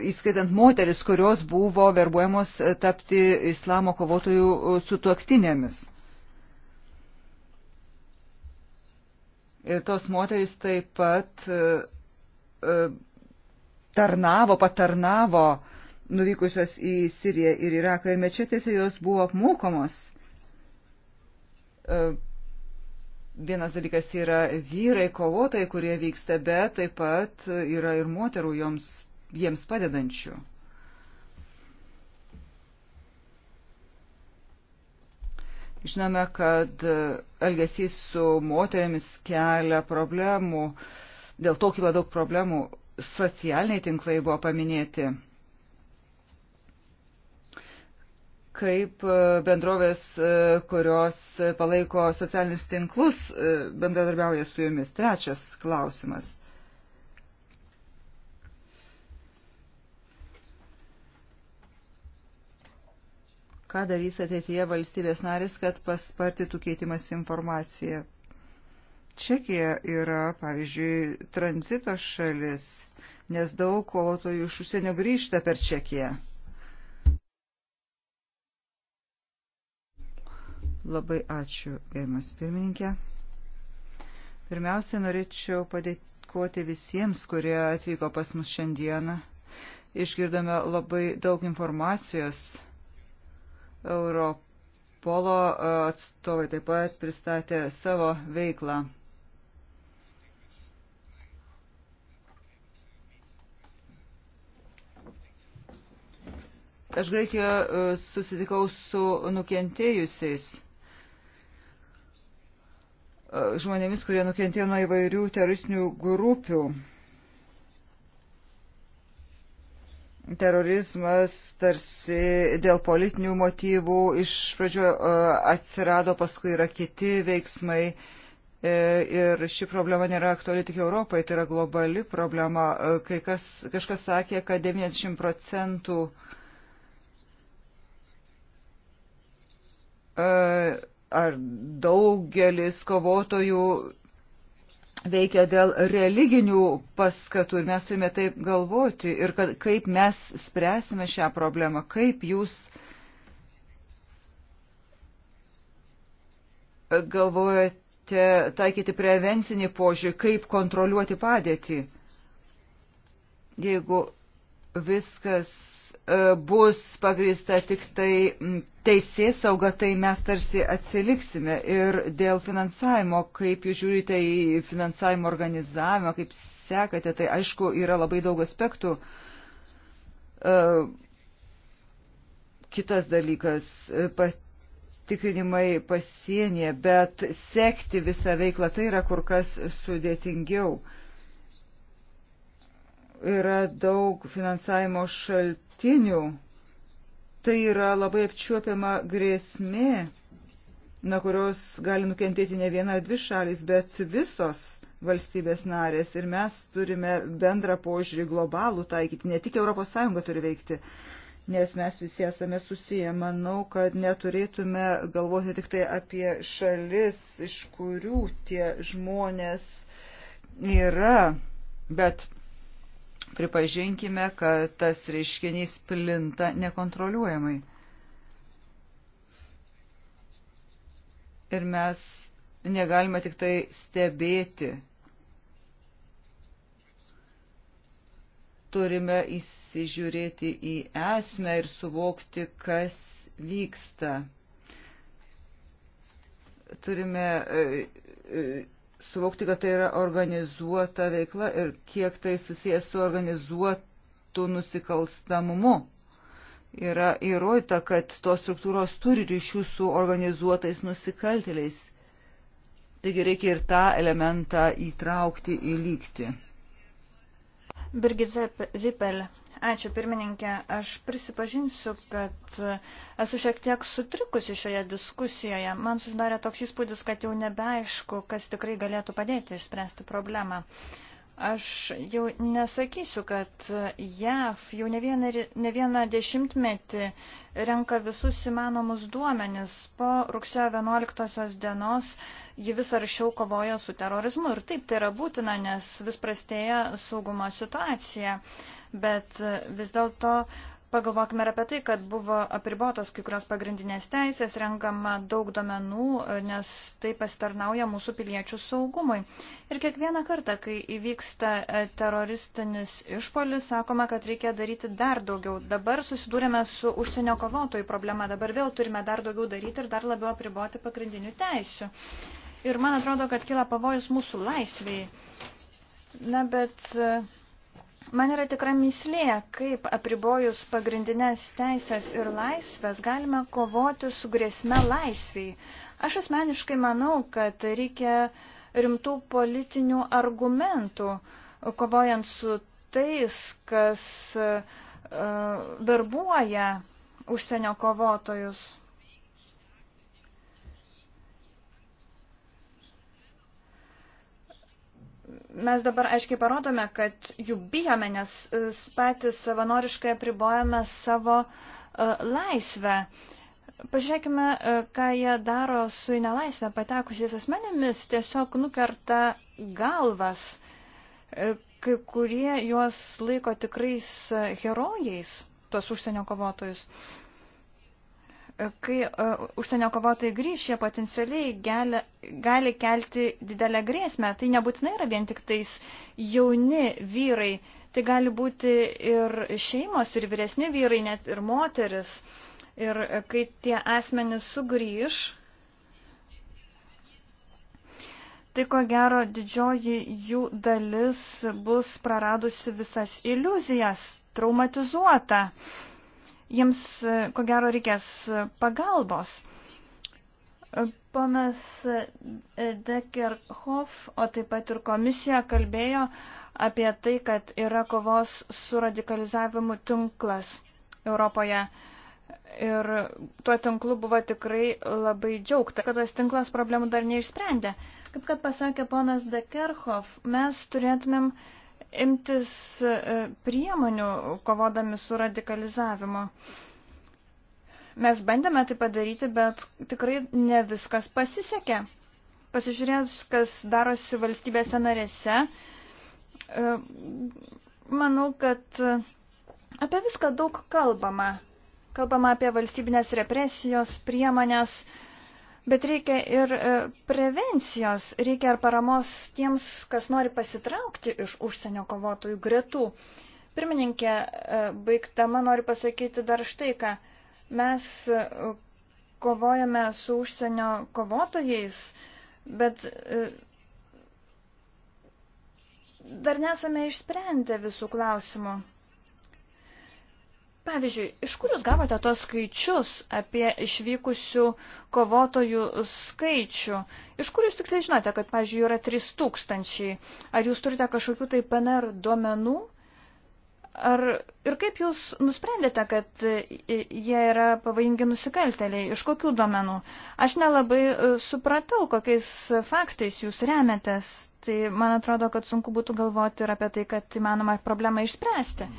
įskaitant moteris, kurios buvo verbuojamos e, tapti islamo kovotojų sutuoktinėmis. Ir tos moterys taip pat e, e, tarnavo, patarnavo nuvykusios į Siriją ir Iraką ir mečetėse jos buvo apmokomos. E, vienas dalykas yra vyrai kovotojai, kurie vyksta, bet taip pat yra ir moterų joms, jiems padedančių. Žinome, kad e, elgesys su moterimis kelia problemų, dėl to kyla daug problemų. Socialiniai tinklai buvo paminėti. kaip e, bendrovės, e, kurios palaiko socialinius tinklus, bendradarbiauja su jumis. Trečias klausimas. ką darys ateityje valstybės narės, kad paspartytų keitimas informaciją. Čekija yra, pavyzdžiui, tranzito šalis, nes daug kovotojų iš užsienio grįžta per Čekiją. Labai ačiū, gerimas pirmininkė. Pirmiausia, norėčiau padėkoti visiems, kurie atvyko pas mus šiandieną. Išgirdome labai daug informacijos Europolo e, atstovai taip pat pristatė savo veiklą. Aš Graikijoje e, susitikau su nukentėjusiais e, žmonėmis, kurie nukentėjo nuo įvairių teroristinių grupių. terorizmas tarsi dėl politinių motyvų iš pradžių e, atsirado, paskui yra kiti veiksmai. E, ir ši problema nėra aktuali tik Europai, tai yra globali problema. E, kai kas, kažkas sakė, kad 90 procentų ar daugelis kovotojų veikia dėl religinių paskatų ir mes turime taip galvoti ir kad, kaip mes spręsime šią problemą, kaip jūs galvojate taikyti prevencinį požiūrį, kaip kontroliuoti padėtį. Jeigu viskas e, bus pagrįsta tik tai teisės sauga, tai mes tarsi atsiliksime. Ir dėl finansavimo, kaip jūs žiūrite į finansavimo organizavimą, kaip sekate, tai aišku, yra labai daug aspektų. E, kitas dalykas, e, patikrinimai pasienyje, bet sekti visą veiklą tai yra kur kas sudėtingiau. Uh, yra daug finansavimo šaltinių, tai yra labai apčiuopiama grėsmė, nuo kurios gali nukentėti ne viena ar dvi šalis, bet visos valstybės narės ir mes turime bendrą požiūrį globalų taikyti, ne tik ES turi veikti, nes mes visi esame susiję. Manau, kad neturėtume galvoti tik tai apie šalis, iš kurių tie žmonės yra, bet Pripažinkime, kad tas reiškinys plinta nekontroliuojamai. Ir mes negalime tik tai stebėti. Turime įsižiūrėti į esmę ir suvokti, kas vyksta. Turime e, e, suvokti, kad tai yra organizuota veikla ir kiek tai susijęs su organizuotu nusikalstamumu. Yra įrodyta, kad tos struktūros turi ryšių su organizuotais nusikaltėliais. Taigi reikia ir tą elementą įtraukti į lygti. Birgit Zipel Ačiū, pirmininkė. Aš prisipažinsiu, kad esu šiek tiek sutrikusi šioje diskusijoje. Man susidarė toks įspūdis, kad jau nebeaišku, kas tikrai galėtų padėti išspręsti problemą. Uh, Aš jau nesakysiu, kad JAV jau ne vieną, ne vieną dešimtmetį renka visus įmanomus duomenis. Po rugsėjo 11 dienos ji vis aršiau kovoja su terorizmu. Ir taip tai yra būtina, nes vis prastėja saugumo situacija. Bet vis dėlto uh, Pagalvokime ir apie tai, kad buvo apribotos kai kurios pagrindinės teisės, renkama daug domenų, nes tai pasitarnauja mūsų piliečių saugumui. Ir kiekvieną kartą, kai įvyksta e, teroristinis išpolis, sakoma, kad reikia daryti dar daugiau. Dabar susidūrėme su užsienio kovotojų problema, dabar vėl turime dar daugiau daryti ir dar labiau apriboti pagrindinių teisių. Ir man atrodo, kad kila pavojus mūsų laisviai. Na, bet e, Man yra tikra mislė, kaip apribojus pagrindinės teisės ir laisvės galime kovoti su grėsme laisviai. Aš asmeniškai manau, kad reikia rimtų politinių argumentų, kovojant su tais, kas uh, e, darbuoja užsienio kovotojus. mes dabar aiškiai parodome, kad jų bijome, nes e, patys savanoriškai apribojame savo e, laisvę. Pažiūrėkime, e, ką jie daro su į nelaisvę patekusiais asmenėmis, tiesiog nukerta galvas. Kai kurie juos laiko tikrais herojais, tuos užsienio kovotojus. Uh, kai uh, užsienio kovotojai grįš, jie potencialiai gali, gali kelti didelę grėsmę. Tai nebūtinai yra vien tik tais jauni vyrai, tai gali būti ir šeimos, ir vyresni vyrai, net ir moteris. Ir e, kai tie asmenys sugrįž, tai ko gero didžioji jų dalis bus praradusi visas iliuzijas, traumatizuota. Uh, jiems e, ko gero reikės e, pagalbos. E, ponas Dekerhoff, o taip pat ir komisija kalbėjo apie tai, kad yra kovos su radikalizavimu tinklas Europoje. Ir tuo tinklu buvo tikrai labai džiaugta, kad tas tinklas problemų dar neišsprendė. Kaip kad pasakė ponas Dekerhoff, mes turėtumėm uh, imtis e, priemonių kovodami su radikalizavimu. Mes bandėme tai padaryti, bet tikrai ne viskas pasisekė. Pasižiūrėjus, kas darosi valstybėse narėse, e, manau, kad apie viską daug kalbama. Kalbama apie valstybinės represijos, priemonės, uh, Bet reikia ir e, prevencijos, reikia ir paramos tiems, kas nori pasitraukti iš užsienio kovotojų gretų. Pirmininkė, e, baigtama noriu pasakyti dar štai ką. Mes e, kovojame su užsienio kovotojais, bet dar nesame išsprendę visų klausimų. Pavyzdžiui, iš kur jūs gavote tos skaičius apie išvykusių kovotojų skaičių? Iš kur jūs tiksliai žinote, kad, pavyzdžiui, yra 3000? Ar jūs turite kažkokių tai PNR duomenų? Ar ir kaip jūs nusprendėte, kad jie yra pavojingi nusikalteliai? Iš kokių domenų? Aš nelabai e, supratau, kokiais faktais jūs remiatės. Tai man atrodo, kad sunku būtų galvoti ir apie tai, kad įmanoma problemą išspręsti.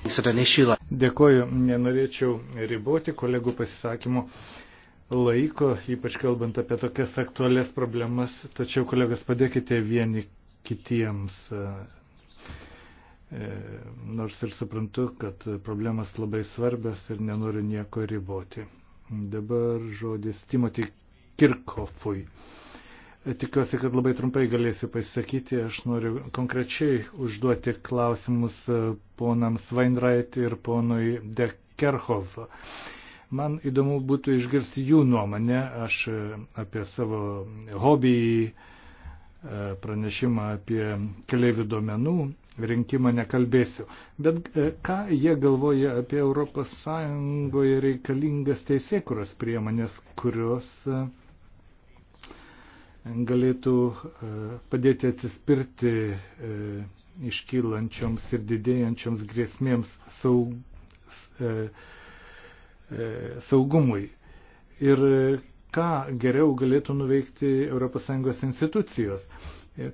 Dėkoju, nenorėčiau riboti kolegų pasisakymų laiko, ypač kalbant apie tokias aktualias problemas, tačiau kolegas padėkite vieni kitiems e, E, nors ir suprantu, kad problemas labai svarbios ir nenoriu nieko riboti. Dabar žodis Timothy Kirkhoffui. E, tikiuosi, kad labai trumpai galėsiu pasisakyti. Aš noriu konkrečiai užduoti klausimus e, ponams Weinreit ir ponui De Kerhov. Man įdomu būtų išgirsti jų nuomonę. Aš apie savo hobį, pranešimą apie keliaivių duomenų rinkimą nekalbėsiu. Bet e, ką jie galvoja apie ES reikalingas teisėkuros priemonės, kurios e, galėtų e, padėti atsispirti iškylančioms ir didėjančioms grėsmėms saug, saugumui. Ir ką geriau galėtų nuveikti ES institucijos.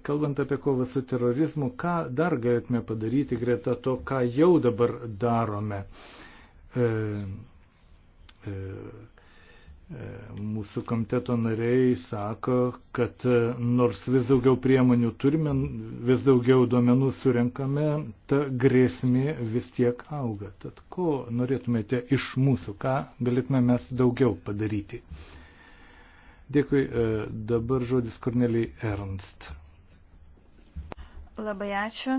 Kalbant apie kovą su terorizmu, ką dar galėtume padaryti greta to, ką jau dabar darome? E, e, e mūsų komiteto nariai sako, kad e, nors vis daugiau priemonių turime, vis daugiau duomenų surenkame, ta grėsmė vis tiek auga. Tad ko norėtumėte iš mūsų, ką galėtume mes daugiau padaryti? Dėkui, e, dabar žodis Kornelijai Ernst. Labai ačiū.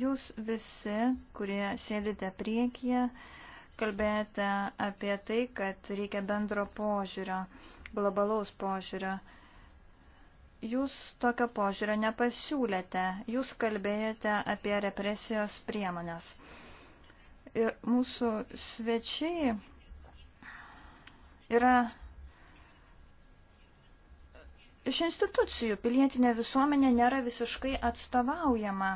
Jūs visi, kurie sėdite priekyje, kalbėjote apie tai, kad reikia bendro požiūrio, globalaus požiūrio. Jūs tokio požiūrio nepasiūlėte, jūs kalbėjote apie represijos priemonės. Ir mūsų svečiai yra iš institucijų. Pilietinė visuomenė nėra visiškai atstovaujama.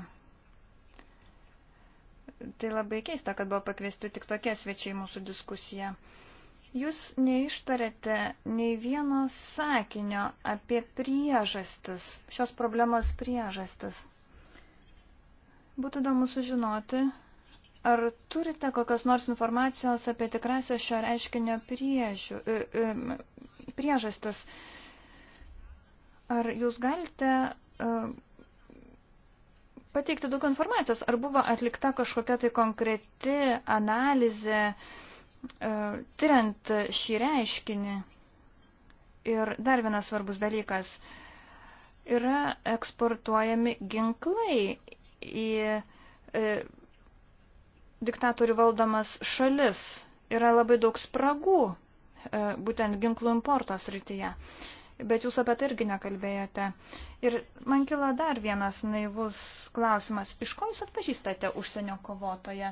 Tai labai keista, kad buvo pakviesti tik tokie svečiai mūsų diskusiją. Jūs neištarėte nei vieno sakinio apie priežastis, šios problemos priežastis. Būtų įdomu sužinoti, ar turite kokios nors informacijos apie tikrasią šio reiškinio priežių, e, e, priežastis. priežastis Ar jūs galite e, pateikti daug informacijos, ar buvo atlikta kažkokia tai konkreti analizė, e, tyriant šį reiškinį? Ir dar vienas svarbus dalykas yra eksportuojami ginklai į e, diktatorių valdomas šalis. Yra labai daug spragų e, būtent ginklų importos rytyje. E, bet jūs apie tai irgi nekalbėjote. Ir man kilo dar vienas naivus klausimas. Iš ko jūs atpažįstate užsienio kovotoje?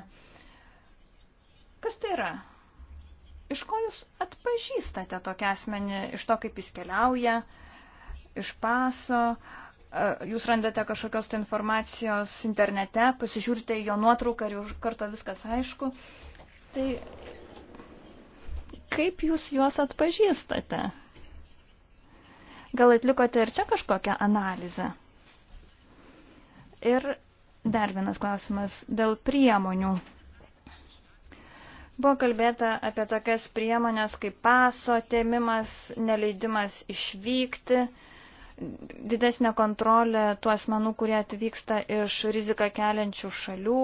Kas tai yra? Iš ko jūs atpažįstate tokį asmenį, iš to, kaip jis keliauja, iš paso, jūs randate kažkokios tai informacijos internete, pasižiūrite jo nuotrauką ir už karto viskas aišku. Tai kaip jūs juos atpažįstate? Gal atlikote ir čia kažkokią analizę? Ir dar vienas klausimas dėl priemonių. Buvo kalbėta apie tokias priemonės kaip paso tėmimas, neleidimas išvykti, didesnė kontrolė tų asmenų, kurie atvyksta iš riziką keliančių šalių.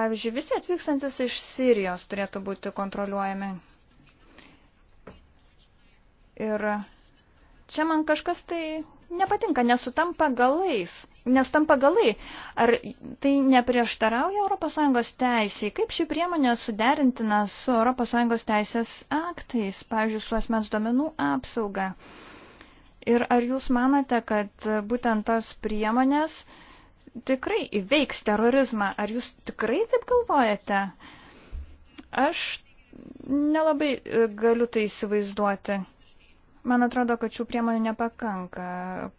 Pavyzdžiui, visi atvykstantis iš Sirijos turėtų būti kontroliuojami. Ir Čia man kažkas tai nepatinka, nesutampa galais, nesutampa galai. Ar tai neprieštarauja ES teisiai? Kaip ši priemonė suderintina su ES teisės aktais, pavyzdžiui, su asmens duomenų apsauga? Ir ar jūs manote, kad būtent tos priemonės tikrai įveiks terorizmą? Ar jūs tikrai taip galvojate? Aš nelabai e, galiu tai įsivaizduoti. Man atrodo, kad šių priemonių nepakanka,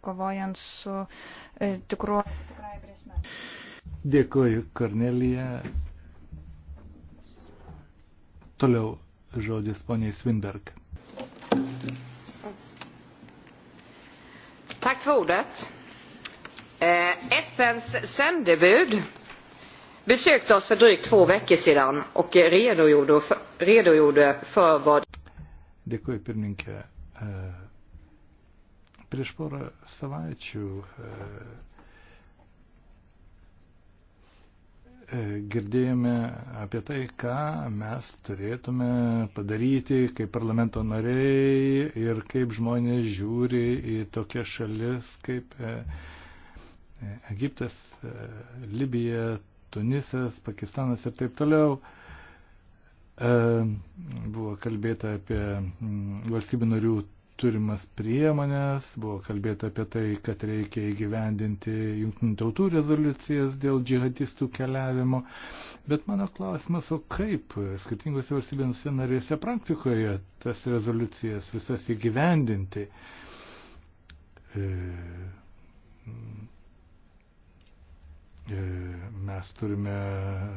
kovojant su e, tikru. Dėkuoju, Kornelija. Toliau žodis poniai Svinberg. Tack för ordet. Eh, FNs sändebud besökte oss för drygt två veckor sedan och redogjorde för, redogjorde för vad... Dėkuoju, pirmininkė. E, prieš porą savaičių e, e, girdėjome apie tai, ką mes turėtume padaryti kaip parlamento nariai ir kaip žmonės žiūri į tokias šalis kaip Egiptas, Libija, Tunisas, Pakistanas ir taip toliau. E, buvo kalbėta apie mm, valstybių narių turimas priemonės, buvo kalbėta apie tai, kad reikia įgyvendinti jungtinių tautų rezoliucijas dėl džihadistų keliavimo. Bet mano klausimas, o kaip skirtingose valstybėse narėse praktikoje tas rezoliucijas visas įgyvendinti? E, mm, e, mes turime e,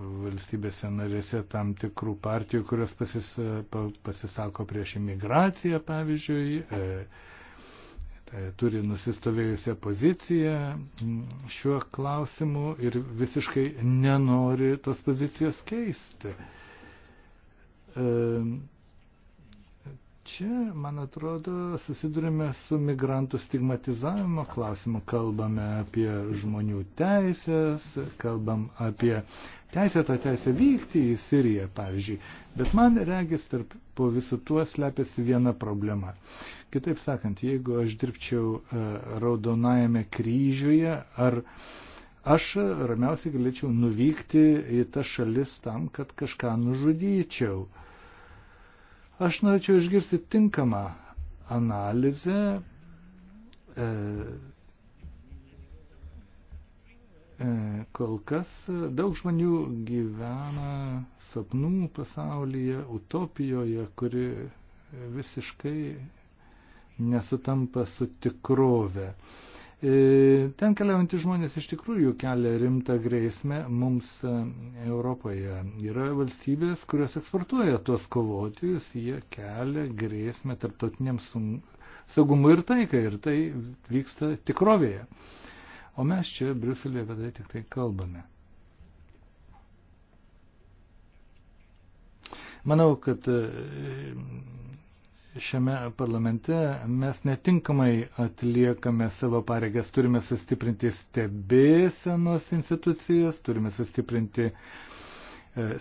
valstybėse narėse tam tikrų partijų, kurios pasis, pasisako prieš imigraciją, pavyzdžiui, e, e turi nusistovėjusią poziciją šiuo klausimu ir visiškai nenori tos pozicijos keisti. E, čia, man atrodo, susidurime su migrantų stigmatizavimo klausimu. Kalbame apie žmonių teisės, kalbam apie teisę tą teisę vykti į Siriją, pavyzdžiui. Bet man regis, tarp po visu tuo slepiasi viena problema. Kitaip sakant, jeigu aš dirbčiau uh, raudonajame kryžiuje ar Aš ramiausiai galėčiau nuvykti į tas šalis tam, kad kažką nužudyčiau. Uh, Aš norėčiau išgirsti tinkamą analizę e, e, kol kas daug žmonių gyvena sapnų pasaulyje, utopijoje, kuri visiškai nesutampa su tikrove. E, E, ten keliaujantys žmonės iš tikrųjų kelia rimtą grėsmę mums e, Europoje. Yra valstybės, kurios eksportuoja tuos kovotojus, jie kelia grėsmę tarptautiniam saugumui ir taikai, ir tai vyksta tikrovėje. O mes čia Briuselėje apie tai tik tai kalbame. Manau, kad e, šiame parlamente mes netinkamai atliekame savo pareigas. Turime sustiprinti stebėsenos institucijas, turime sustiprinti e,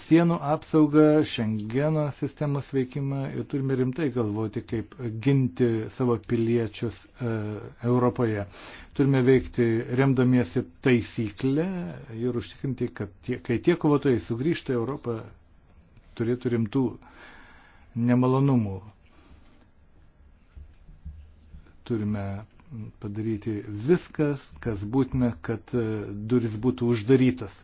sienų apsaugą, šengeno sistemos veikimą ir turime rimtai galvoti, kaip ginti savo piliečius e, Europoje. Turime veikti remdamiesi taisyklę ir užtikrinti, kad tie, kai tie kovotojai sugrįžta į Europą, turėtų rimtų nemalonumų. Turime padaryti viskas, kas būtina, kad e, duris būtų uždarytos.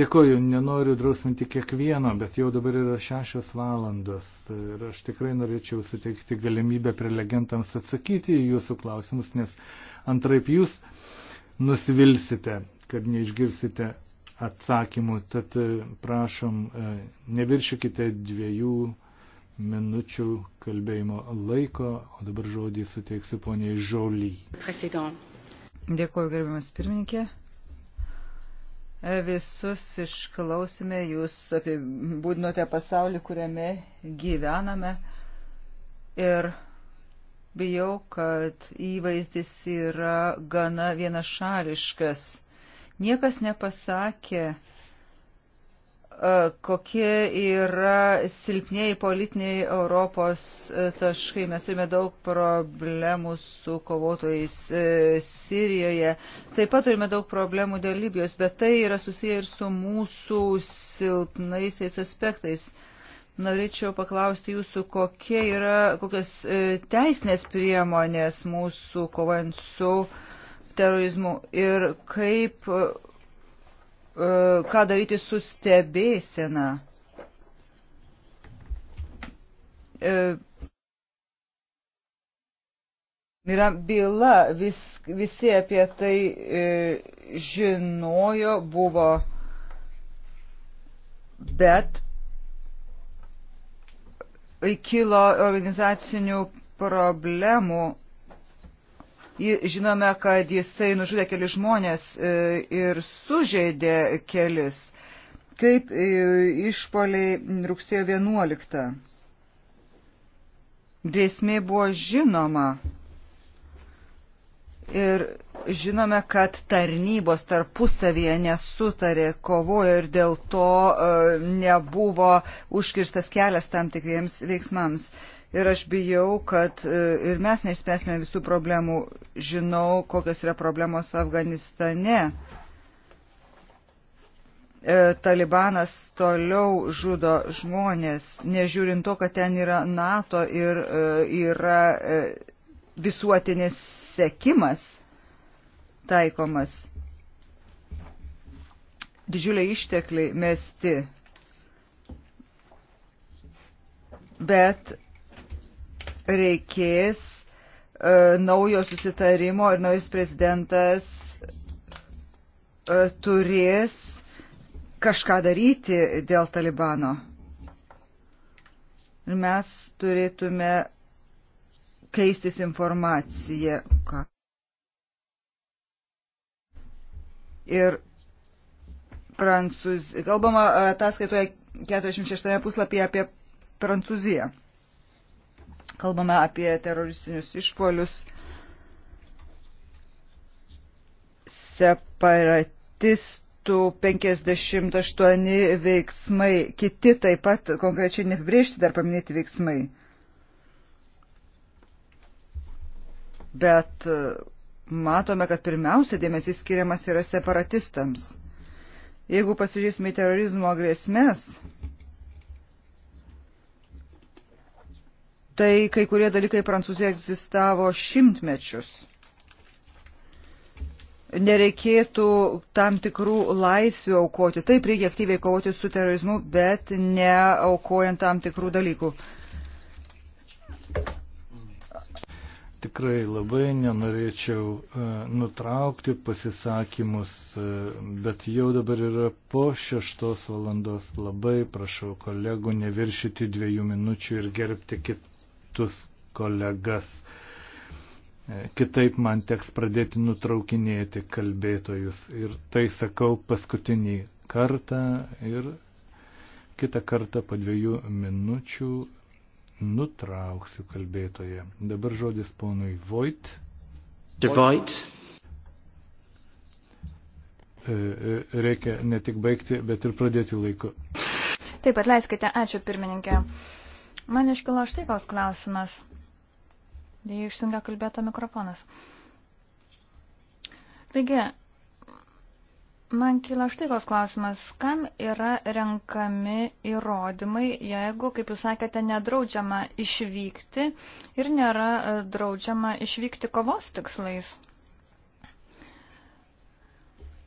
Dėkoju, nenoriu drausminti kiekvieno, bet jau dabar yra šešios valandos ir aš tikrai norėčiau suteikti galimybę prelegentams atsakyti į jūsų klausimus, nes antraip jūs nusivilsite, kad neišgirsite atsakymų. Tad e, prašom, e, neviršykite dviejų minučių kalbėjimo laiko, o dabar žodį suteiksiu poniai Žauly. Dėkuoju, gerbiamas pirmininkė. Visus išklausime, jūs apibūdinote pasaulį, kuriame gyvename ir bijau, kad įvaizdis yra gana vienašališkas. Niekas nepasakė, E, kokie yra silpnieji politiniai Europos e, taškai. Mes turime daug problemų su kovotojais e, Sirijoje. Taip pat turime daug problemų dėl Libijos, bet tai yra susiję ir su mūsų silpnaisiais aspektais. Norėčiau paklausti jūsų, kokie yra, kokios teisinės priemonės mūsų kovojant su terorizmu ir kaip E, ką daryti su stebėsena. E, yra byla, vis, visi apie tai e, žinojo, buvo, bet kilo organizacinių problemų Žinome, kad jisai nužudė kelius žmonės e, ir sužeidė kelis. Kaip e, išpoliai rugsėjo 11. Grėsmė buvo žinoma. Ir žinome, kad tarnybos tarpusavėje nesutarė, kovojo ir dėl to e, nebuvo užkirstas kelias tam tikriems veiksmams ir aš bijau, kad e, ir mes neišspręsime visų problemų. Žinau, kokios yra problemos Afganistane. E, talibanas toliau žudo žmonės, nežiūrint to, kad ten yra NATO ir e, yra visuotinis sekimas taikomas. Didžiuliai ištekliai mesti. Bet reikės e, naujo susitarimo ir naujas prezidentas e, turės kažką daryti dėl Talibano. Ir mes turėtume keistis informaciją. Ką? Ir prancūz... kalbama ataskaitoje 46 puslapyje apie Prancūziją. Kalbame apie teroristinius išpolius, separatistų 58 veiksmai, kiti taip pat konkrečiai neapibriežti dar paminėti veiksmai. Bet e, matome, kad pirmiausia dėmesys skiriamas yra separatistams. Jeigu pasižiūrėsime į terorizmo grėsmės, tai kai kurie dalykai Prancūzijoje egzistavo šimtmečius. Nereikėtų tam tikrų laisvių aukoti. Taip reikia aktyviai kovoti su terorizmu, bet ne aukojant tam tikrų dalykų. Tikrai labai nenorėčiau uh, nutraukti pasisakymus, uh, bet jau dabar yra po šeštos valandos. Labai prašau kolegų neviršyti dviejų minučių ir gerbti kitą kitus kolegas. E, kitaip man teks pradėti nutraukinėti kalbėtojus. Ir tai sakau paskutinį kartą ir kitą kartą po dviejų minučių nutrauksiu kalbėtoje. Dabar žodis ponui Voit. Devoit. E, e, reikia ne tik baigti, bet ir pradėti laiku. Taip, atleiskite, ačiū pirmininkė. Man iškilo štai koks klausimas. Jei išsijungia kalbėto mikrofonas. Taigi, man kyla štai koks klausimas. Kam yra renkami įrodymai, jeigu, kaip jūs sakėte, nedraudžiama išvykti ir nėra draudžiama išvykti kovos tikslais?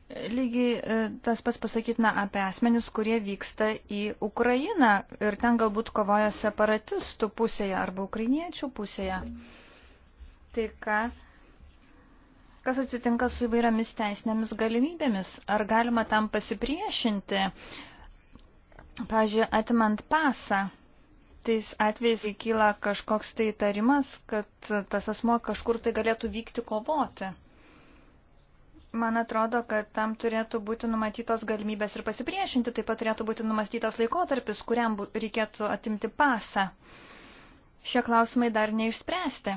Lygiai e, tas pas pasakytina apie asmenis, kurie vyksta į Ukrainą ir ten galbūt kovoja separatistų pusėje arba ukrainiečių pusėje. Tai ką, kas atsitinka su įvairiamis teisinėmis galimybėmis? Ar galima tam pasipriešinti, pažiūrėjau, atimant pasą? tais atvejais įkyla kažkoks tai tarimas, kad tas asmo kažkur tai galėtų vykti kovoti. Man atrodo, kad tam turėtų būti numatytos galimybės ir pasipriešinti, taip pat turėtų būti numastytas laikotarpis, kuriam reikėtų atimti pasą. Šie klausimai dar neišspręsti.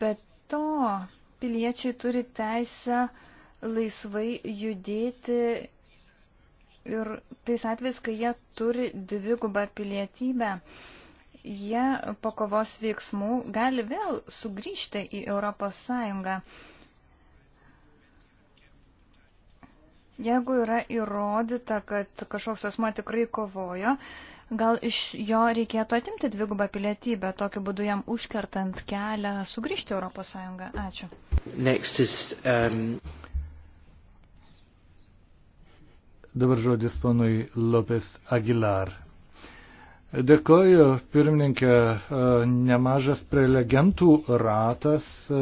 Bet to piliečiai turi teisę laisvai judėti ir tais atvejais, kai jie turi dvigubą pilietybę. pilietybę jie po kovos veiksmų gali vėl sugrįžti į Europos Sąjungą. Jeigu yra įrodyta, kad kažkoks asmo tikrai kovojo, gal iš jo reikėtų atimti dvigubą pilietybę, tokiu būdu jam užkertant kelią sugrįžti Europos Sąjungą. Ačiū. Next is, um... Dabar žodis ponui Lopes Aguilar. Dėkoju, pirmininkė, e, nemažas prelegentų ratas e,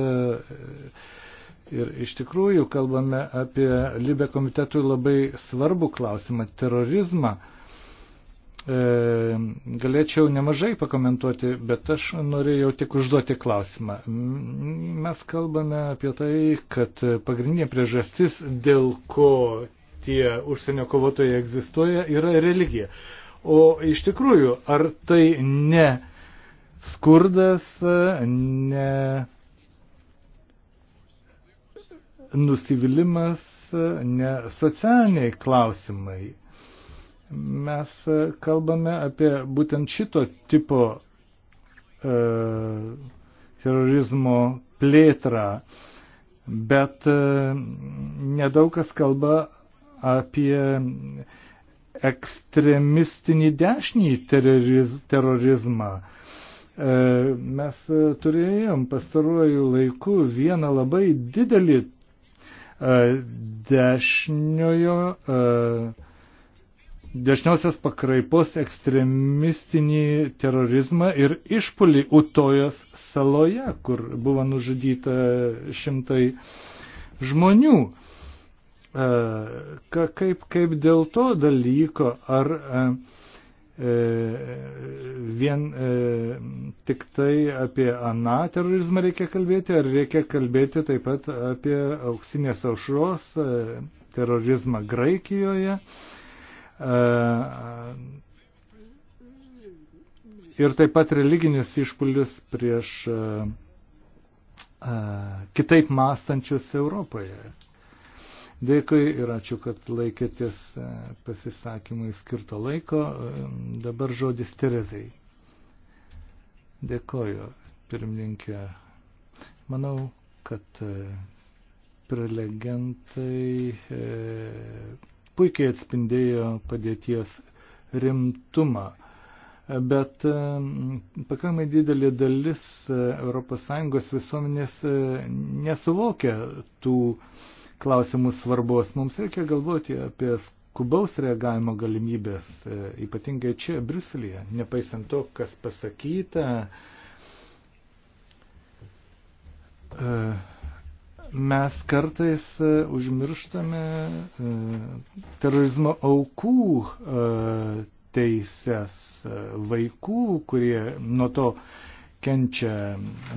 ir iš tikrųjų kalbame apie Libė komitetui labai svarbų klausimą - terorizmą. E, galėčiau nemažai pakomentuoti, bet aš norėjau tik užduoti klausimą. Mes kalbame apie tai, kad pagrindinė priežastis, dėl ko tie užsienio kovotojai egzistuoja, yra religija. O iš tikrųjų, ar tai ne skurdas, ne nusivylimas, ne socialiniai klausimai? Mes kalbame apie būtent šito tipo e, terorizmo plėtrą, bet e, nedaug kas kalba apie ekstremistinį dešinį teroriz, terorizmą. E, mes turėjom pastaruoju laiku vieną labai didelį e, dešiniojo, e, dešiniosios pakraipos ekstremistinį terorizmą ir išpulį Utojos saloje, kur buvo nužudyta šimtai žmonių. E, ka, kaip, kaip dėl to dalyko, ar e, e, vien e, tik tai apie aną terorizmą reikia kalbėti, ar reikia kalbėti taip pat apie auksinės aušros e, terorizmą Graikijoje. E, ir taip pat religinis išpulis prieš e, e, kitaip mąstančius Europoje. Dėkui ir ačiū, kad laikėtės e, pasisakymui skirto laiko. E, dabar žodis Terezai. Dėkoju, pirmininkė. Manau, kad e, prelegentai puikiai atspindėjo padėties rimtumą. Bet pakankamai didelė dalis ES visuomenės nesuvokia tų uh, klausimus svarbos. Mums reikia galvoti apie skubaus reagavimo galimybės, e, ypatingai čia, Briuselėje, nepaisant to, kas pasakyta. E, mes kartais e, užmirštame terorizmo aukų teises vaikų, kurie nuo to kenčia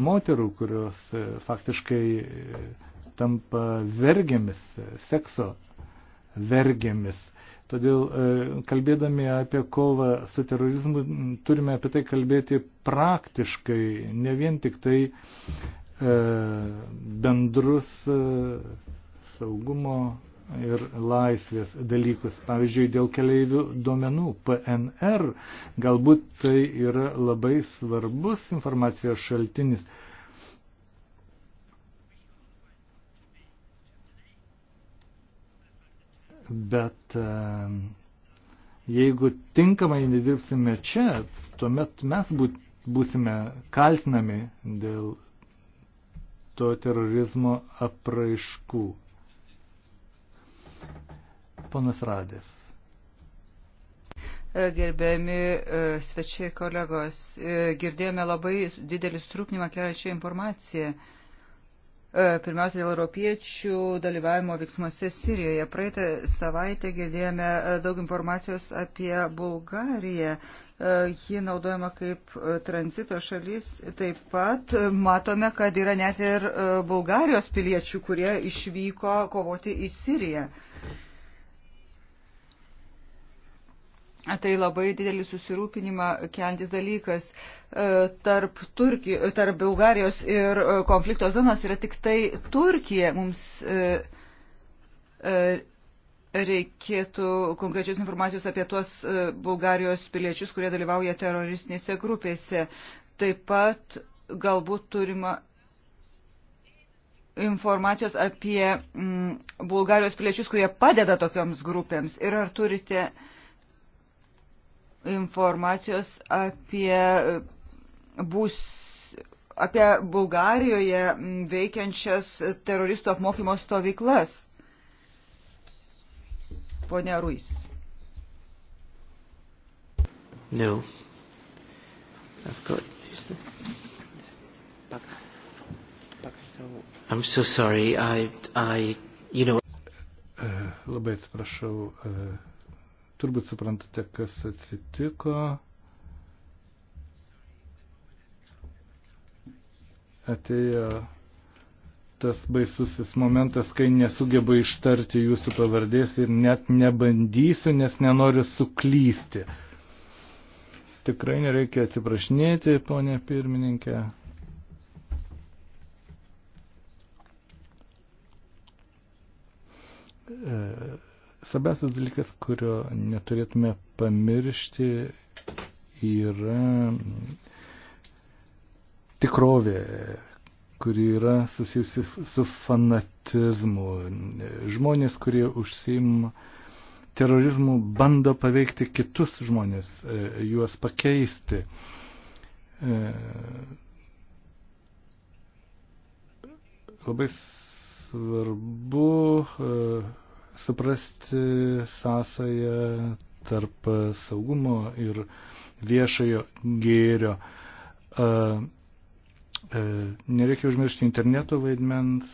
moterų, kurios faktiškai tampa vergėmis, sekso vergėmis. Todėl e, kalbėdami apie kovą su terorizmu turime apie tai kalbėti praktiškai, ne vien tik tai e, bendrus e, saugumo ir laisvės dalykus. Pavyzdžiui, dėl keleivių duomenų PNR galbūt tai yra labai svarbus informacijos šaltinis Bet e, jeigu tinkamai nedirbsime čia, tuomet mes būsime kaltinami dėl to terorizmo apraiškų. Ponas Radės. E, gerbiami e, svečiai kolegos, girdėjome labai didelį strūpnimą keliančią informaciją. E, pirmiausia, dėl europiečių dalyvavimo veiksmuose Sirijoje. Praeitą savaitę girdėjome e, daug informacijos apie Bulgariją. E, ji naudojama kaip tranzito šalis. Taip pat matome, kad yra net ir Bulgarijos piliečių, kurie išvyko kovoti į Siriją. Tai labai didelį susirūpinimą keltis dalykas. E, tarp, Turki, tarp Bulgarijos ir e, konflikto zonos yra tik tai Turkija. Mums e, reikėtų konkrečios informacijos apie tuos Bulgarijos piliečius, kurie dalyvauja teroristinėse grupėse. Taip pat galbūt turima informacijos apie mm, Bulgarijos piliečius, kurie padeda tokioms grupėms. Ir ar turite uh, informacijos apie e, bus apie Bulgarijoje veikiančias teroristų apmokymo stovyklas. Pone Ruiz. No. I've got just the... I'm so sorry. I, I, you know. Uh, labai atsiprašau. Uh Turbūt suprantate, kas atsitiko. Atėjo tas baisusis momentas, kai nesugebu ištarti jūsų pavardės ir net nebandysiu, nes nenoriu suklysti. Tikrai nereikia atsiprašinėti, ponė pirmininkė. E, Svarbiausias dalykas, kurio neturėtume pamiršti, yra tikrovė, kuri yra susijusi su fanatizmu. Žmonės, kurie užsiima terorizmu, bando paveikti kitus žmonės, e, juos pakeisti. E, labai svarbu e, suprasti sąsąją tarp saugumo ir viešojo gėrio. Nereikia užmiršti interneto vaidmens.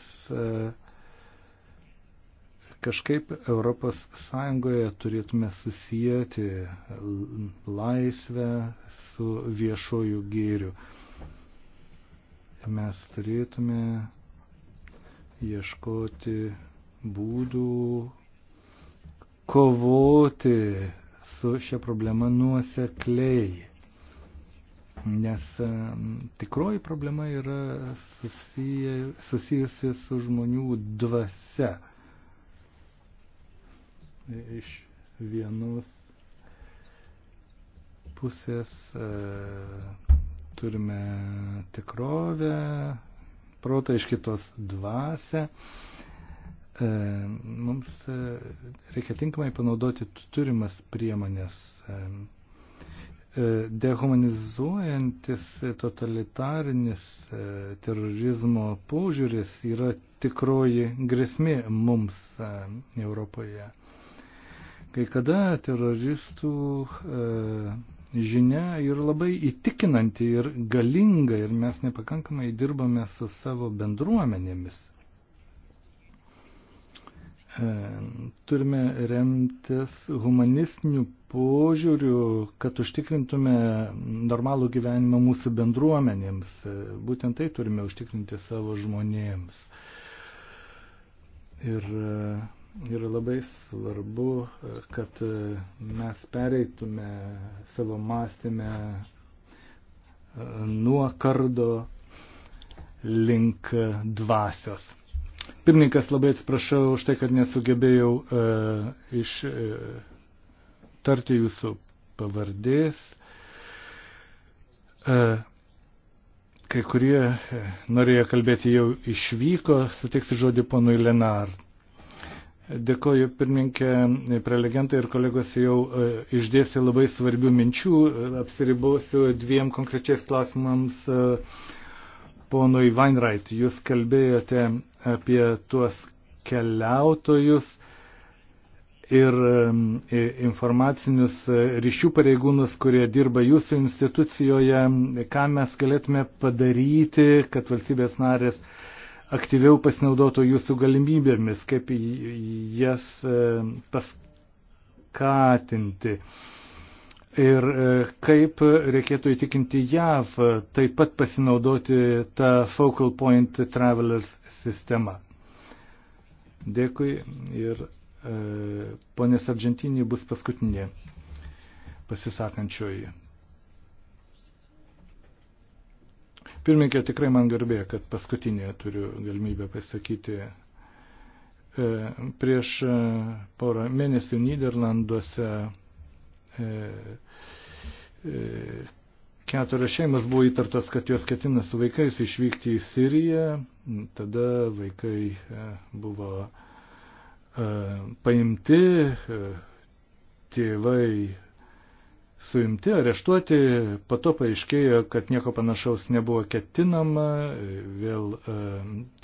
Kažkaip Europos Sąjungoje turėtume susijęti laisvę su viešoju gėriu. Mes turėtume ieškoti būdų kovoti su šia problema nuosekliai. Nes tikroji problema yra susiję, susijusi su žmonių dvasia. Iš vienos pusės e, turime tikrovę, protą iš kitos dvasę. E, E, mums e, reikia tinkamai panaudoti turimas priemonės. E, dehumanizuojantis totalitarinis terorizmo požiūris yra tikroji grėsmė mums Europoje. Kai kada teroristų žinia yra labai įtikinanti ir galinga ir mes nepakankamai dirbame su savo bendruomenėmis E, turime remtis humanistiniu požiūriu, kad užtikrintume normalų gyvenimą mūsų bendruomenėms. E, būtent tai turime užtikrinti savo žmonėms. Ir yra e, labai svarbu, kad mes pereitume savo mąstymę nuo kardo link dvasios. Pirmininkas labai atsiprašau už tai, kad nesugebėjau e, ištarti e, jūsų pavardės. E, kai kurie e, norėjo kalbėti jau išvyko, suteiksiu žodį ponui Lenar. Dėkoju pirmininkė, prelegentai ir kolegos jau e, išdėsė labai svarbių minčių, apsiribosiu dviem konkrečiais klausimams. E, Ponui Weinreit, jūs kalbėjote apie tuos keliautojus ir informacinius e, ryšių pareigūnus, kurie dirba jūsų institucijoje, ką mes galėtume padaryti, kad valstybės narės aktyviau pasinaudotų jūsų galimybėmis, kaip jas e, paskatinti ir e, kaip reikėtų įtikinti JAV taip pat pasinaudoti tą Focal Point Travelers sistemą. Dėkui ir e, ponės Argentinė bus paskutinė pasisakančioji. Pirmininkė, tikrai man garbė, kad paskutinė turiu galimybę pasakyti. E, prieš e, porą mėnesių Niderlanduose E, e, keturios šeimas buvo įtartas, kad jos ketina su vaikais išvykti į Siriją. Tada vaikai e, buvo paimti, tėvai suimti, areštuoti, po to paaiškėjo, kad nieko panašaus nebuvo ketinama, vėl e,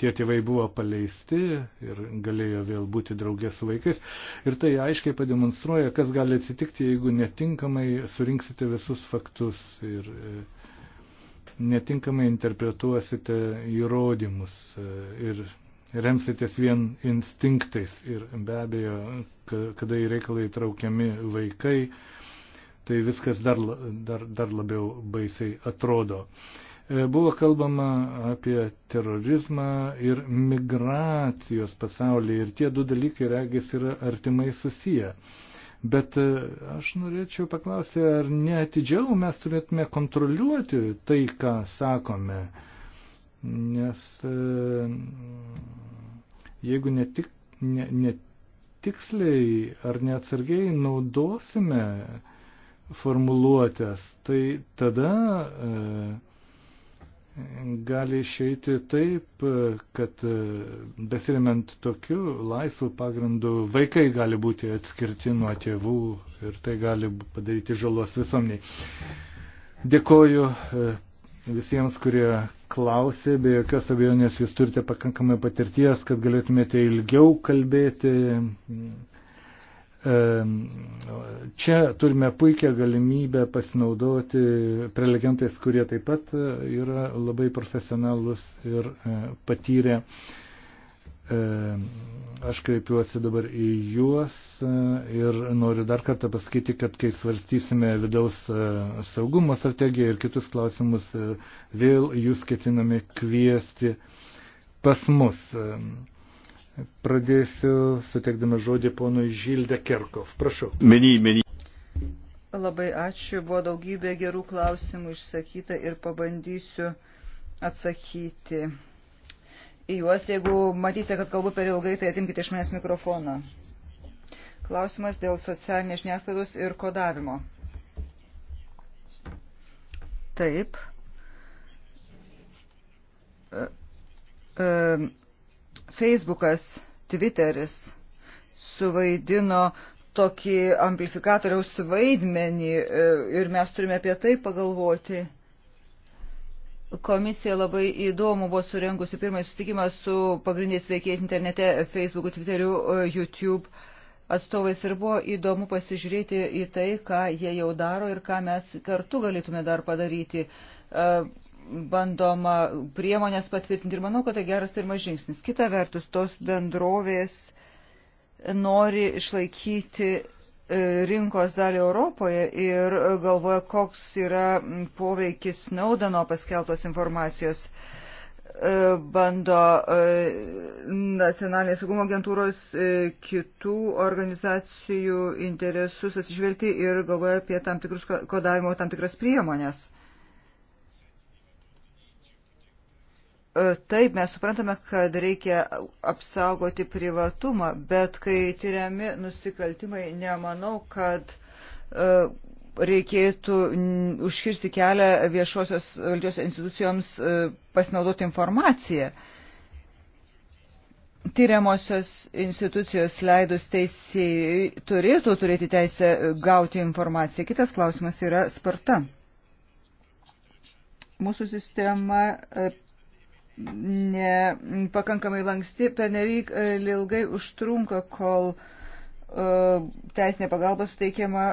tie tėvai buvo paleisti ir galėjo vėl būti draugės su vaikais. Ir tai aiškiai pademonstruoja, kas gali atsitikti, jeigu netinkamai surinksite visus faktus ir e, netinkamai interpretuosite įrodymus e, ir remsitės vien instinktais. Ir be abejo, kada į reikalą įtraukiami vaikai, e, tai viskas dar, dar, dar labiau baisiai atrodo. E, buvo kalbama apie terorizmą ir migracijos pasaulį ir tie du dalykai regis yra artimai susiję. Bet e, aš norėčiau paklausti, ar neatidžiau mes turėtume kontroliuoti tai, ką sakome. Nes e, jeigu netik, ne, netiksliai ar neatsargiai naudosime formuluotės, tai tada e, gali išeiti taip, kad e, besiriment tokiu laisvu pagrindu vaikai gali būti atskirti nuo tėvų ir tai gali padaryti žalos visuomeniai. Dėkoju e, visiems, kurie klausė, be jokios abejonės jūs turite pakankamai patirties, kad galėtumėte ilgiau kalbėti. Čia turime puikią galimybę pasinaudoti prelegentais, kurie taip pat e, yra labai profesionalus ir e, patyrę. Aš kreipiuosi dabar į juos e, ir noriu dar kartą pasakyti, kad kai svarstysime vidaus saugumo strategiją ir kitus klausimus, vėl jūs ketiname kviesti pas mus. Pradėsiu suteikdama žodį ponui Žilde Kerkov. Prašau. Meni, meni. Labai ačiū, buvo daugybė gerų klausimų išsakyta ir pabandysiu atsakyti į juos. Jeigu matysite, kad kalbu per ilgai, tai atimkite iš manęs mikrofoną. Klausimas dėl socialinės žiniasklaidos ir kodavimo. Taip. E, e, Facebookas, Twitteris suvaidino tokį amplifikatoriaus vaidmenį e, ir mes turime apie tai pagalvoti. Komisija labai įdomu buvo surengusi pirmąjį sutikimą su pagrindiniais veikėjais internete, Facebook'u, Twitter'u, e, YouTube atstovais ir buvo įdomu pasižiūrėti į tai, ką jie jau daro ir ką mes kartu galėtume dar padaryti. E, bandoma priemonės patvirtinti ir manau, kad tai geras pirmas žingsnis. Kita vertus, tos bendrovės nori išlaikyti e, rinkos dalį Europoje ir galvoja, koks yra poveikis naudano paskeltos informacijos e, bando e, nacionalinės saugumo agentūros kitų organizacijų interesus atsižvelgti ir galvoja apie tam tikrus kodavimo tam tikras priemonės. E, taip, mes suprantame, kad reikia apsaugoti privatumą, bet kai tyriami nusikaltimai, nemanau, kad e, reikėtų užkirsti kelią viešosios valdžios institucijoms e, pasinaudoti informaciją. Tyriamosios institucijos leidus teisėjai turėtų turėti teisę gauti informaciją. Kitas klausimas yra sparta. Mūsų sistema nepakankamai lanksti, pernelyg e, ilgai užtrunka, kol e, teisinė pagalba suteikiama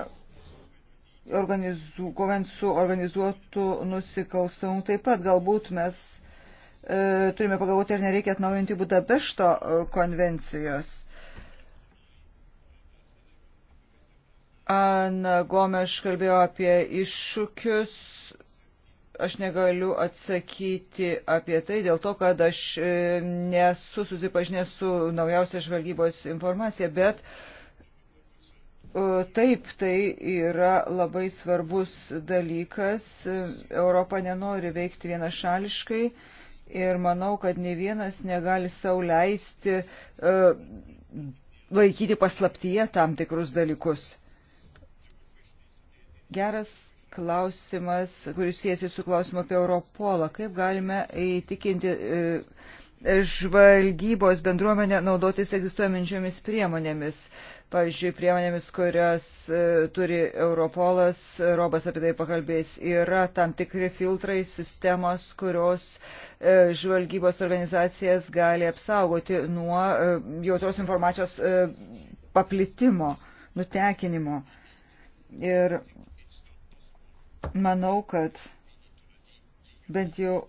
organizu, kovant su organizuotu nusikalstamu. Taip pat galbūt mes e, turime pagalvoti, ar nereikia atnaujinti Budapešto e, konvencijos. Ana Gomeš kalbėjo apie iššūkius aš negaliu atsakyti apie tai dėl to, kad aš e, nesu susipažinęs su naujausia žvalgybos informacija, bet e, taip tai yra labai svarbus dalykas. Europa nenori veikti vienašališkai ir manau, kad ne vienas negali sauliaisti e, laikyti paslaptyje tam tikrus dalykus. Geras klausimas, kuris siejasi su klausimu apie Europolą. Kaip galime įtikinti e, žvalgybos bendruomenę naudotis egzistuojančiomis priemonėmis? Pavyzdžiui, priemonėmis, kurias e, turi Europolas, Robas apie tai pakalbės, yra tam tikri filtrai, sistemos, kurios e, žvalgybos organizacijas gali apsaugoti nuo jautros informacijos paplitimo, nutekinimo. Ir Manau, kad bent jau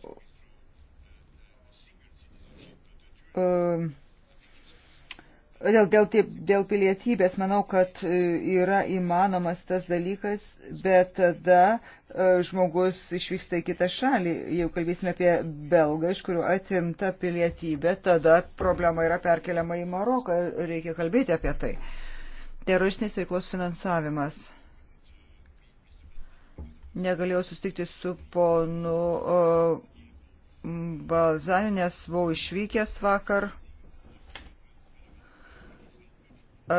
e, Dėl, dėl, dėl pilietybės manau, kad e, yra įmanomas tas dalykas, bet tada e, žmogus išvyksta į kitą šalį. Jeigu kalbėsime apie belgą, iš kurio atimta pilietybė, tada problema yra perkeliama į Maroką ir reikia kalbėti apie tai. Teroristinės veiklos finansavimas negalėjau sustikti su ponu Balzaniu, nes buvau išvykęs vakar. E,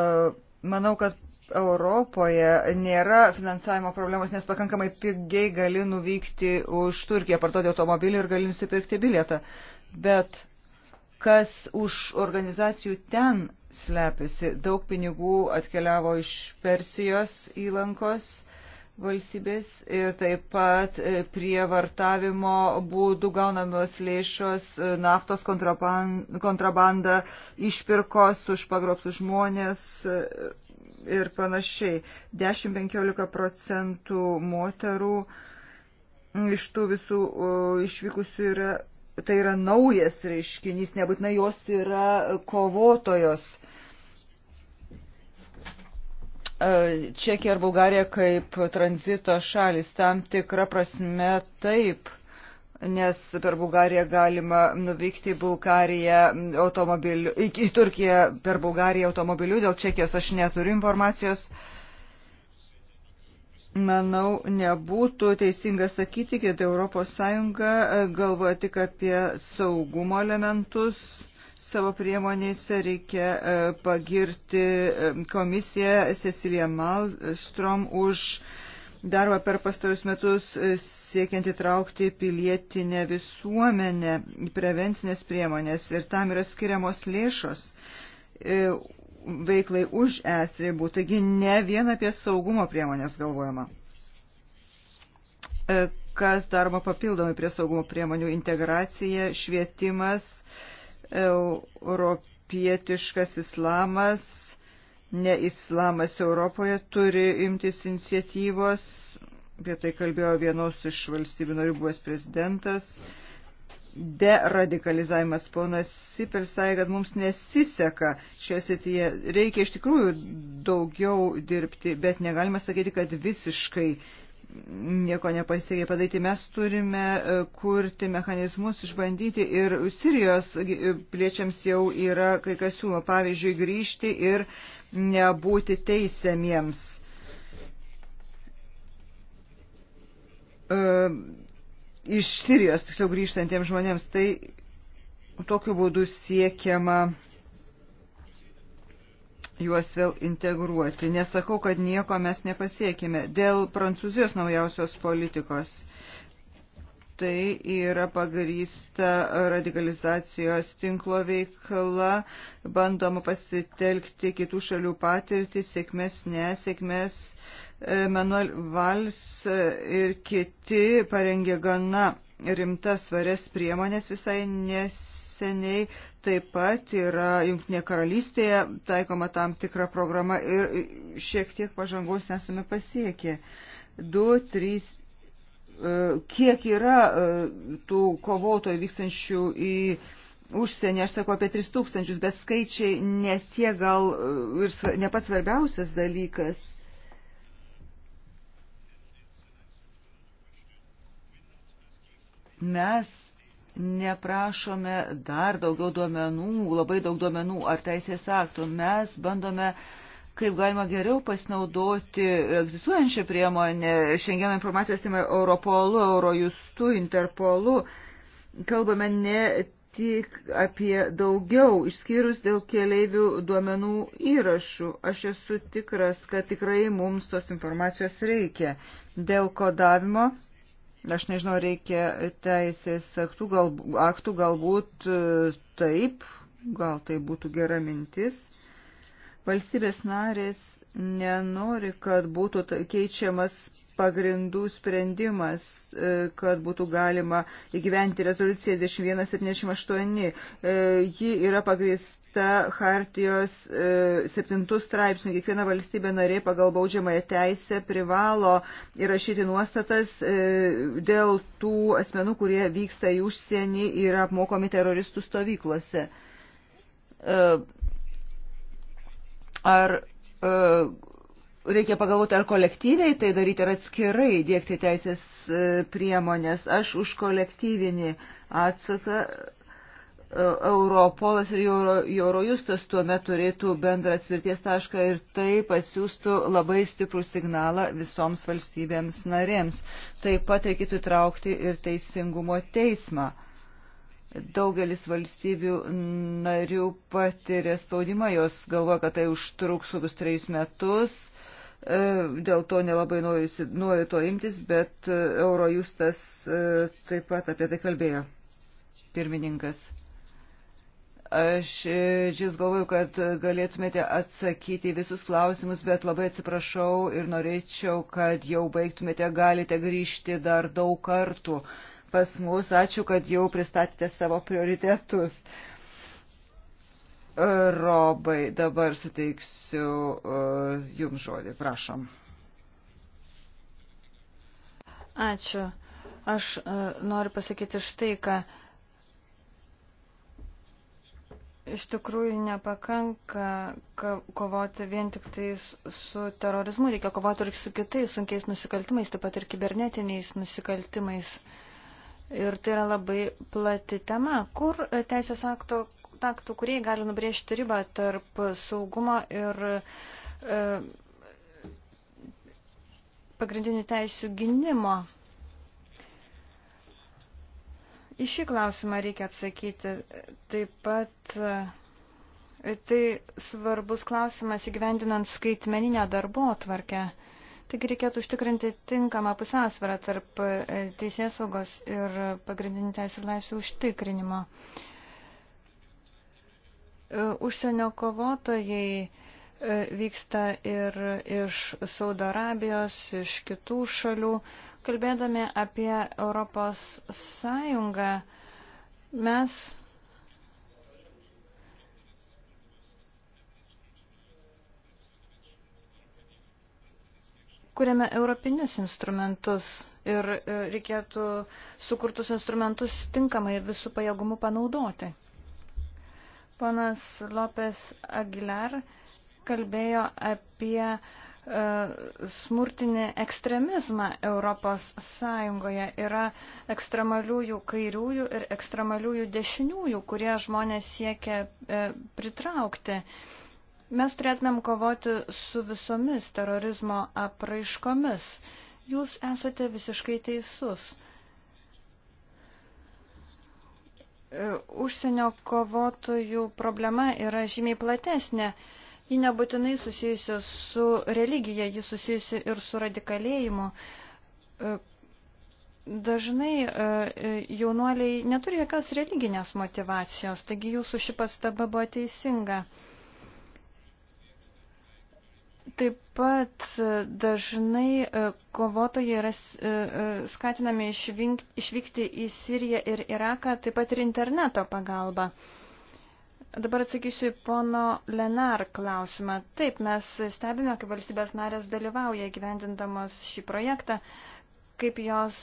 manau, kad Europoje nėra finansavimo problemos, nes pakankamai pigiai gali nuvykti už Turkiją, parduoti automobilį ir gali nusipirkti bilietą. Bet kas už organizacijų ten slepiasi? Daug pinigų atkeliavo iš Persijos įlankos valstybės ir taip pat e, prievartavimo būdų gaunamos lėšos, e, naftos kontrabanda, išpirkos už pagrobtus žmonės e, ir panašiai. 10-15 procentų moterų iš tų visų išvykusių yra, tai yra naujas reiškinys, nebūtinai jos yra kovotojos Čekija ir Bulgarija kaip tranzito šalis tam tikra prasme taip, nes per Bulgariją galima nuvykti Bulgariją automobiliu, į Turkiją per Bulgariją automobiliu, dėl Čekijos aš neturiu informacijos. Manau, nebūtų teisinga sakyti, kad ES galvoja tik apie saugumo elementus Savo priemonėse reikia e, pagirti e, komisiją Cecilija Malstrom už darbą per pastarus metus e, siekiant įtraukti pilietinę visuomenę į prevencinės priemonės ir tam yra skiriamos lėšos veiklai už es ribų, taigi ne vien apie saugumo priemonės galvojama. Kas daroma papildomai prie saugumo priemonių integracija, švietimas, europietiškas islamas, ne islamas Europoje turi imtis iniciatyvos, apie tai kalbėjo vienos iš valstybių narių buvęs prezidentas. Deradikalizavimas, ponas Sipel sąja, kad mums nesiseka šioje srityje. Reikia iš tikrųjų daugiau dirbti, bet negalima sakyti, kad visiškai nieko nepasiekė padaryti. Mes turime e, kurti mechanizmus, išbandyti ir Sirijos e, piliečiams jau yra kai kas siūlo, pavyzdžiui, grįžti ir nebūti teisiamiems. E, iš Sirijos tiksliau grįžtantiems žmonėms tai tokiu būdu siekiama juos vėl integruoti. Nesakau, kad nieko mes nepasiekime. Dėl Prancūzijos naujausios politikos tai yra pagrysta radikalizacijos tinklo veikla, bandoma pasitelkti kitų šalių patirtį, sėkmės, nesėkmės. E, Manuel Vals ir kiti parengė gana rimtas svarias priemonės visai nesėkmės seniai, taip pat yra Junktinė karalystėje taikoma tam tikra programa ir šiek tiek pažangos nesame pasiekę. 2, 3, e, kiek yra e, tų kovotojų vykstančių į užsienį, aš sakau apie 3 tūkstančius, bet skaičiai netie gal e, ir ne pats svarbiausias dalykas. Mes neprašome dar daugiau duomenų, labai daug duomenų ar teisės aktų. Mes bandome kaip galima geriau pasinaudoti egzistuojančią priemonę Šengeno informacijos sistemą Europolu, Eurojustu, Interpolu. Kalbame ne tik apie daugiau, išskyrus dėl keliaivių duomenų įrašų. Aš esu tikras, kad tikrai mums tos informacijos reikia. Dėl kodavimo Aš nežinau, reikia teisės aktų, gal, aktų galbūt e, taip, gal tai būtų gera mintis. Valstybės narės nenori, kad būtų keičiamas pagrindų sprendimas, e, kad būtų galima įgyventi rezoliuciją 2178. E, ji yra pagrįsta Hartijos 7 e, straipsnių. Kiekviena valstybė narė pagal baudžiamąją teisę privalo įrašyti nuostatas dėl tų asmenų, kurie vyksta į užsienį ir apmokomi teroristų stovyklose. Ar reikia pagalvoti, ar kolektyviai tai daryti, ar atskirai dėkti teisės e, priemonės. Aš už kolektyvinį atsaką e, Europolas ir Eurojustas tuo metu turėtų bendrą atspirties tašką ir tai pasiūstų labai stiprų signalą visoms valstybėms narėms. Taip pat reikėtų įtraukti ir teisingumo teismą. Daugelis valstybių narių patiria spaudimą, jos galvoja, kad tai užtruks kokius trejus metus, e, dėl to nelabai nori, nori to imtis, bet e, Eurojustas e, taip pat apie tai kalbėjo. Pirmininkas. Aš džis galvoju, kad galėtumėte atsakyti visus klausimus, bet labai atsiprašau ir norėčiau, kad jau baigtumėte, galite grįžti dar daug kartų pas mus. Ačiū, kad jau pristatėte savo prioritetus. E, Robai, dabar suteiksiu uh, jums žodį, prašom. Ačiū. Aš uh, noriu pasakyti štai, ką iš tikrųjų nepakanka kovoti vien tik tais su terorizmu, reikia kovoti ir su kitais sunkiais nusikaltimais, taip pat ir kibernetiniais nusikaltimais. Uh, Ir tai yra labai plati tema, kur teisės akto, aktų kuriai gali nubrėžti ribą tarp saugumo ir e, pagrindinių teisių gynimo. Į šį klausimą reikia atsakyti. Taip pat e, tai svarbus klausimas įgyvendinant skaitmeninę darbo atvarkę. E, Taigi reikėtų užtikrinti tinkamą pusiausvyrą tarp e, teisės saugos ir pagrindinių teisų ir laisvių užtikrinimo. E, užsienio kovotojai e, vyksta ir iš Saudo Arabijos, iš kitų šalių. Kalbėdami apie Europos Sąjungą, mes kuriame europinius instrumentus ir e, reikėtų sukurtus instrumentus tinkamai visų pajėgumų panaudoti. Ponas Lopes Aguilar kalbėjo apie uh, smurtinį ekstremizmą Europos Sąjungoje. Yra ekstremaliųjų kairiųjų ir ekstremaliųjų dešiniųjų, kurie žmonės siekia e, pritraukti Mes turėtumėm kovoti su visomis terorizmo apraiškomis. Jūs esate visiškai teisus. E, užsienio kovotojų problema yra žymiai platesnė. Ji nebūtinai susijusi su religija, ji susijusi ir su radikalėjimu. E, dažnai e, jaunuoliai neturi jokios religinės motivacijos, taigi jūsų ši pastaba buvo teisinga. Taip pat e, dažnai e, kovotojai yra e, skatinami išvykti į Siriją ir Iraką, taip pat ir interneto pagalba. Dabar atsakysiu į pono Lenar klausimą. Taip, mes stebime, kaip valstybės narės dalyvauja gyvendindamos šį projektą, kaip jos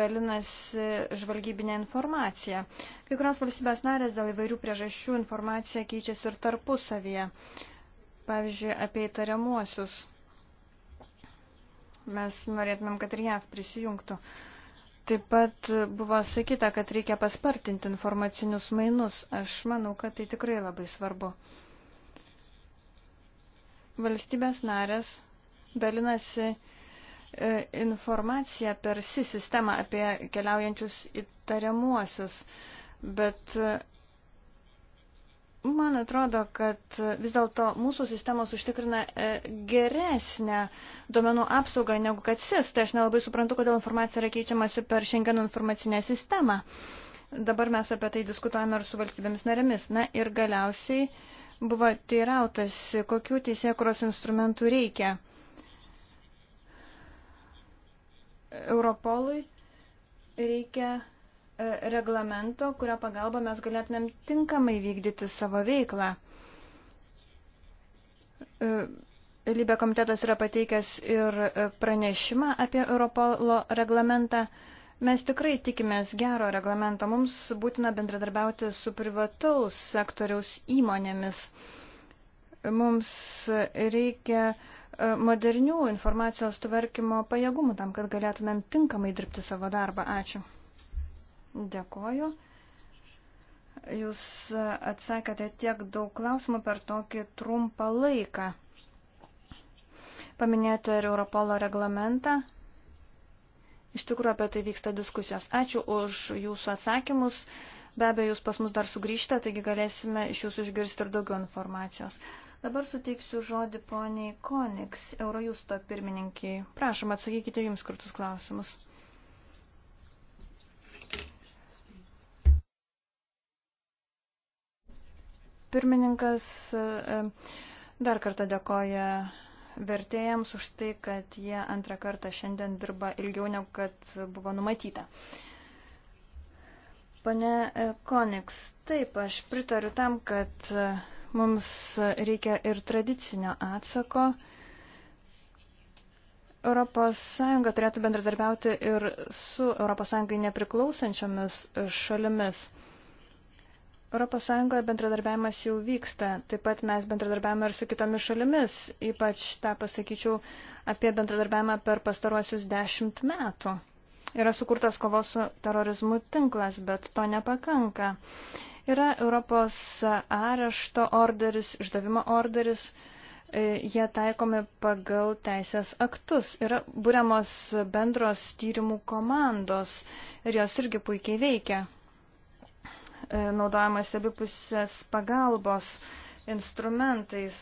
dalinasi žvalgybinė informacija. Kai kurios valstybės narės dėl įvairių priežasčių informacija keičiasi ir tarpusavyje. Uh, Pavyzdžiui, apie įtariamuosius. Mes norėtumėm, kad ir JAV prisijungtų. Taip pat buvo sakyta, kad reikia paspartinti informacinius mainus. Aš manau, kad tai tikrai labai svarbu. Valstybės narės dalinasi e, informaciją per SI sistemą apie keliaujančius įtariamuosius, bet e, Man atrodo, kad vis dėlto mūsų sistemos užtikrina e, geresnę duomenų apsaugą negu kad SIS. Tai aš nelabai suprantu, kodėl informacija yra keičiamasi per šiandieną informacinę sistemą. Dabar mes apie tai diskutuojame ir su valstybėmis narėmis. Na ir galiausiai buvo teirautas, kokių teisėkuros instrumentų reikia Europolui. Reikia E, reglamento, kurio pagalba mes galėtumėm tinkamai vykdyti savo veiklą. E, Lybė komitetas yra pateikęs ir e, pranešimą apie Europolo reglamentą. Mes tikrai tikimės gero reglamento. Mums būtina bendradarbiauti su privataus sektoriaus įmonėmis. Mums reikia modernių informacijos tvarkymo pajėgumų tam, kad galėtumėm tinkamai dirbti savo darbą. Ačiū. Dėkoju. Jūs atsakėte tiek daug klausimų per tokį trumpą laiką. Paminėjote ir Europolo reglamentą. Iš tikrųjų apie tai vyksta diskusijos. Ačiū už jūsų atsakymus. Be abejo, jūs pas mus dar sugrįžtate, taigi galėsime iš jūsų išgirsti ir daugiau informacijos. Dabar suteiksiu žodį poniai Koniks, Eurojusto pirmininkiai. Prašom, atsakykite jums skirtus klausimus. pirmininkas e, dar kartą dėkoja vertėjams už tai, kad jie antrą kartą šiandien dirba ilgiau negu kad buvo numatyta. Pane e, Koniks, taip, aš pritariu tam, kad e, mums reikia ir tradicinio atsako. ES turėtų bendradarbiauti ir su ES nepriklausančiomis šalimis. ES bendradarbiavimas jau vyksta. Taip pat mes bendradarbiavame ir su kitomis šalimis. Ypač tą pasakyčiau apie bendradarbiavimą per pastaruosius dešimt metų. Yra sukurtas kovos su terorizmu tinklas, bet to nepakanka. Yra Europos arešto orderis, išdavimo orderis. E, jie taikomi pagal teisės aktus. Yra būriamos bendros tyrimų komandos ir jos irgi puikiai veikia. E, naudojamas abipusės pagalbos instrumentais.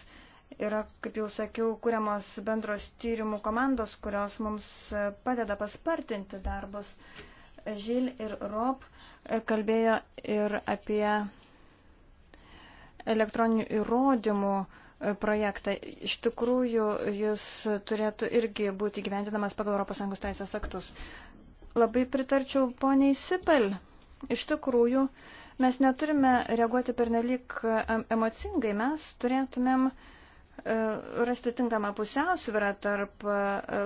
Yra, kaip jau sakiau, kuriamos bendros tyrimų komandos, kurios mums e, padeda paspartinti darbus. Žil ir Rob e, kalbėjo ir apie elektroninių įrodymų projektą. Iš tikrųjų, jis turėtų irgi būti gyventinamas pagal ES teisės aktus. Labai pritarčiau poniai Sipel. Iš tikrųjų, uh, Mes neturime reaguoti pernelyg emocingai, mes turėtumėm e, rasti tinkamą pusiausvyrą tarp e,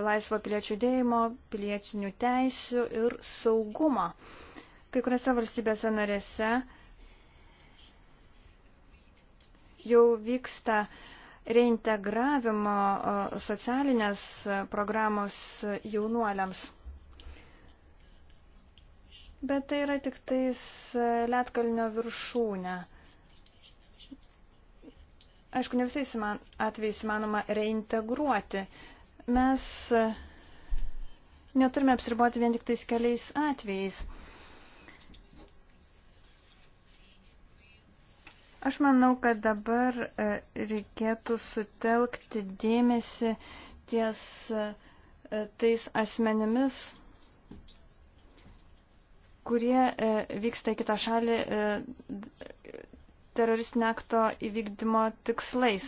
laisvo piliečių dėjimo, pilietinių teisių ir saugumo. Kai kuriuose valstybėse narėse jau vyksta reintegravimo e, socialinės programos jaunuoliams. Bet tai yra tik tais e, Lietkalnio viršūnė. Aišku, ne visais atvejais įmanoma reintegruoti. Mes e, neturime apsiriboti vien tik tais keliais atvejais. Aš manau, kad dabar e, reikėtų sutelkti dėmesį ties tais asmenimis, kurie e, vyksta į kitą šalį e, teroristinio akto įvykdymo tikslais.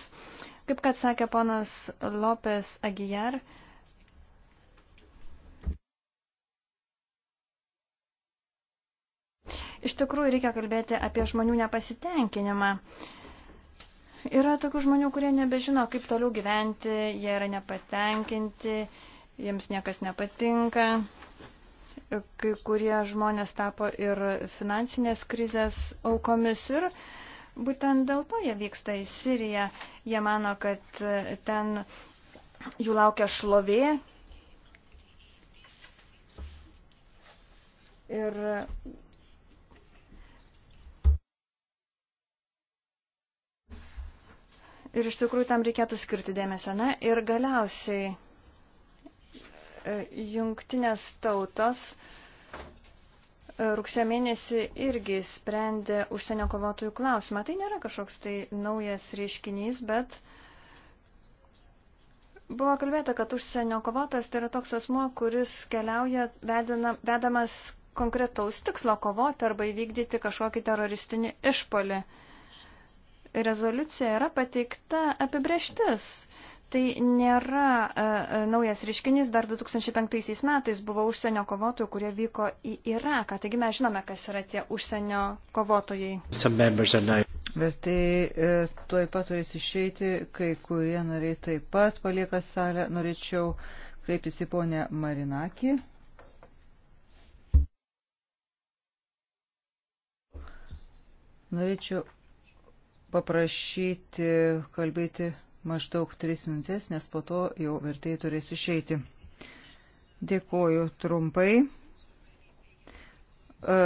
Kaip kad sakė ponas Lopes Agijar, iš tikrųjų reikia kalbėti apie žmonių nepasitenkinimą. Yra tokių žmonių, kurie nebežino, kaip toliau gyventi, jie yra nepatenkinti, jiems niekas nepatinka kai kurie žmonės tapo ir finansinės krizės aukomis ir būtent dėl to jie vyksta į Siriją. Jie mano, kad e, ten jų laukia šlovė. Ir Ir iš tikrųjų tam reikėtų skirti dėmesio. Na ir galiausiai E, jungtinės tautos e, rugsėjo mėnesį irgi sprendė užsienio kovotojų klausimą. Tai nėra kažkoks tai naujas reiškinys, bet buvo kalbėta, kad užsienio kovotojas tai yra toks asmo, kuris keliauja vedina, vedamas konkretaus tikslo kovoti arba įvykdyti kažkokį teroristinį išpolį. Rezoliucija yra pateikta apibrieštis Tai nėra e, e, naujas reiškinys, dar 2005 metais buvo užsienio kovotojų, kurie vyko į Iraką. Taigi mes žinome, kas yra tie užsienio kovotojai. Bet tai e, tuoj pat turės išeiti, kai kurie nariai taip pat palieka salę. Norėčiau kreiptis į ponę Marinakį. Norėčiau paprašyti kalbėti maždaug 3 minutės, nes po to jau vertėjai turės išeiti. Dėkoju trumpai. E,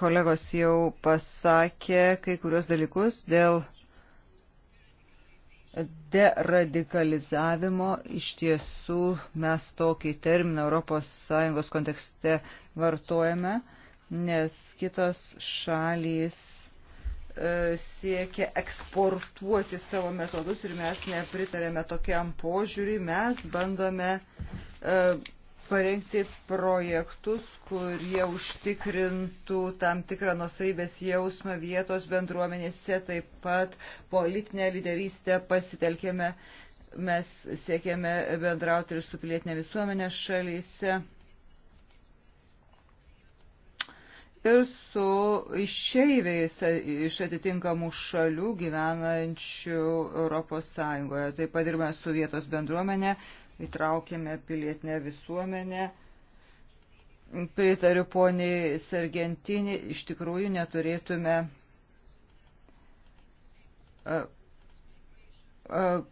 kolegos jau pasakė kai kurios dalykus dėl deradikalizavimo. Iš tiesų mes tokį terminą ES kontekste vartojame, nes kitos šalys E, siekia eksportuoti savo metodus ir mes nepritarėme tokiam požiūriui, mes bandome e, parengti projektus, kurie užtikrintų tam tikrą nusaibės jausmą vietos bendruomenėse, taip pat politinę lyderystę pasitelkėme, mes siekėme bendrauti ir su pilietinė visuomenė šalyse. ir su išeiviais iš atitinkamų šalių gyvenančių Europos Sąjungoje. Taip pat dirbame su vietos bendruomenė, įtraukėme pilietinę visuomenę. Pritariu poniai Sargentinį, iš tikrųjų neturėtume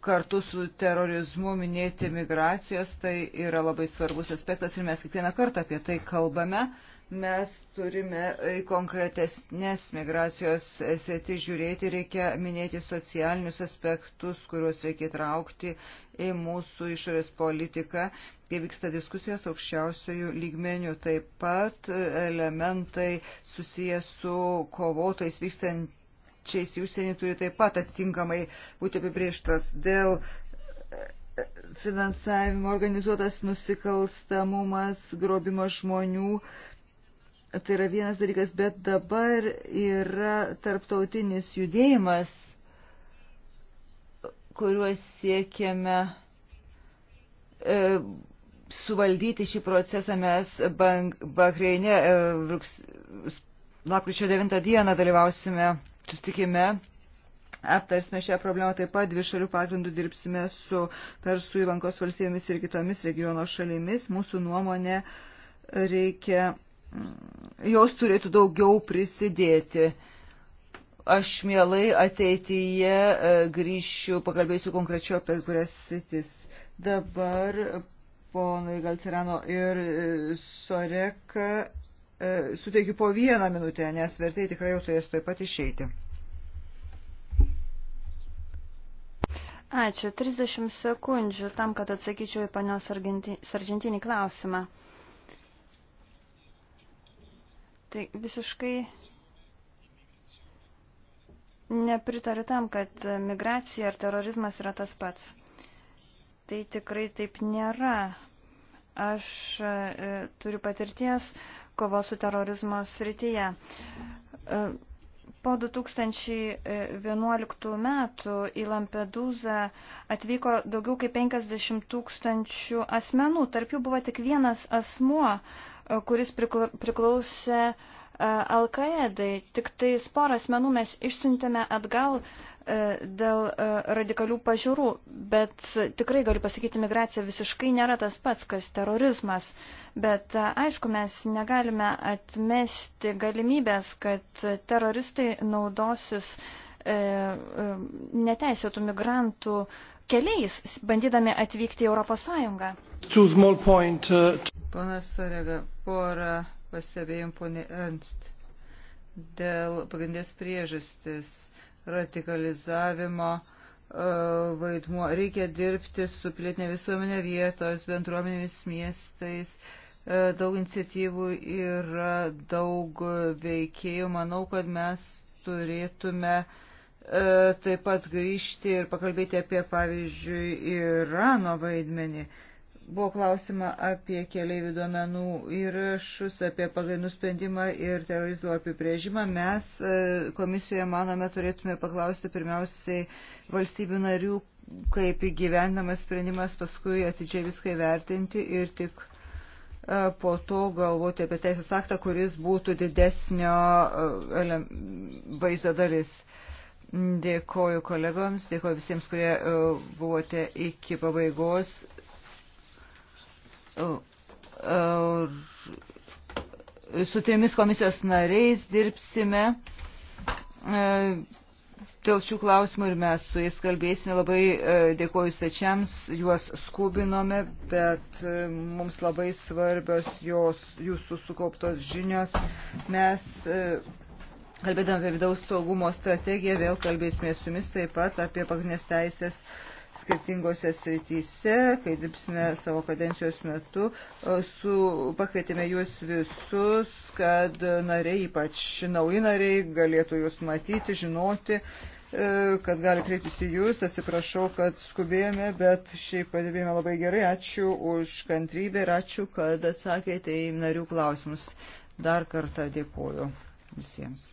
kartu su terorizmu minėti migracijos, tai yra labai svarbus aspektas ir mes kiekvieną kartą apie tai kalbame, mes turime į konkretesnės migracijos sėti žiūrėti, reikia minėti socialinius aspektus, kuriuos reikia traukti į mūsų išorės politiką, kai vyksta diskusijos aukščiausiojų lygmenių. Taip pat elementai susijęs su kovotojais vykstančiais į užsienį turi taip pat atitinkamai būti apibrieštas dėl finansavimo, organizuotas nusikalstamumas, grobimas žmonių, uh, Tai yra vienas dalykas, bet dabar yra tarptautinis judėjimas, kuriuo siekiame e, suvaldyti šį procesą. Mes Bahreine e, lapkričio 9 dieną dalyvausime sustikime, aptarsime šią problemą, taip pat dvi šalių pagrindų dirbsime su Persų įlankos valstybėmis ir kitomis regiono šalimis. Mūsų nuomonė reikia jos turėtų daugiau prisidėti. Aš mielai ateityje e, grįšiu, pakalbėsiu konkrečiau apie kurias sitis. Dabar ponui Galcerano ir e, Soreka e, suteikiu po vieną minutę, nes vertai tikrai jau turės taip pat išeiti. Ačiū. 30 sekundžių tam, kad atsakyčiau į panios Sargentinį klausimą. Tai visiškai nepritariu tam, kad migracija ir terorizmas yra tas pats. Tai tikrai taip nėra. Aš e, turiu patirties kovos su terorizmo srityje. E, po 2011 metų į Lampedūzą atvyko daugiau kaip 50 tūkstančių asmenų. Tarp jų buvo tik vienas asmuo, kuris priklausė e, Al-Qaedai. Tik tai porą asmenų mes išsintėme atgal e, dėl e, radikalių pažiūrų, bet tikrai galiu pasakyti, migracija visiškai nėra tas pats, kas terorizmas. Bet aišku, mes negalime atmesti galimybės, kad teroristai naudosis neteisėtų migrantų uh, keliais, bandydami atvykti į Europos Sąjungą. Uh, Ponas Sorega, porą pastebėjimų, ponė Ernst, dėl pagrindės priežastis radikalizavimo uh, vaidmuo. Reikia dirbti su plėtinė visuomenė vietos, bendruomenėmis miestais. Uh, daug iniciatyvų yra, daug veikėjų. Manau, kad mes turėtume uh, E, taip pat grįžti ir pakalbėti apie, pavyzdžiui, Irano vaidmenį. Buvo klausima apie keliaivių duomenų įrašus, apie pagrindų sprendimą ir terorizmo apibrėžimą. Mes e, komisijoje, manome, turėtume paklausti pirmiausiai valstybių narių, kaip įgyvendamas sprendimas, paskui atidžiai viską vertinti ir tik e, po to galvoti apie teisės aktą, kuris būtų didesnio vaizdo dalis. Uh, Dėkoju kolegoms, dėkoju visiems, kurie e, buvote iki pabaigos. E, e, su trimis komisijos nariais dirbsime dėl šių klausimų ir mes su jais kalbėsime. Labai dėkoju svečiams, juos skubinome, bet mums labai svarbios jos, jūsų sukauptos žinios. Mes Kalbėdami apie vidaus saugumo strategiją, vėl kalbėsime su jumis taip pat apie pagrindinės teisės skirtingose srityse, kai dirbsime savo kadencijos metu. Su, pakvietėme juos visus, kad nariai, ypač nauji nariai, galėtų jūs matyti, žinoti, e, kad gali kreiptis į jūs. Atsiprašau, kad skubėjome, bet šiaip padirbėjome labai gerai. Ačiū už kantrybę ir ačiū, kad atsakėte į narių klausimus. Dar kartą dėkuoju visiems.